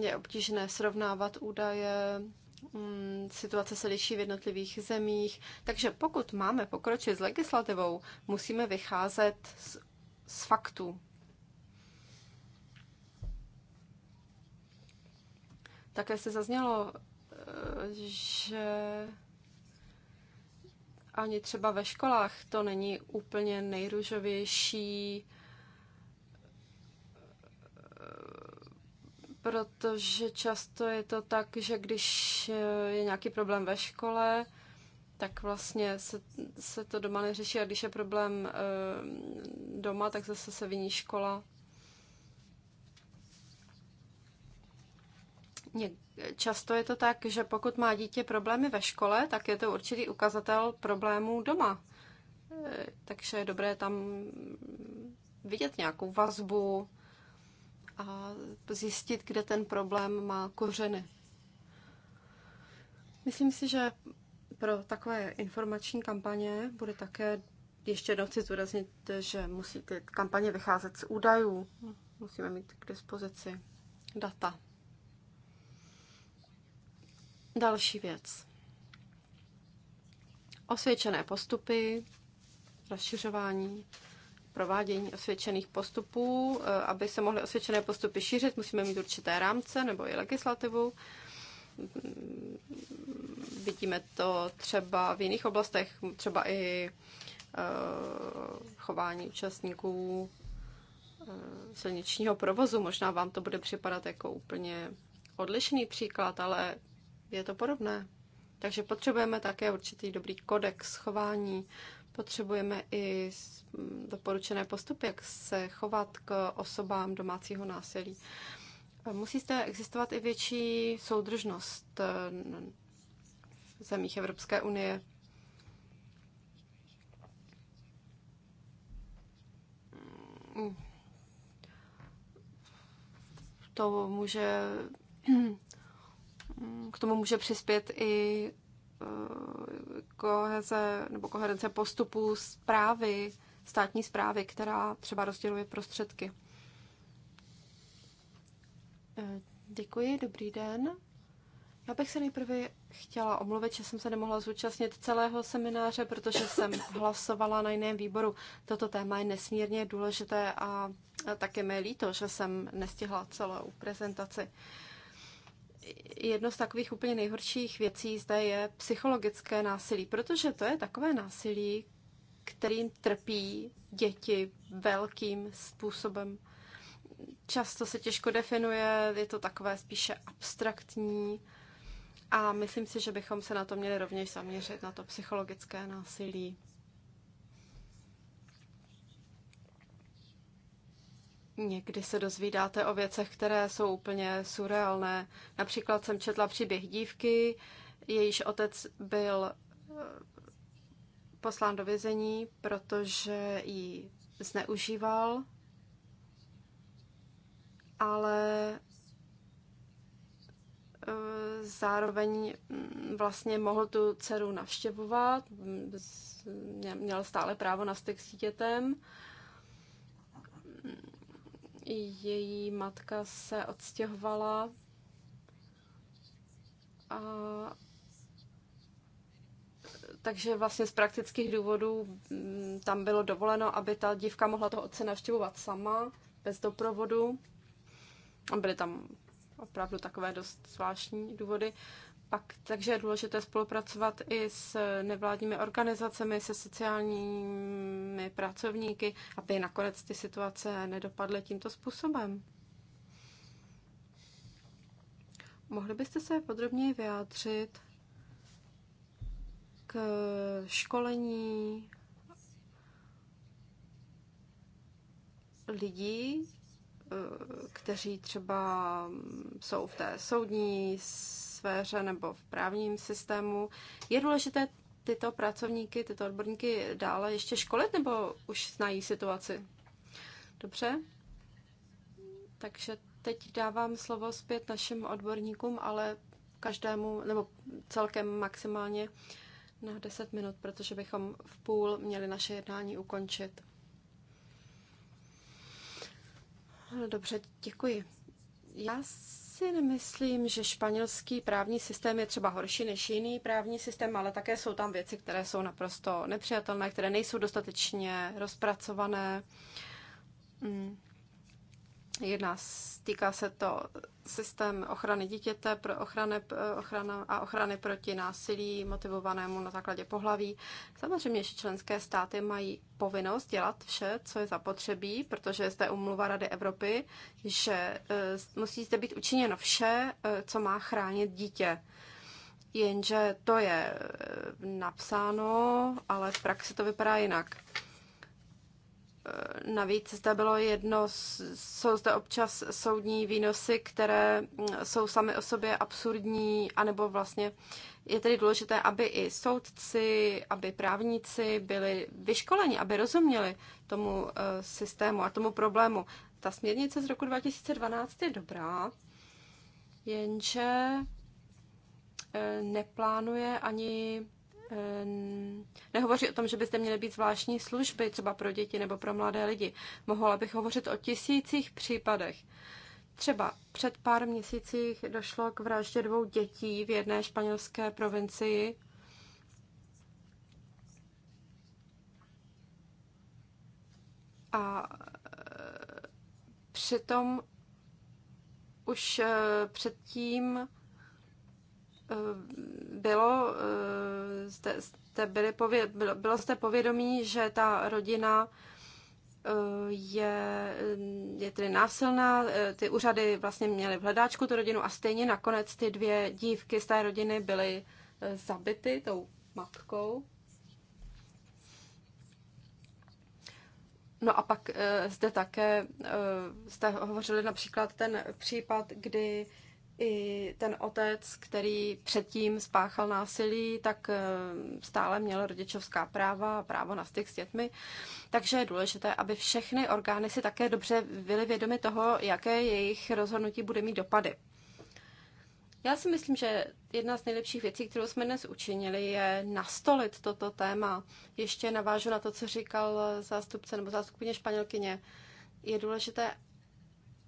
E: je obtížné srovnávat údaje, mm, situace se liší v jednotlivých zemích, takže pokud máme pokročit s legislativou, musíme vycházet z, z faktů. Také se zaznělo, eh, že ani třeba ve školách to není úplně nejružovější protože často je to tak, že když eh, je nějaký problém ve škole, tak vlastně se, se to doma neřeší a když je problém uh, doma, tak zase se viní škola. Ně, často je to tak, že pokud má dítě problémy ve škole, tak je to určitý ukazatel problémů doma. Eh, takže je dobré tam vidět nějakou vazbu, a zjistit, kde ten problém má kořeny. Myslím si, že pro takové informační kampaně bude také ještě jednou chci zúraznit, že musí ty kampaně vycházet z údajů. Musíme mít k dispozici data. Další věc. Osvědčené postupy, rozšiřování provádění osvědčených postupů. Eh, aby se mohly osvědčené postupy šířit, musíme mít určité rámce nebo i legislativu. Mm, vidíme to třeba v jiných oblastech, třeba i eh, chování účastníků eh, silničního provozu. Možná vám to bude připadat jako úplně odlišný příklad, ale je to podobné. Takže potřebujeme také určitý dobrý kodex chování, Potřebujeme i doporučené postupy, jak se chovat k osobám domácího násilí. Musí zde existovat i větší soudržnost eh, v zemích Evropské unie. To může, k tomu může přispět i Eh, koheze nebo koherence postupů zprávy, státní zprávy, která třeba rozděluje prostředky. Eh, děkuji, dobrý den. Já bych se nejprve chtěla omluvit, že jsem se nemohla zúčastnit celého semináře, protože jsem hlasovala na jiném výboru. Toto téma je nesmírně důležité a také mi líto, že jsem nestihla celou prezentaci. Uh, jedno z takových úplně nejhorších věcí zde je psychologické násilí, protože to je takové násilí, kterým trpí děti velkým způsobem. Často se těžko definuje, je to takové spíše abstraktní a myslím si, že bychom se na to měli rovněž zaměřit, na to psychologické násilí. Někdy se dozvídáte o věcech, které jsou úplně surreálné. Například jsem četla příběh dívky, jejíž otec byl eh, poslán do vězení, protože ji zneužíval, ale eh, zároveň mm, vlastně mohl tu dceru navštěvovat, mm, měl stále právo na styk s dítětem. Její matka se odstěhovala a takže vlastně z praktických důvodů mm, tam bylo dovoleno, aby ta dívka mohla toho otce navštěvovat sama, bez doprovodu. A byly tam opravdu takové dost zvláštní důvody pak, takže je důležité spolupracovat i s nevládními organizacemi, se sociálními pracovníky, aby nakonec ty situace nedopadly tímto způsobem. Mohli byste se podrobněji vyjádřit k školení lidí, eh, kteří třeba jsou v té soudní sféře nebo v právním systému. Je důležité tyto pracovníky, tyto odborníky dále ještě školit, nebo už znají situaci? Dobře. Takže teď dávám slovo zpět našim odborníkům, ale každému, nebo celkem maximálně na 10 minut, protože bychom v půl měli naše jednání ukončit. Dobře, děkuji. Já si nemyslím, že španělský právní systém je třeba horší než jiný právní systém, ale také jsou tam věci, které jsou naprosto nepřijatelné, které nejsou dostatečně rozpracované. Hmm. Jedná, týká se to systém ochrany dítěte pro ochrany, ochrana a ochrany proti násilí motivovanému na základě pohlaví. Samozřejmě, že členské státy mají povinnost dělat vše, co je zapotřebí, protože je zde umluva Rady Evropy, že eh, musí zde být učiněno vše, eh, co má chránit dítě. Jenže to je eh, napsáno, ale v praxi to vypadá jinak. Eh, navíc zde bylo jedno, jsou zde občas soudní výnosy, které mm, jsou sami o sobě absurdní, anebo vlastně je tedy důležité, aby i soudci, aby právníci byli vyškoleni, aby rozuměli tomu eh, systému a tomu problému. Ta směrnice z roku 2012 je dobrá, jenže eh, neplánuje ani Ehm, nehovoří o tom, že byste měli být zvláštní služby třeba pro děti nebo pro mladé lidi. Mohla bych hovořit o tisících případech. Třeba před pár měsících došlo k vraždě dvou dětí v jedné španělské provincii. A e, přitom už e, předtím bylo, eh, jste, jste byli pově, bylo, bylo jste povědomí, že ta rodina eh, je, je tedy násilná. Eh, ty úřady vlastně měly v hledáčku tu rodinu a stejně nakonec ty dvě dívky z té rodiny byly zabity tou matkou. No a pak zde také jste hovořili například ten případ, kdy i ten otec, který předtím spáchal násilí, tak eh, stále měl rodičovská práva a právo na styk s dětmi. Takže je důležité, aby všechny orgány si také dobře byly vědomy toho, jaké jejich rozhodnutí bude mít dopady. Já si myslím, že jedna z nejlepších věcí, kterou jsme dnes učinili, je nastolit toto téma. Ještě navážu na to, co říkal zástupce nebo zástupkyně španělkyně. Je důležité,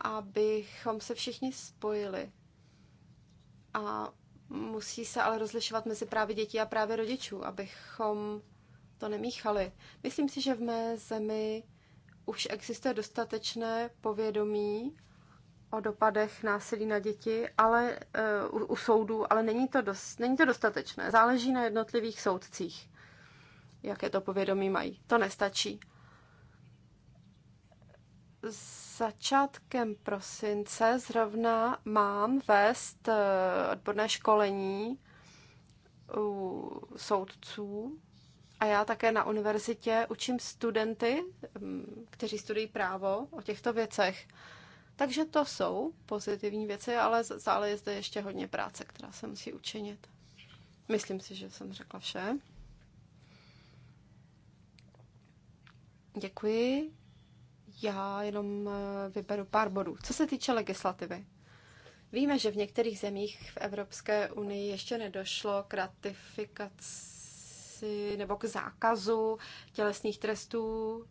E: abychom se všichni spojili a musí se ale rozlišovat mezi právě dětí a právě rodičů, abychom to nemíchali. Myslím si, že v mé zemi už existuje dostatečné povědomí o dopadech násilí na děti, ale uh, u, u soudů, ale není to, dost, není to dostatečné. Záleží na jednotlivých soudcích, jaké to povědomí mají. To nestačí. Z Začátkem prosince zrovna mám vést eh, odborné školení u soudců a já také na univerzitě učím studenty, mm, kteří studují právo o těchto věcech. Takže to jsou pozitivní věci, ale stále je zde ještě hodně práce, která se musí učinit. Myslím si, že jsem řekla vše. Děkuji. Já jenom eh, vyberu pár bodů. Co se týče legislativy, víme, že v některých zemích v Evropské unii ještě nedošlo k ratifikaci nebo k zákazu tělesných trestů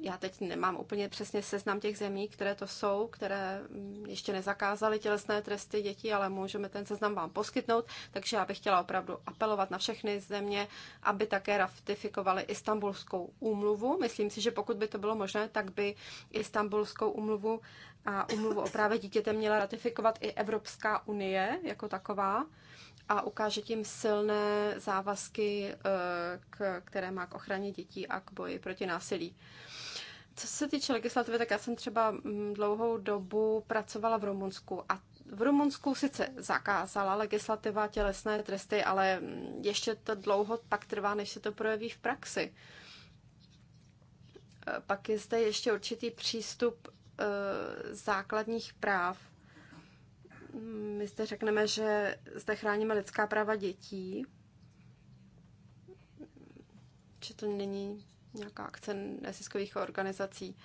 E: já teď nemám úplně přesně seznam těch zemí, které to jsou, které ještě nezakázaly tělesné tresty dětí, ale můžeme ten seznam vám poskytnout. Takže já bych chtěla opravdu apelovat na všechny země, aby také ratifikovali Istanbulskou úmluvu. Myslím si, že pokud by to bylo možné, tak by Istanbulskou úmluvu a úmluvu o právě dítěte měla ratifikovat i Evropská unie jako taková a ukáže tím silné závazky, eh, které má k ochraně dětí a k boji proti násilí. Co se týče legislativy, tak já jsem třeba mm, dlouhou dobu pracovala v Rumunsku a v Rumunsku sice zakázala legislativa tělesné tresty, ale mm, ještě to dlouho pak trvá, než se to projeví v praxi. E, pak je zde ještě určitý přístup e, základních práv. Mm, my zde řekneme, že zde chráníme lidská práva dětí, že to není nějaká akce neziskových organizací.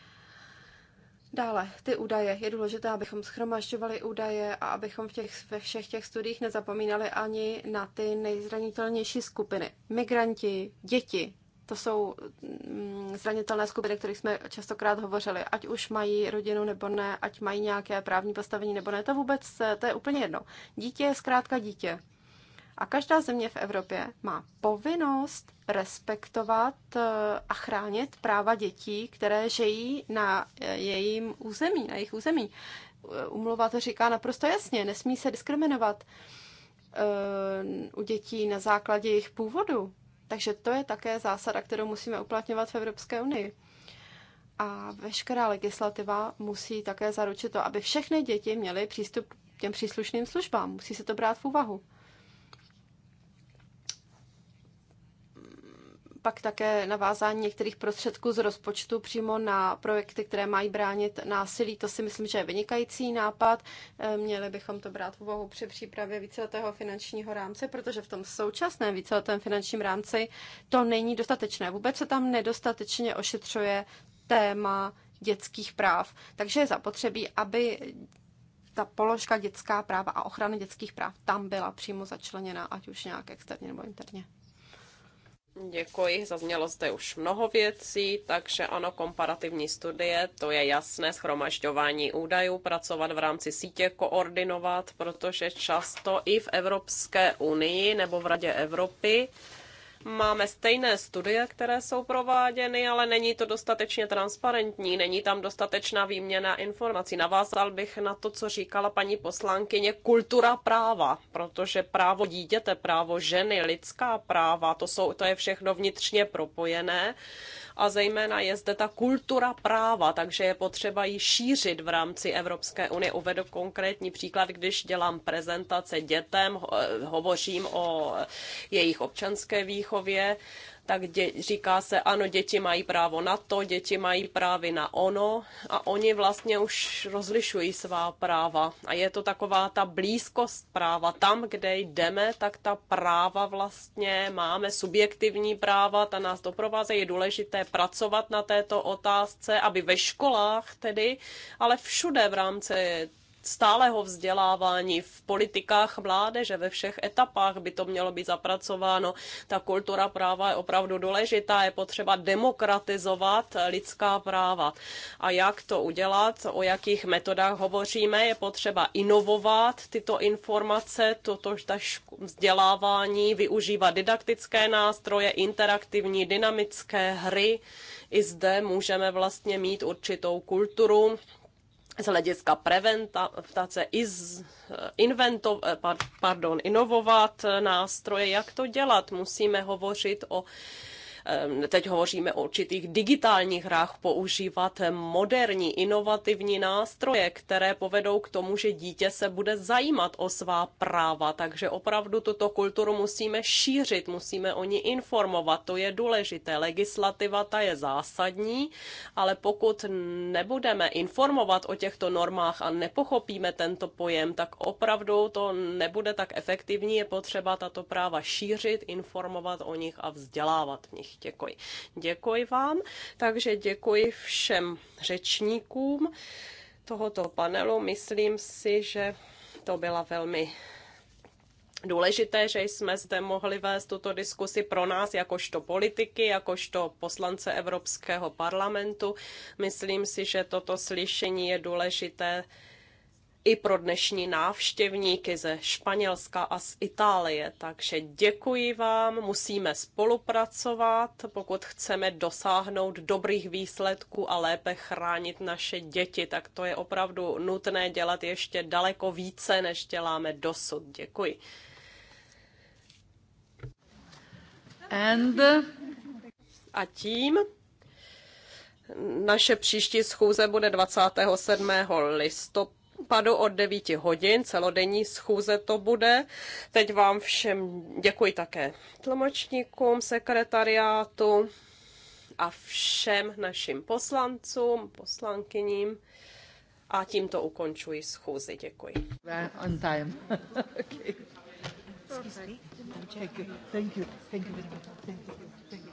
E: Dále, ty údaje. Je důležité, abychom schromažďovali údaje a abychom v těch, ve všech těch studiích nezapomínali ani na ty nejzranitelnější skupiny. Migranti, děti, to jsou mm, zranitelné skupiny, o kterých jsme častokrát hovořili. Ať už mají rodinu nebo ne, ať mají nějaké právní postavení nebo ne, to vůbec, to je úplně jedno. Dítě je zkrátka dítě. A každá země v Evropě má povinnost respektovat eh, a chránit práva dětí, které žijí na eh, jejím území, na jejich území. Eh, umluva to říká naprosto jasně, nesmí se diskriminovat u dětí na základě jejich původu. Takže to je také zásada, kterou musíme uplatňovat v Evropské unii. A veškerá legislativa musí také zaručit to, aby všechny děti měly přístup k těm příslušným službám. Musí se to brát v úvahu. pak také navázání některých prostředků z rozpočtu přímo na projekty, které mají bránit násilí. To si myslím, že je vynikající nápad. Eh, měli bychom to brát v úvahu při přípravě víceletého finančního rámce, protože v tom současném víceletém finančním rámci to není dostatečné. Vůbec se tam nedostatečně ošetřuje téma dětských práv. Takže je zapotřebí, aby ta položka dětská práva a ochrana dětských práv tam byla přímo začleněna, ať už nějak externě nebo interně.
D: Děkuji, zaznělo zde už mnoho věcí, takže ano, komparativní studie, to je jasné, schromažďování údajů, pracovat v rámci sítě, koordinovat, protože často i v Evropské unii nebo v Radě Evropy Máme stejné studie, které jsou prováděny, ale není to dostatečně transparentní, není tam dostatečná výměna informací. Navázal bych na to, co říkala paní poslankyně, kultura práva, protože právo dítěte, právo ženy, lidská práva, to, jsou, to je všechno vnitřně propojené a zejména je zde ta kultura práva, takže je potřeba ji šířit v rámci Evropské unie. Uvedu konkrétní příklad, když dělám prezentace dětem, hovořím o jejich občanské výchově, tak dě, říká se, ano, děti mají právo na to, děti mají právy na ono a oni vlastně už rozlišují svá práva. A je to taková ta blízkost práva. Tam, kde jdeme, tak ta práva vlastně máme, subjektivní práva, ta nás doprovázejí. Je důležité pracovat na této otázce, aby ve školách tedy, ale všude v rámci stálého vzdělávání v politikách mládeže ve všech etapách by to mělo být zapracováno. Ta kultura práva je opravdu důležitá, je potřeba demokratizovat lidská práva. A jak to udělat, o jakých metodách hovoříme, je potřeba inovovat tyto informace, toto vzdělávání, využívat didaktické nástroje, interaktivní, dynamické hry. I zde můžeme vlastně mít určitou kulturu, z hlediska preventace, z eh, invento, eh, pardon, inovovat eh, nástroje, jak to dělat. Musíme hovořit o Ehm, teď hovoříme o určitých digitálních hrách, používat moderní, inovativní nástroje, které povedou k tomu, že dítě se bude zajímat o svá práva. Takže opravdu tuto kulturu musíme šířit, musíme o ní informovat, to je důležité. Legislativa ta je zásadní, ale pokud nebudeme informovat o těchto normách a nepochopíme tento pojem, tak opravdu to nebude tak efektivní. Je potřeba tato práva šířit, informovat o nich a vzdělávat v nich. Děkuji. Děkuji vám. Takže děkuji všem řečníkům tohoto panelu. Myslím si, že to byla velmi důležité, že jsme zde mohli vést tuto diskusi pro nás jakožto politiky, jakožto poslance Evropského parlamentu. Myslím si, že toto slyšení je důležité i pro dnešní návštěvníky ze Španělska a z Itálie. Takže děkuji vám, musíme spolupracovat, pokud chceme dosáhnout dobrých výsledků a lépe chránit naše děti, tak to je opravdu nutné dělat ještě daleko více, než děláme dosud. Děkuji. And... A tím naše příští schůze bude 27. listopadu listopadu od 9 hodin, celodenní schůze to bude. Teď vám všem děkuji také tlumočníkům, sekretariátu a všem našim poslancům, poslankyním. A tímto ukončuji schůzi. Děkuji.
A: On time.
D: okay.
C: Thank
A: you. Thank you. Thank you. Thank you. Thank you.